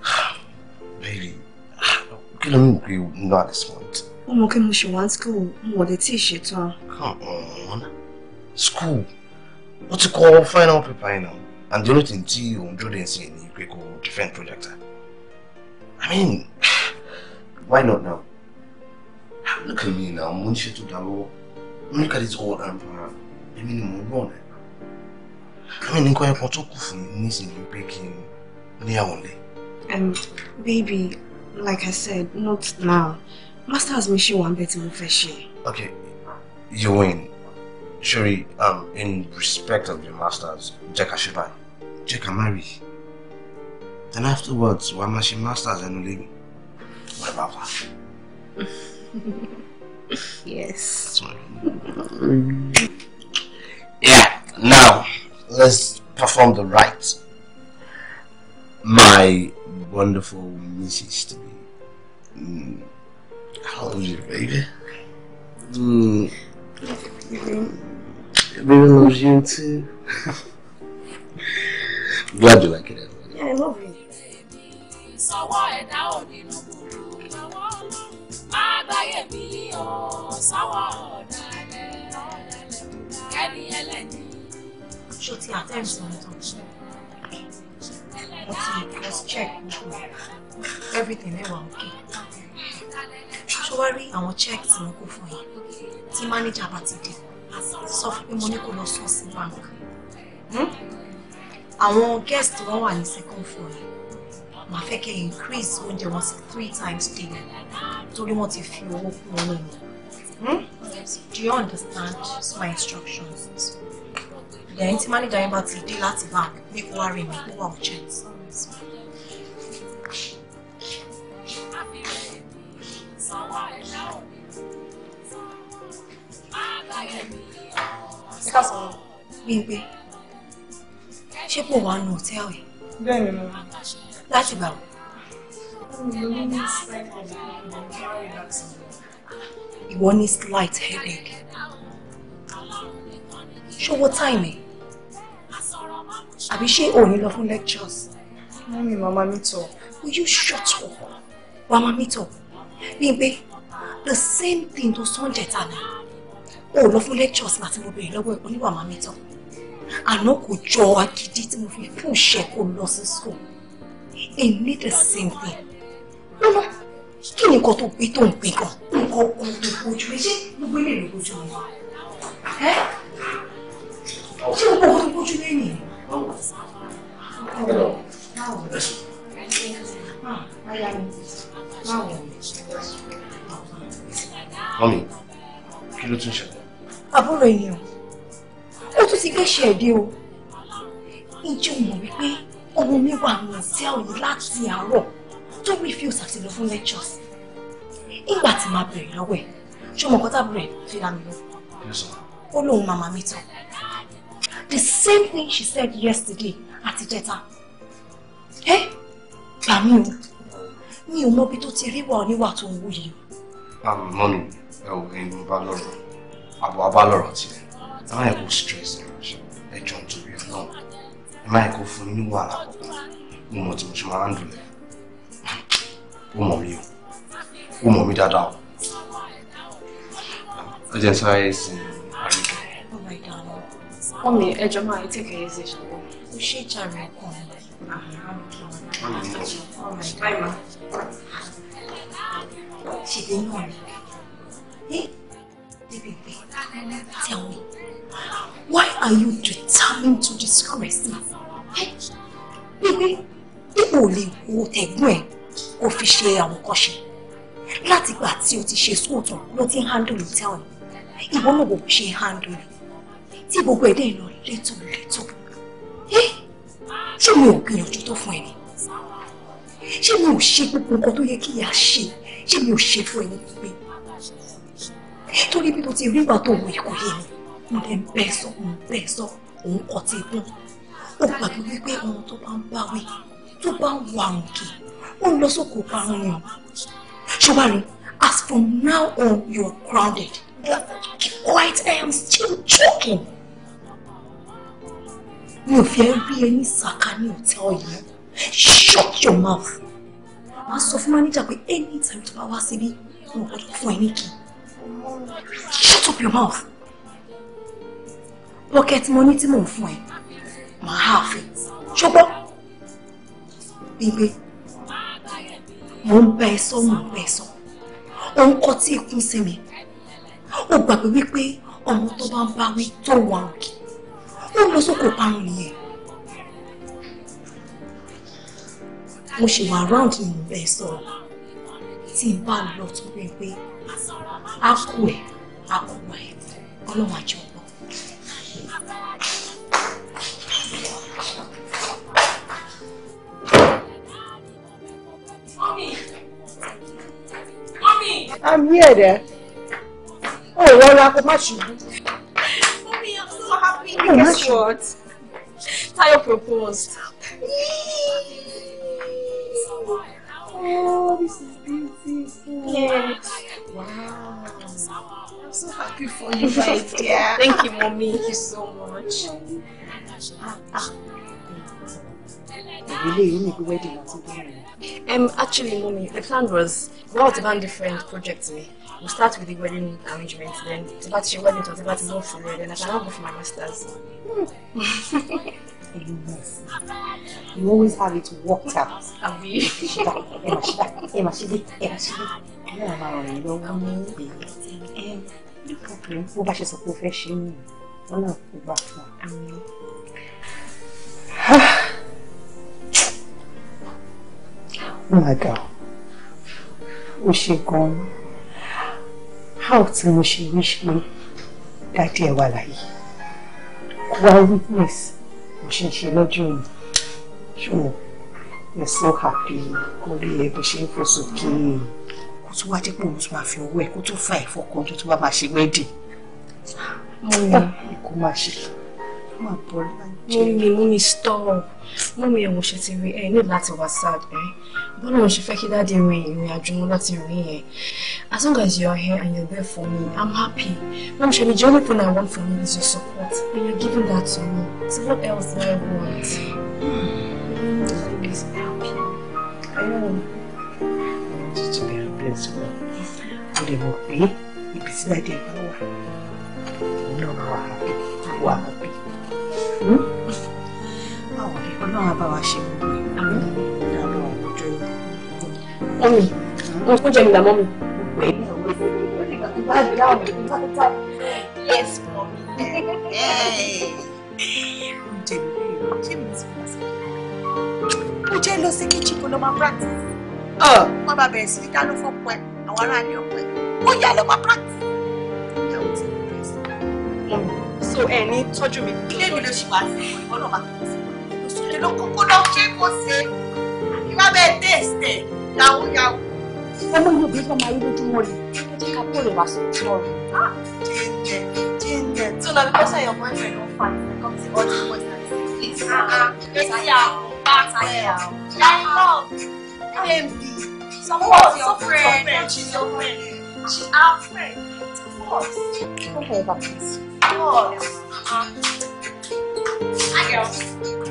Speaker 1: [sighs]
Speaker 3: Baby, [sighs] kí ló ń pè not at this point?
Speaker 1: Ọmọ okay mo ṣe wá school, mo the tí ì ṣetán.
Speaker 3: Come on, school, What you call final paper yẹn náà
Speaker 2: and the only thing tí òun dúró dé sí ni pé kò defend projector. I mean, [sighs] why not now? Look at me now, I'm ń ṣètò dá lọ́wọ́. Look at this old emperor, èmi ni mo ń rọ̀ àmì nǹkan ẹ̀kan tó kù
Speaker 3: fún mi nísìnyí pé kí n níyàwó lé.
Speaker 1: and baby like i said not now Master has ṣì wà ń bẹ tí mo fẹ́ ṣe.
Speaker 3: okay
Speaker 2: you win sori um, in respect of your masters jẹ́ ká ṣe báyìí jẹ́ ká then afterwards wàá máa ṣe masters and lé mi
Speaker 3: what about that. yes.
Speaker 6: yeah now. let's perform the
Speaker 2: rites. My wonderful missus to be. Mm, how old is your baby? Mm.
Speaker 4: Baby
Speaker 2: mm, loves mm, you too. [laughs] Glad you like it. Anyway. Yeah, I love you.
Speaker 4: ṣó ti attend to me tó ń ṣe
Speaker 1: wọ́n ti cross check everything ẹ̀wà òkè ṣó wá rí check tí mo kó fún yín manager about it. dé money fún pé mo bank. kó lọ sọ sí bank hmm? àwọn guest wọn second for you. My fẹ́ kẹ́ increase oúnjẹ wọn sí three times daily torí wọ́n ti fi owó kún owó mi. Hmm? Do you understand my instructions? lẹ́yìn tí mánéjà yẹn bá to dé láti bank ní worry me. rí mi ó wà urgent. Bímpé, ṣé kò wá nu hòtẹ́ẹ̀lì? Bẹ́ẹ̀ni mo. Láti gbà
Speaker 4: wọ́n.
Speaker 1: Ìwọ ní slight headache. Ṣé owó táìmì? àbí ṣé ò ní lọ fún lectures. wọ́n mi mama mito. will you shut up Mama mito. tọ̀ Bímpé the same thing to sàn jẹ̀ta ni ò lọ fún lectures láti mo bèrè lọ́wọ́ ẹ̀kọ́ níwà màmá mi àná kò jọ agídí tí mo fi fún ìṣẹ́ kó lọ sí school they need the same thing. lọ́nà kí ni nǹkan tó gbé tó ń gbé gan nǹkan ọkùnrin kò ojú méjì gbogbo ilé ìlú kò jọ wọn ṣé gbogbo ọkùnrin kò ojú méjì nìyẹn. Mami, kí ló tún ṣẹlẹ̀? Àbúrò èèyàn, ó tún ti gbéṣẹ́ ẹ̀dẹ́ o. Ǹjẹ́ o mọ̀ wípé ọmọ mi wà ní hòtẹ́ẹ̀lì yìí láti àárọ̀ tó refuse àti lọ fún lectures? Ìgbà tí màá bẹ̀rẹ̀ lọ́wọ́ ẹ̀, ṣé kọ́tà bẹ̀rẹ̀ fi dá mi lọ? Ó lóun màmá mi tán the same thing she said yesterday at jẹta ẹ gbà mí o mi ò mọbi tó ti ríwà oníwà tó ń wú yìí.
Speaker 3: mọ́mí um, ẹ ò ẹni mo bá lọ́rọ̀ àbọ̀ abá lọ́rọ̀ tiẹ̀ ẹ má yẹ kó stress ẹ jọ to ẹ náà ẹ
Speaker 5: má yẹ
Speaker 2: kó fún nínú wàhálà kọ̀ọ̀kan mo mọ̀ tí mo ṣe máa ń dùn lẹ̀ ó mọ̀ mí o
Speaker 6: ó mọ̀ mí o ẹ jẹ́ sáré sí i àríkẹ́.
Speaker 1: Oh Mọ́mí ẹjọ́ máa yí tèkè yé ṣe ṣùgbọ́n. Ó ṣe
Speaker 4: ìjàre ọkọ rẹ̀. Ṣèdè náà ni. Débi
Speaker 1: pé tell me, why are you determined to disgrace me? Bíbí, ipò lè wo ẹ̀gbọ́n ẹ̀ kó fi ṣe àwọn kan ṣe. Látìgbà tí o ti ṣe school tán ló ti ń handle hotel yìí. Ìwọ náà kò ṣe handle yìí tí gbogbo èdè ìlọ létòlétò ṣé mi ò gbìyànjú tó fún ẹni ṣé mi ò ṣe gbogbo nǹkan tó yẹ kí ìyá ṣe ṣé mi ò ṣe fún ẹni gbígbé torí bí mo ti rí ìgbà tó wọ ikú yé mi mo lè ń bẹ́ẹ̀ sọ ń bẹ́ẹ̀ sọ òun kọ́ ti gún ó gbàgbé wípé ohun tó bá ń báwí tó bá ń wà àrùn ó ń lọ sóko parun yàn ṣùgbọ́n as from now on you are grounded keep
Speaker 4: I am still
Speaker 1: joking mi ò fẹ́ rí ẹni sàkà ní hòtẹ́ẹ̀lì yìí shut your mouth máa sọ fún mánéjà pé any time tó bá wá síbí mo gbọ́dọ̀ fún ẹ ní kí shut up your mouth pocket money tí mò ń fún ẹ màá hà fẹ ṣọgbọ́n gbígbé mò ń bẹ ẹ sọ mò ń bẹ ẹ sọ òun kọ tí ikún sí mi ó gbàgbé wípé ọmọ tó bá ń bá wí tó wà òkè ó ń lọ sóko parun nìyẹn mo ṣe wà round mo bẹ sọ̀rọ̀ tí n bá lọ tó rí pé a kú ẹ a kú wa ẹ Ọlọ́run àjọ lọ. I'm here there. Oh, well, I could match you. Oh, Guess what? Tayo proposed.
Speaker 4: Oh, this is beautiful. Yes. Wow. I'm so happy for you my dear. [laughs] Thank you, mommy. Thank you
Speaker 1: so much. Um, actually, mommy, the plan was, what about different projects me? Eh? We'll start with the wedding arrangement then. Tí bá ti ṣe wedding tán, tí bá ti lọ fún rẹ̀, then I shall not go for my masters. you always have it worked out. Abi. Ṣídà, ẹ mà ṣídà, ẹ mà ṣídì, ẹ mà ṣídì. Ilé àwọn máa rọrùn lọ́wọ́ ní ìgbéyàwó. Ẹ ọkùnrin bó bá ṣe sọ pé ó fẹ́ ṣe Oh my God, ó she gone? how tí mo ṣe wíṣ pé dáàdì ẹ̀ wà láyé kó wá witness mo she ń ṣe lọ́jọ́ you're so happy kó rí ẹ for ṣe ń fò sókè kó tún wá dípò mo tún máa fi owó ẹ̀ kó tún fà ẹ̀fọ́ kan tó tún wá máa ṣe wẹ́dì má bọ́ lájẹ́. mummy mummy stop mummy ẹ̀wọ̀n ṣe ti rí ẹ ní láti wá sad ẹ bọ́lá òun ṣe fẹ́ kí dáadé rin ìrìn àjò wọn láti rí yẹn as long as you are here and you are there for me i'm happy mummy ṣe ni the only thing i want for me is your support and you are giving that to me so what else do i want. please help you. I know. Just be a blessing. Ó dẹ̀ mọ̀ pé ibi tí dáadé bá wà, òun náà máa wà happy. Hmm? báwo ni ọlọ́run abáwa ṣe gbogbo ẹ̀ àwọn òjò ìwé. mọ́mí wọn kó jẹ́ mi gbà mọ́mí. yes mọ́mí. oúnjẹ mi lè rọ ṣé mi ti fà sí. ó jẹ́ lọ sí kíchìn kó lọ máa practice. wọ́n bá bẹ̀rẹ̀ sí ní dáná fún ọ̀pọ̀ ẹ̀ àwọn aráàlú ọ̀pọ̀ ẹ̀ ó yá lọ máa practice mọ̀ mi so ẹ ní tọ́jú mi kílé mi ló ṣì wá sí ọ̀nà bá tó sí ló sọ lè ló kókó lọ ṣe kò ṣe ìwà bẹ́ẹ̀ dé ẹ̀sẹ̀ yàwóyàwó. ọmọ yóò bí fọmọ ayé lójúmọ́ ni jẹ́ ká bọ́ọ̀lù wá sí ọ̀rọ̀. jíjẹ jíjẹ tó lọ bí pẹ́sẹ̀ yọ̀ mọ́ ẹ̀fẹ̀ ló ń fa ìfẹ́kọ́ tí wọ́n ti wọ́n
Speaker 4: ti ṣe Support your friend. Support your friend. She our friend. Support. Don't
Speaker 5: worry about this
Speaker 4: what? Hi, girls.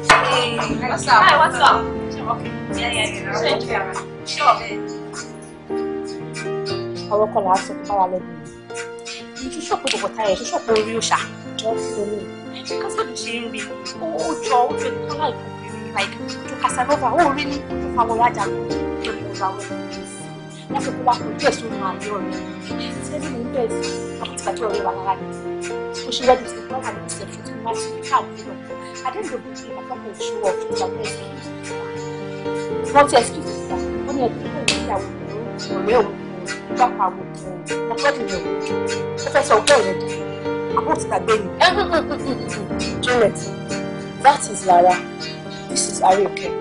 Speaker 4: Hey,
Speaker 1: what's up? Hi, what's up? Okay. Yeah, yeah, yeah. Sure. Sure. Àwọn kan làá sọ fún báwa lẹ́nu. Ṣé ṣọ́pù tó kọ̀tà yẹn? Ṣé ṣọ́pù orí òṣà? Jọ́ fún mi. Kásán ṣe ń rí. Ó jọ ó jọ nípa láì kò rí mi. Like ojú Casanova ó rí ní ojú Fáwọn Rájà ló ń bọ̀ àwọn ọmọ wọ́n fi kó wá kojú ẹ̀sùn máa yọ̀ rẹ̀ ṣé ní mo ń bẹ̀rẹ̀ sí ọkùnrin tí kàtó ọ̀rẹ́ wa lára ni. So that is Lara. This is Arike.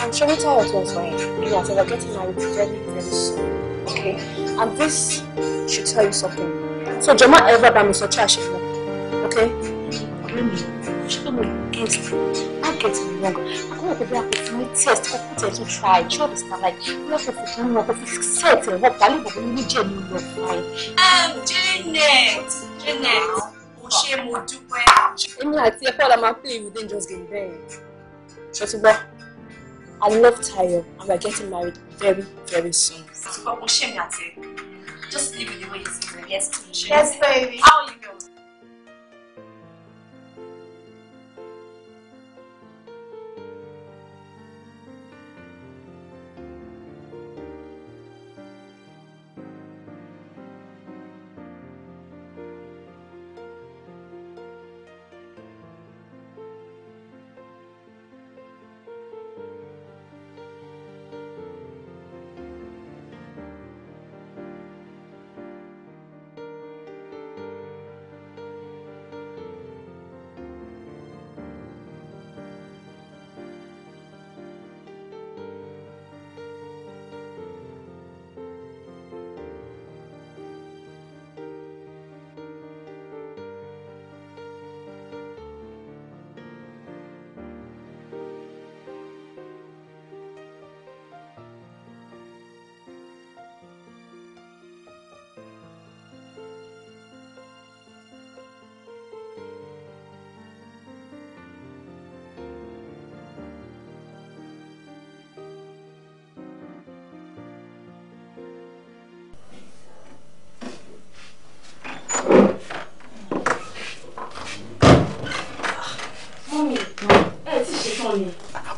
Speaker 1: I'm sure what I was once saying, you are getting married very, very soon. Okay? And this should tell you something so Jama ever bá me sọ trash fún okay? ọ̀rẹ́ mi ṣé pé mo guess I get it wrong àkókò kò bí a kò fi test kò kò tẹ̀sí try ṣé o understand like bí a kò fi fún wọn kò fi set ẹ̀ wọ́n pàálí ìbùkún ní jẹ́ mi lọ fún ẹ. Janet Janet mo ṣe mo dúpẹ́. èmi àti ẹ̀fọ́ la máa play with dangerous game bẹ́ẹ̀ ṣe ti gbọ́. I love Tayo and we are getting married very very soon. Sọ́kọ́ mo ṣe mi àti ẹ̀. Just leave with the way it is, see guess. Yes, baby. How are you doing?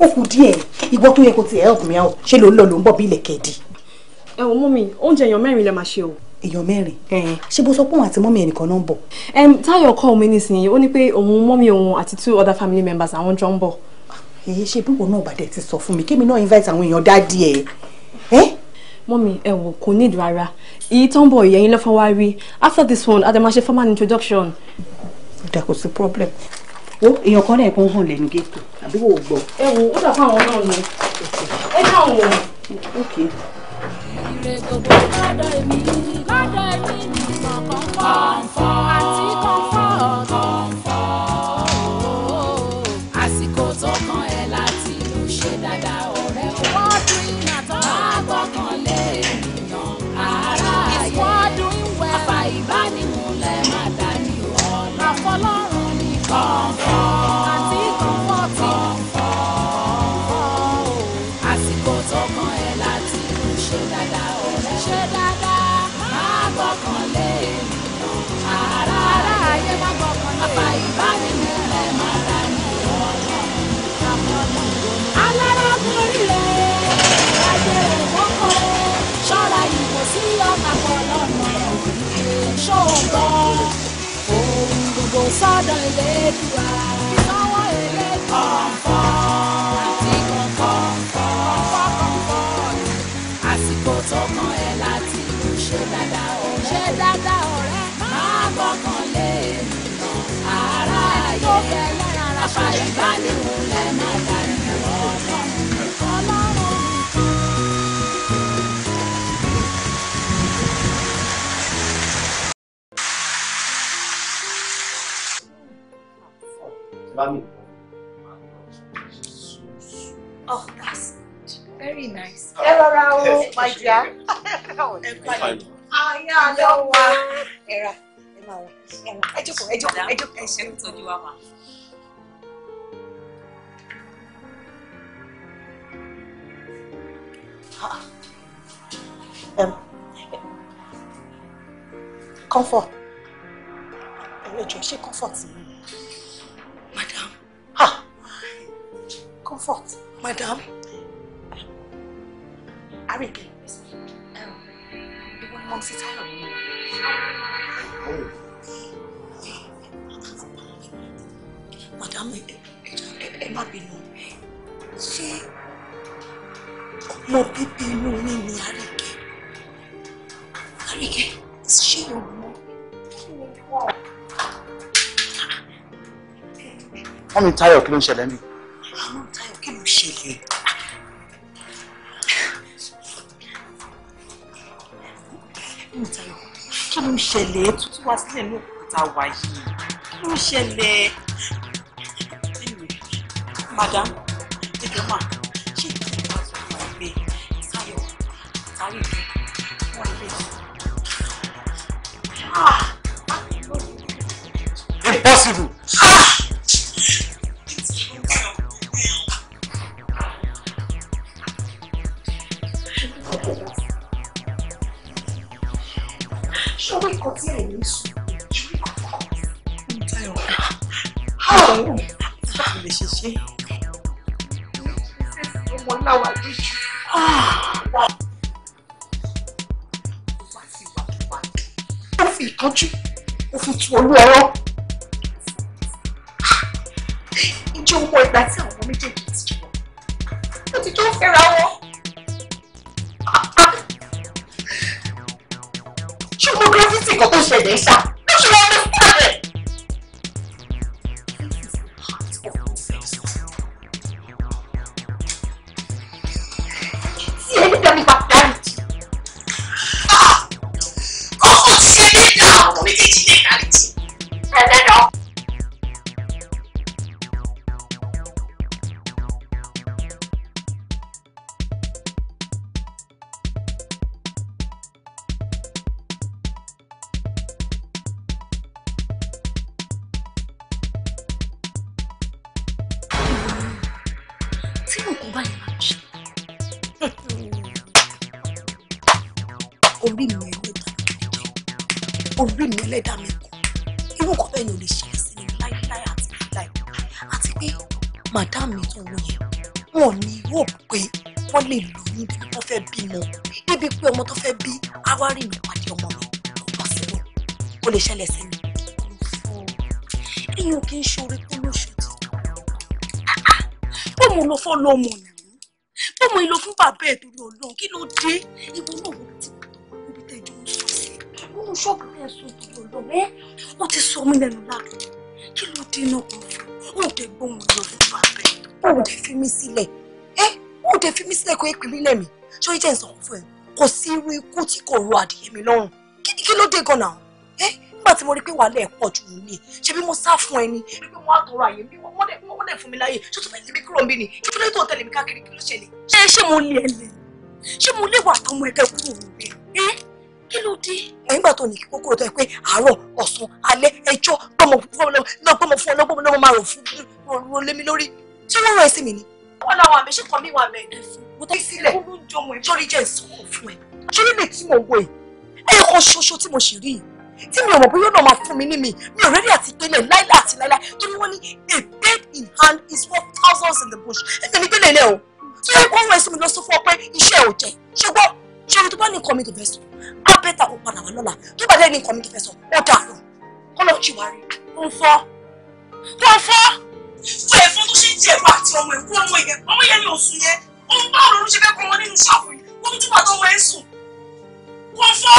Speaker 1: ó kù díẹ̀ ìwọ tó yẹ kó ti help me out ṣé ló ń lọ ló ń bọ̀ bí ilẹ̀ kẹ̀dí. ẹ o mummy oúnjẹ èèyàn mẹ́rin lẹ máa ṣe o. èèyàn mẹ́rin ṣé bó sọ pé òun àti mummy ẹnìkan náà ń bọ̀. Táyọ̀ kọ́ omi nísìnyí ó ní pé òun mummy òun àti two other family members àwọn jọ ń bọ̀. èyí ṣe bí wọn náà bàdẹ ti sọ fún mi kémi náà invite àwọn èèyàn dádì ẹ mọ́mi ẹ wò kò ní ìdù ara èyí tó ń bọ̀ ìyẹn lọ́fọ́ wá rí after this one adamase formal introduction. ó kò sí problem ó èèyàn kan náà kàn hàn lẹ́nu géètò àbí wò ó gbọ́. ẹ wo ó dàpọ̀ àwọn náà ni ẹ dá àwọn wọn. ok. ìrètò bó lọ́dọ̀ èmi lọ́dọ̀ èmi nìkan
Speaker 4: kan suddenly
Speaker 1: Mami. Oh, that's Very nice. Hello, rọra o, my dear. [laughs] Ẹ pàdé. Ayé àlọ́ wa. Ẹ ra, ẹ máa ra, ẹ ra. Ẹ jókòó, ẹ jókòó, ẹ jókòó. Ẹ ṣe ń tọ́jú wa wá. Ah. Um, comfort. Ẹ lè jọ ṣe comfort yìí. comfort. Madam. Arike. Ìwọ ni mọ̀ sí Táyọ̀ yìí. Madam it má bínú. be ọmọ She
Speaker 5: inú mi ni me.
Speaker 1: Arike, ṣé o mọ̀?
Speaker 2: Wọ́n mi Táyọ̀ kí ló ń ṣẹlẹ̀
Speaker 1: ṣẹlẹ̀ tuntun wá sílẹ̀ ní òkúta wáyé kí ló ṣẹlẹ̀ madam ọmọ nìyí bọ́mọ ìlò fún bàbá ẹ̀ torí ọlọ́run kí ló dé ìwọ náà wọ́n ti pàtó níbi tẹ́jọ́ ń sọ sí nínú ṣọ́ọ̀bù náà sọ torí ọlọ́run ẹ́ wọ́n ti sọ mí lẹ́nu láàrin kí ló dé náà kò fún wọn ò dé ìlò fún bàbá ẹ̀ wọn ò dé fi mí sílẹ̀ ẹ́ wọn ò dé fi mí sílẹ̀ kó èpè mí lẹ́mìí ṣó jẹ́ ìsọ̀kún fún ẹ kò sí irú ikú tí kò ro adìyẹ mi lọ́rùn kí ló dé gan-an ẹ́ nígbà tí mo rí pé wàhálà ẹ̀ pọ̀ jù ú ní ṣebí mo sá fún ẹni pé wọ́n á tọrọ àyè mi wọ́n dẹ̀ fún mi láyè ṣé tó fẹ́ lé mi kúrò ń bí ni lè tó tẹ̀lé mi káàkiri kí ló ṣẹlẹ̀ ṣé ṣé mo lè ẹlẹ̀ ṣé mo lè wà tọmọ ẹgbẹ́ kúrò nílé ẹ kí ló dé. ẹ̀yìn gbà tó ní kí kókó tó yẹ pé àárọ̀ ọ̀sán alẹ́ ẹjọ́ gbọ́mọ fún ọlọ́gbọ́mọ lọ́wọ́ máa rò fún ọ̀rọ̀ lémi lórí tí wọ́n rán ẹ sí mi ni. wọ́n náà wà mí ṣé kan mi wà mẹ́ẹ̀ẹ́dẹ́ fún mo tẹ́ sílẹ̀ sórí jẹ́ ìsọ̀kọ̀ fún ẹ sórí lè tí mo wọ ẹ̀ ẹ̀yọ̀kan ṣoṣo tí mo sì rí yìí tí mi ò mọ̀ bóyá ọ̀nà máa fún mi ní mi mi ò rẹ́rì àti gbélé láíláí àti láíláí torí wọ́n ní a bed in hand is worth thousands in the bush ẹ̀mí mi gbélé ilẹ̀ o tí wọ́n kọ́ ọ̀rọ̀ ẹ̀sùn mi lọ sọ fún ọ pé iṣẹ́ ò jẹ́ ṣùgbọ́n ṣé omi tó bá ní nǹkan mi kò fẹ́ sọ á bẹ́tà kó padà wá lọ́la tó bá dé ní nǹkan mi kò fẹ́ sọ ó dàrú kọ́ lọ́ọ́ ṣì wá rí ń fọ́ ń fọ́ fún ẹ̀fọ́ tó ṣe ń jẹ ẹ̀rọ àti ọmọ ẹ̀kú ọmọ yẹn ọmọ yẹn ni òsùn yẹn òun bá òun ṣe fẹ́ kọ́ wọn nínú ṣọ́ọ̀bù yìí wọ́n tún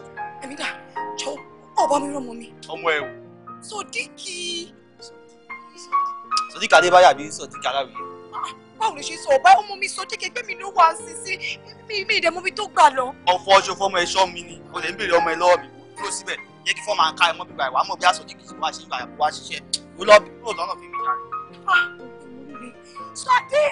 Speaker 1: mi dà jọ ọba mi rán ọmọ mi. ọmọ ẹ o. Sodiq.
Speaker 2: Sodiq Adébáyọ̀ àbí Sodiq Aláwìyé.
Speaker 1: Ah, báwo ló ṣe sọ ọba ọmọ mi Sodiq ẹgbẹ́ mi ló wá sí sí mi mi ìdẹ̀mọ́ mi tó gbà lọ. ọ̀fọ̀
Speaker 2: ọṣọ fọmọ ẹ̀ṣọ́ mi ni o lè ń béèrè ọmọ ẹ lọ́wọ́ mi dúró síbẹ̀ yẹ kí fọ́ọ̀mù àǹkà ẹ̀mọ́ bíbá ìwà mọ̀ bí aṣọ dìgbì wá ṣe ìgbà wá ṣiṣẹ́ ó lọ bí
Speaker 1: kúrò lọ́nà fi mí kárí. Sodiq.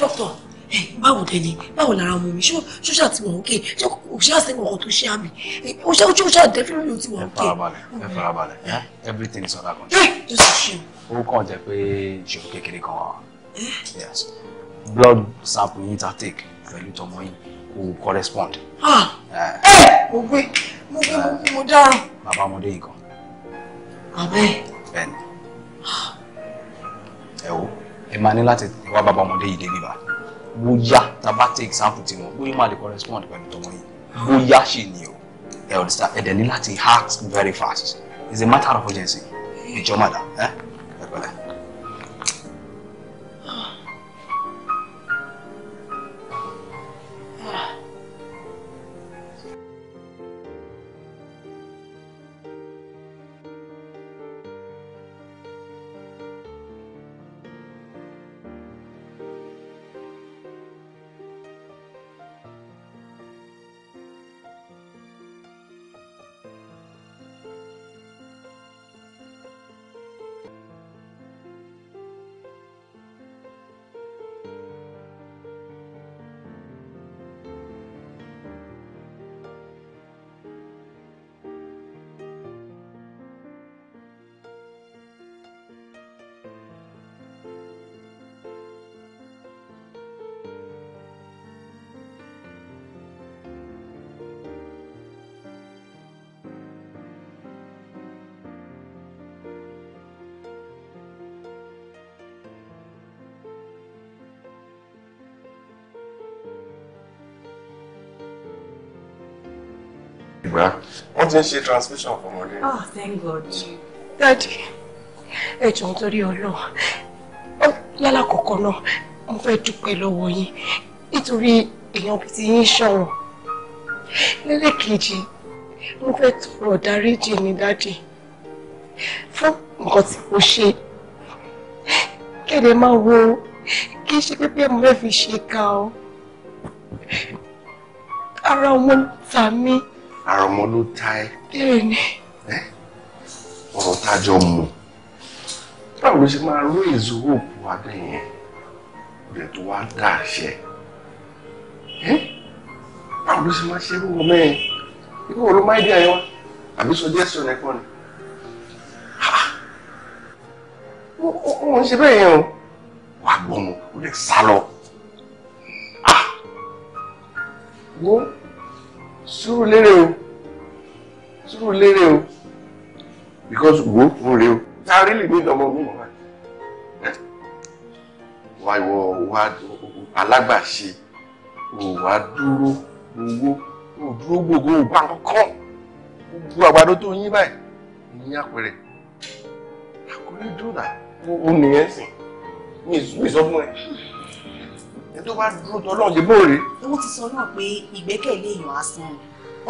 Speaker 1: dókítà báwo dẹ ni báwo lára ọmọ mi ṣó ṣá ti wà òkè ṣó ṣá sí ọkọ tó ṣe àmì ó ṣá ó ṣá definitely ó ti wà òkè. ẹ farabalẹ̀ ẹ farabalẹ̀
Speaker 2: everything is under control.
Speaker 6: ó kàn jẹ́ pé ìṣòro kékeré kan wà yes blood sample yìí ta take pẹ̀lú tọmọ yìí kò correspond.
Speaker 5: ẹ mo gbé mo gbé mo dára.
Speaker 6: bàbá ọmọdé yìí kan. àbẹ́. bẹ́ẹ̀ni
Speaker 2: ẹ máa ní láti wá bàbá ọmọdé yìí débi bá bóyá tá a bá take sample tí wọn bóyá máa lè correspond pẹ̀lú tọmọ yìí bóyá ṣì ni o ẹ understand ẹ dẹ̀ ní láti act very fast it's a matter of urgency ìjọ màdà. Eh?
Speaker 3: ìgbà wọ́n ti ń ṣe transmission fọmọdé.
Speaker 1: oh ah, thank god daddy ẹ jọ̀ọ́ nítorí ọlọ́run lálàkọ̀kọ́ náà mo fẹ́ dúpẹ́ lọ́wọ́ yín nítorí èèyàn bíi ti yín ṣọ̀rọ̀ lẹ́lẹ́kejì mo fẹ́ tọrọ dáríjì ní dáàdì fún nǹkan tí mo ṣe kéde máa wo kí ṣe pé bẹ́ẹ̀ mo fẹ́ fi ṣe ká ọ ara wọn ta mí
Speaker 3: àrọ̀mọ ló ta ẹ́. bẹ́ẹ̀ ni. ọ̀rọ̀ tájọ mọ̀ báwo ló ṣe máa rú èzò òòpù abẹ́yẹn rẹ̀ tó wá dá àṣẹ báwo ló ṣe máa ṣe irú ọmọ ẹ̀ irú ọ̀rọ̀ máa dí àyẹ̀wò àbí suggestion nìkan ni wọ́n ń ṣe bẹ́ẹ̀ yẹn o. alágbàṣe ò wá dúró owó ò dúró gbogbo ò bá kankan gbogbo àgbàdo tó yín báyìí ní àpẹẹrẹ àkọlé dúró
Speaker 1: ó nìyẹn
Speaker 3: sìn mi sọ fún ẹ
Speaker 1: ẹ tó bá dúró
Speaker 3: tọ Ọlọ́run jẹbọ rèé.
Speaker 1: wọ́n ti sọ náà pé ìgbẹ́kẹ̀lé èèyàn asán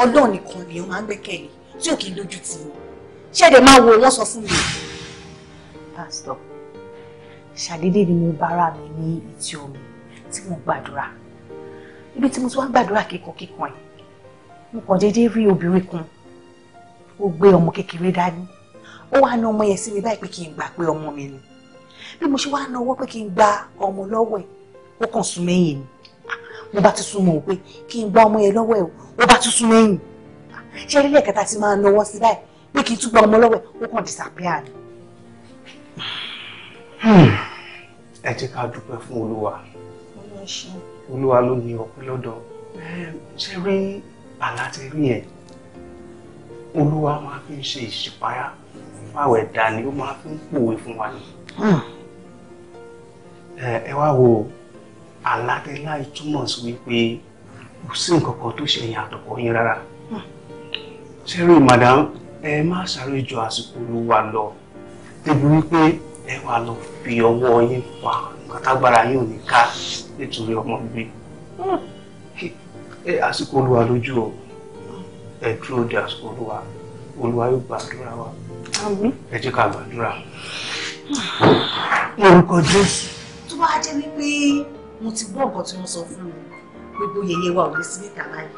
Speaker 1: Ọlọ́run nìkan lèèyàn máa ń gbẹ́kẹ̀lé tí ò kì í dojú tì wọ́n ṣẹ́ẹ̀dẹ̀ máa wo wọ́n sọ fún mi. pásítọ̀ ṣàdédé ni mo bára mi ní ìtì omi tí mo gbàdúrà ibi tí mo ti wá gbàdúrà kíkankíkan yìí mo kàn déédéé rí obìnrin kan ó gbé ọmọ kékeré dání ó wá na ọmọ yẹn sí mi báyìí pé kí n gbà pé ọmọ mi ni bí mo ṣe wá na ọwọ́ pé kí n gba ọmọ lọ́wọ́ ẹ̀ ó kàn sún mẹ́yìn ni mo bá ti sún mọ́ pé kí n gba ọmọ yẹn lọ́wọ́ ẹ̀ ó bá ti sún mẹ́yìn ṣé ilé ẹ̀kẹta ti máa nawọ́ sí báyìí pé kí n tún gba ọmọ lọ́wọ́ ẹ̀ ó kàn disappear ni.
Speaker 6: Hmm. ẹ jẹ́ ká dúpẹ́ fún olúwa ń ṣe. olúwa
Speaker 3: ló ní ọpẹ́ lọ́dọ̀ ṣe rí bàlá ti rí yẹn
Speaker 2: olúwa máa fi ṣe ìṣípayá fáwọn ẹ̀dá ni ó máa fi ń pòwe fún wa ni.
Speaker 6: Hmm. ẹ wá wo
Speaker 2: aládélá ìtumọ̀ sí wípé kò sí nǹkan kan tó ṣe ẹ̀yìn àtọ̀kọ́ yín rárá. Hmm. ṣé rí madam ẹ má sáré ju àsìkò olúwa lọ débi wípé ẹ wà lọ fi ọwọ́ yín pa kàtàgbára yóò ní ká nítorí ọmọ mi
Speaker 5: hmm. ẹ
Speaker 3: àsìkò olúwa lójú ọ ẹ dúró de àsìkò
Speaker 6: olúwa olúwa yóò gbàdúrà wa ẹ jẹ́ ká gbàdúrà lórúkọ jésù.
Speaker 1: tó bá jẹ́ wípé mo ti gbọ́ nǹkan tí wọ́n sọ fún mi gbogbo yẹyẹ wa ò lè sí níta báyìí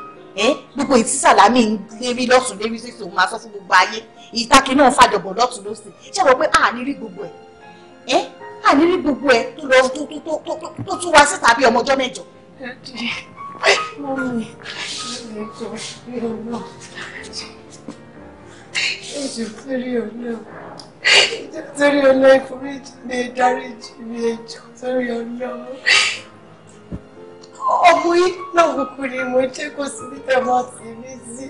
Speaker 1: gbogbo ètí sàlámì ń lérí lọ́tún lérí sí òun máa sọ fún gbogbo ayé ìtàkì náà fàjọbọ̀ lọ́tún lọ́sìn ṣé wọ́n pé àní rí gbogbo ẹ̀ àníní gbogbo ẹ tó lọ tó tó tó tó tó tún wá síta bí ọmọ ọjọ́ mẹ́jọ. Èjì torí ọ̀nà torí ọ̀nà ìforíjì ni ìdáríjì ni ẹjọ́ torí ọ̀nà. Ọmọ yìí náà kúkú ni mo jẹ́ kó síbi tẹ̀ máa sì mí sí.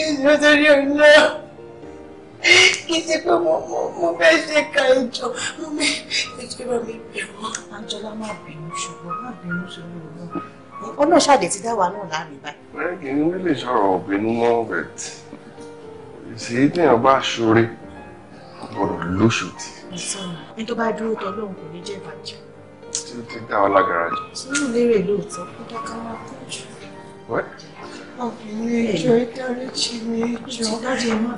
Speaker 1: Èjì torí ọ̀nà kì í ṣe pé mo mo mo fẹ́ ṣe ka ìjọ mo mi ìjọ bá mi bẹ̀ wọ́n. Anjọlá má bínú ṣùgbọ́n má bínú ṣùgbọ́n òun. Ọ̀nà ṣàdé ti dá wa náà láàmì báyìí.
Speaker 3: Bẹ́ẹ̀ kì í nílé sọ̀rọ̀ òbínú mọ́ bẹ̀t. Èsì téèyàn bá ṣoore gbọ́dọ̀ lóṣù tì.
Speaker 1: Ní tó bá dúró tọ́ lóhùn kò ní jẹ́ ìbàjẹ́.
Speaker 3: Tí ó ti dá ọ lágara jù.
Speaker 1: Sínú lérè lóòótọ́, ó dá ká obìnrin ìjọ ìdáríjì mi ìjọ láti má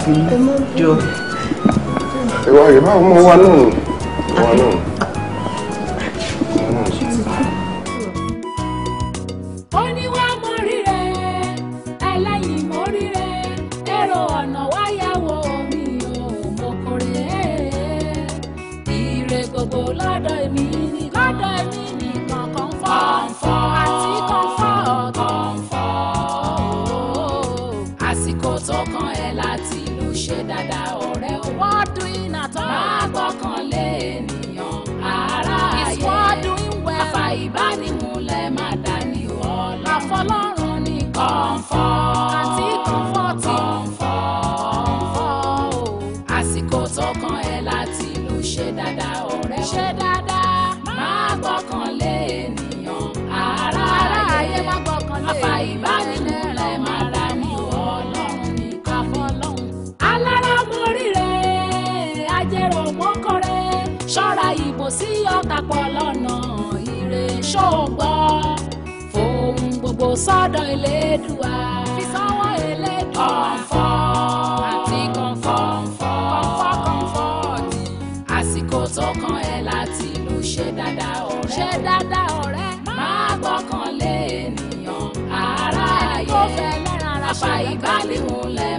Speaker 3: bínú ìjọ wa náà
Speaker 4: kò sọ́dọ̀ Elédùà fi sọ́wọ́ Elédùà ọ̀fọ̀ àti kọ̀ǹfọ̀ kọ̀ǹfọ̀ kọ̀ǹfọ̀tì àsìkò tó kàn ẹ́ láti lò ṣe dáadáa ọ̀rẹ́ ṣe dáadáa ọ̀rẹ́ máa gbọ́kànlé ènìyàn àárá ayé àfàìbálẹ̀ òun lẹ́.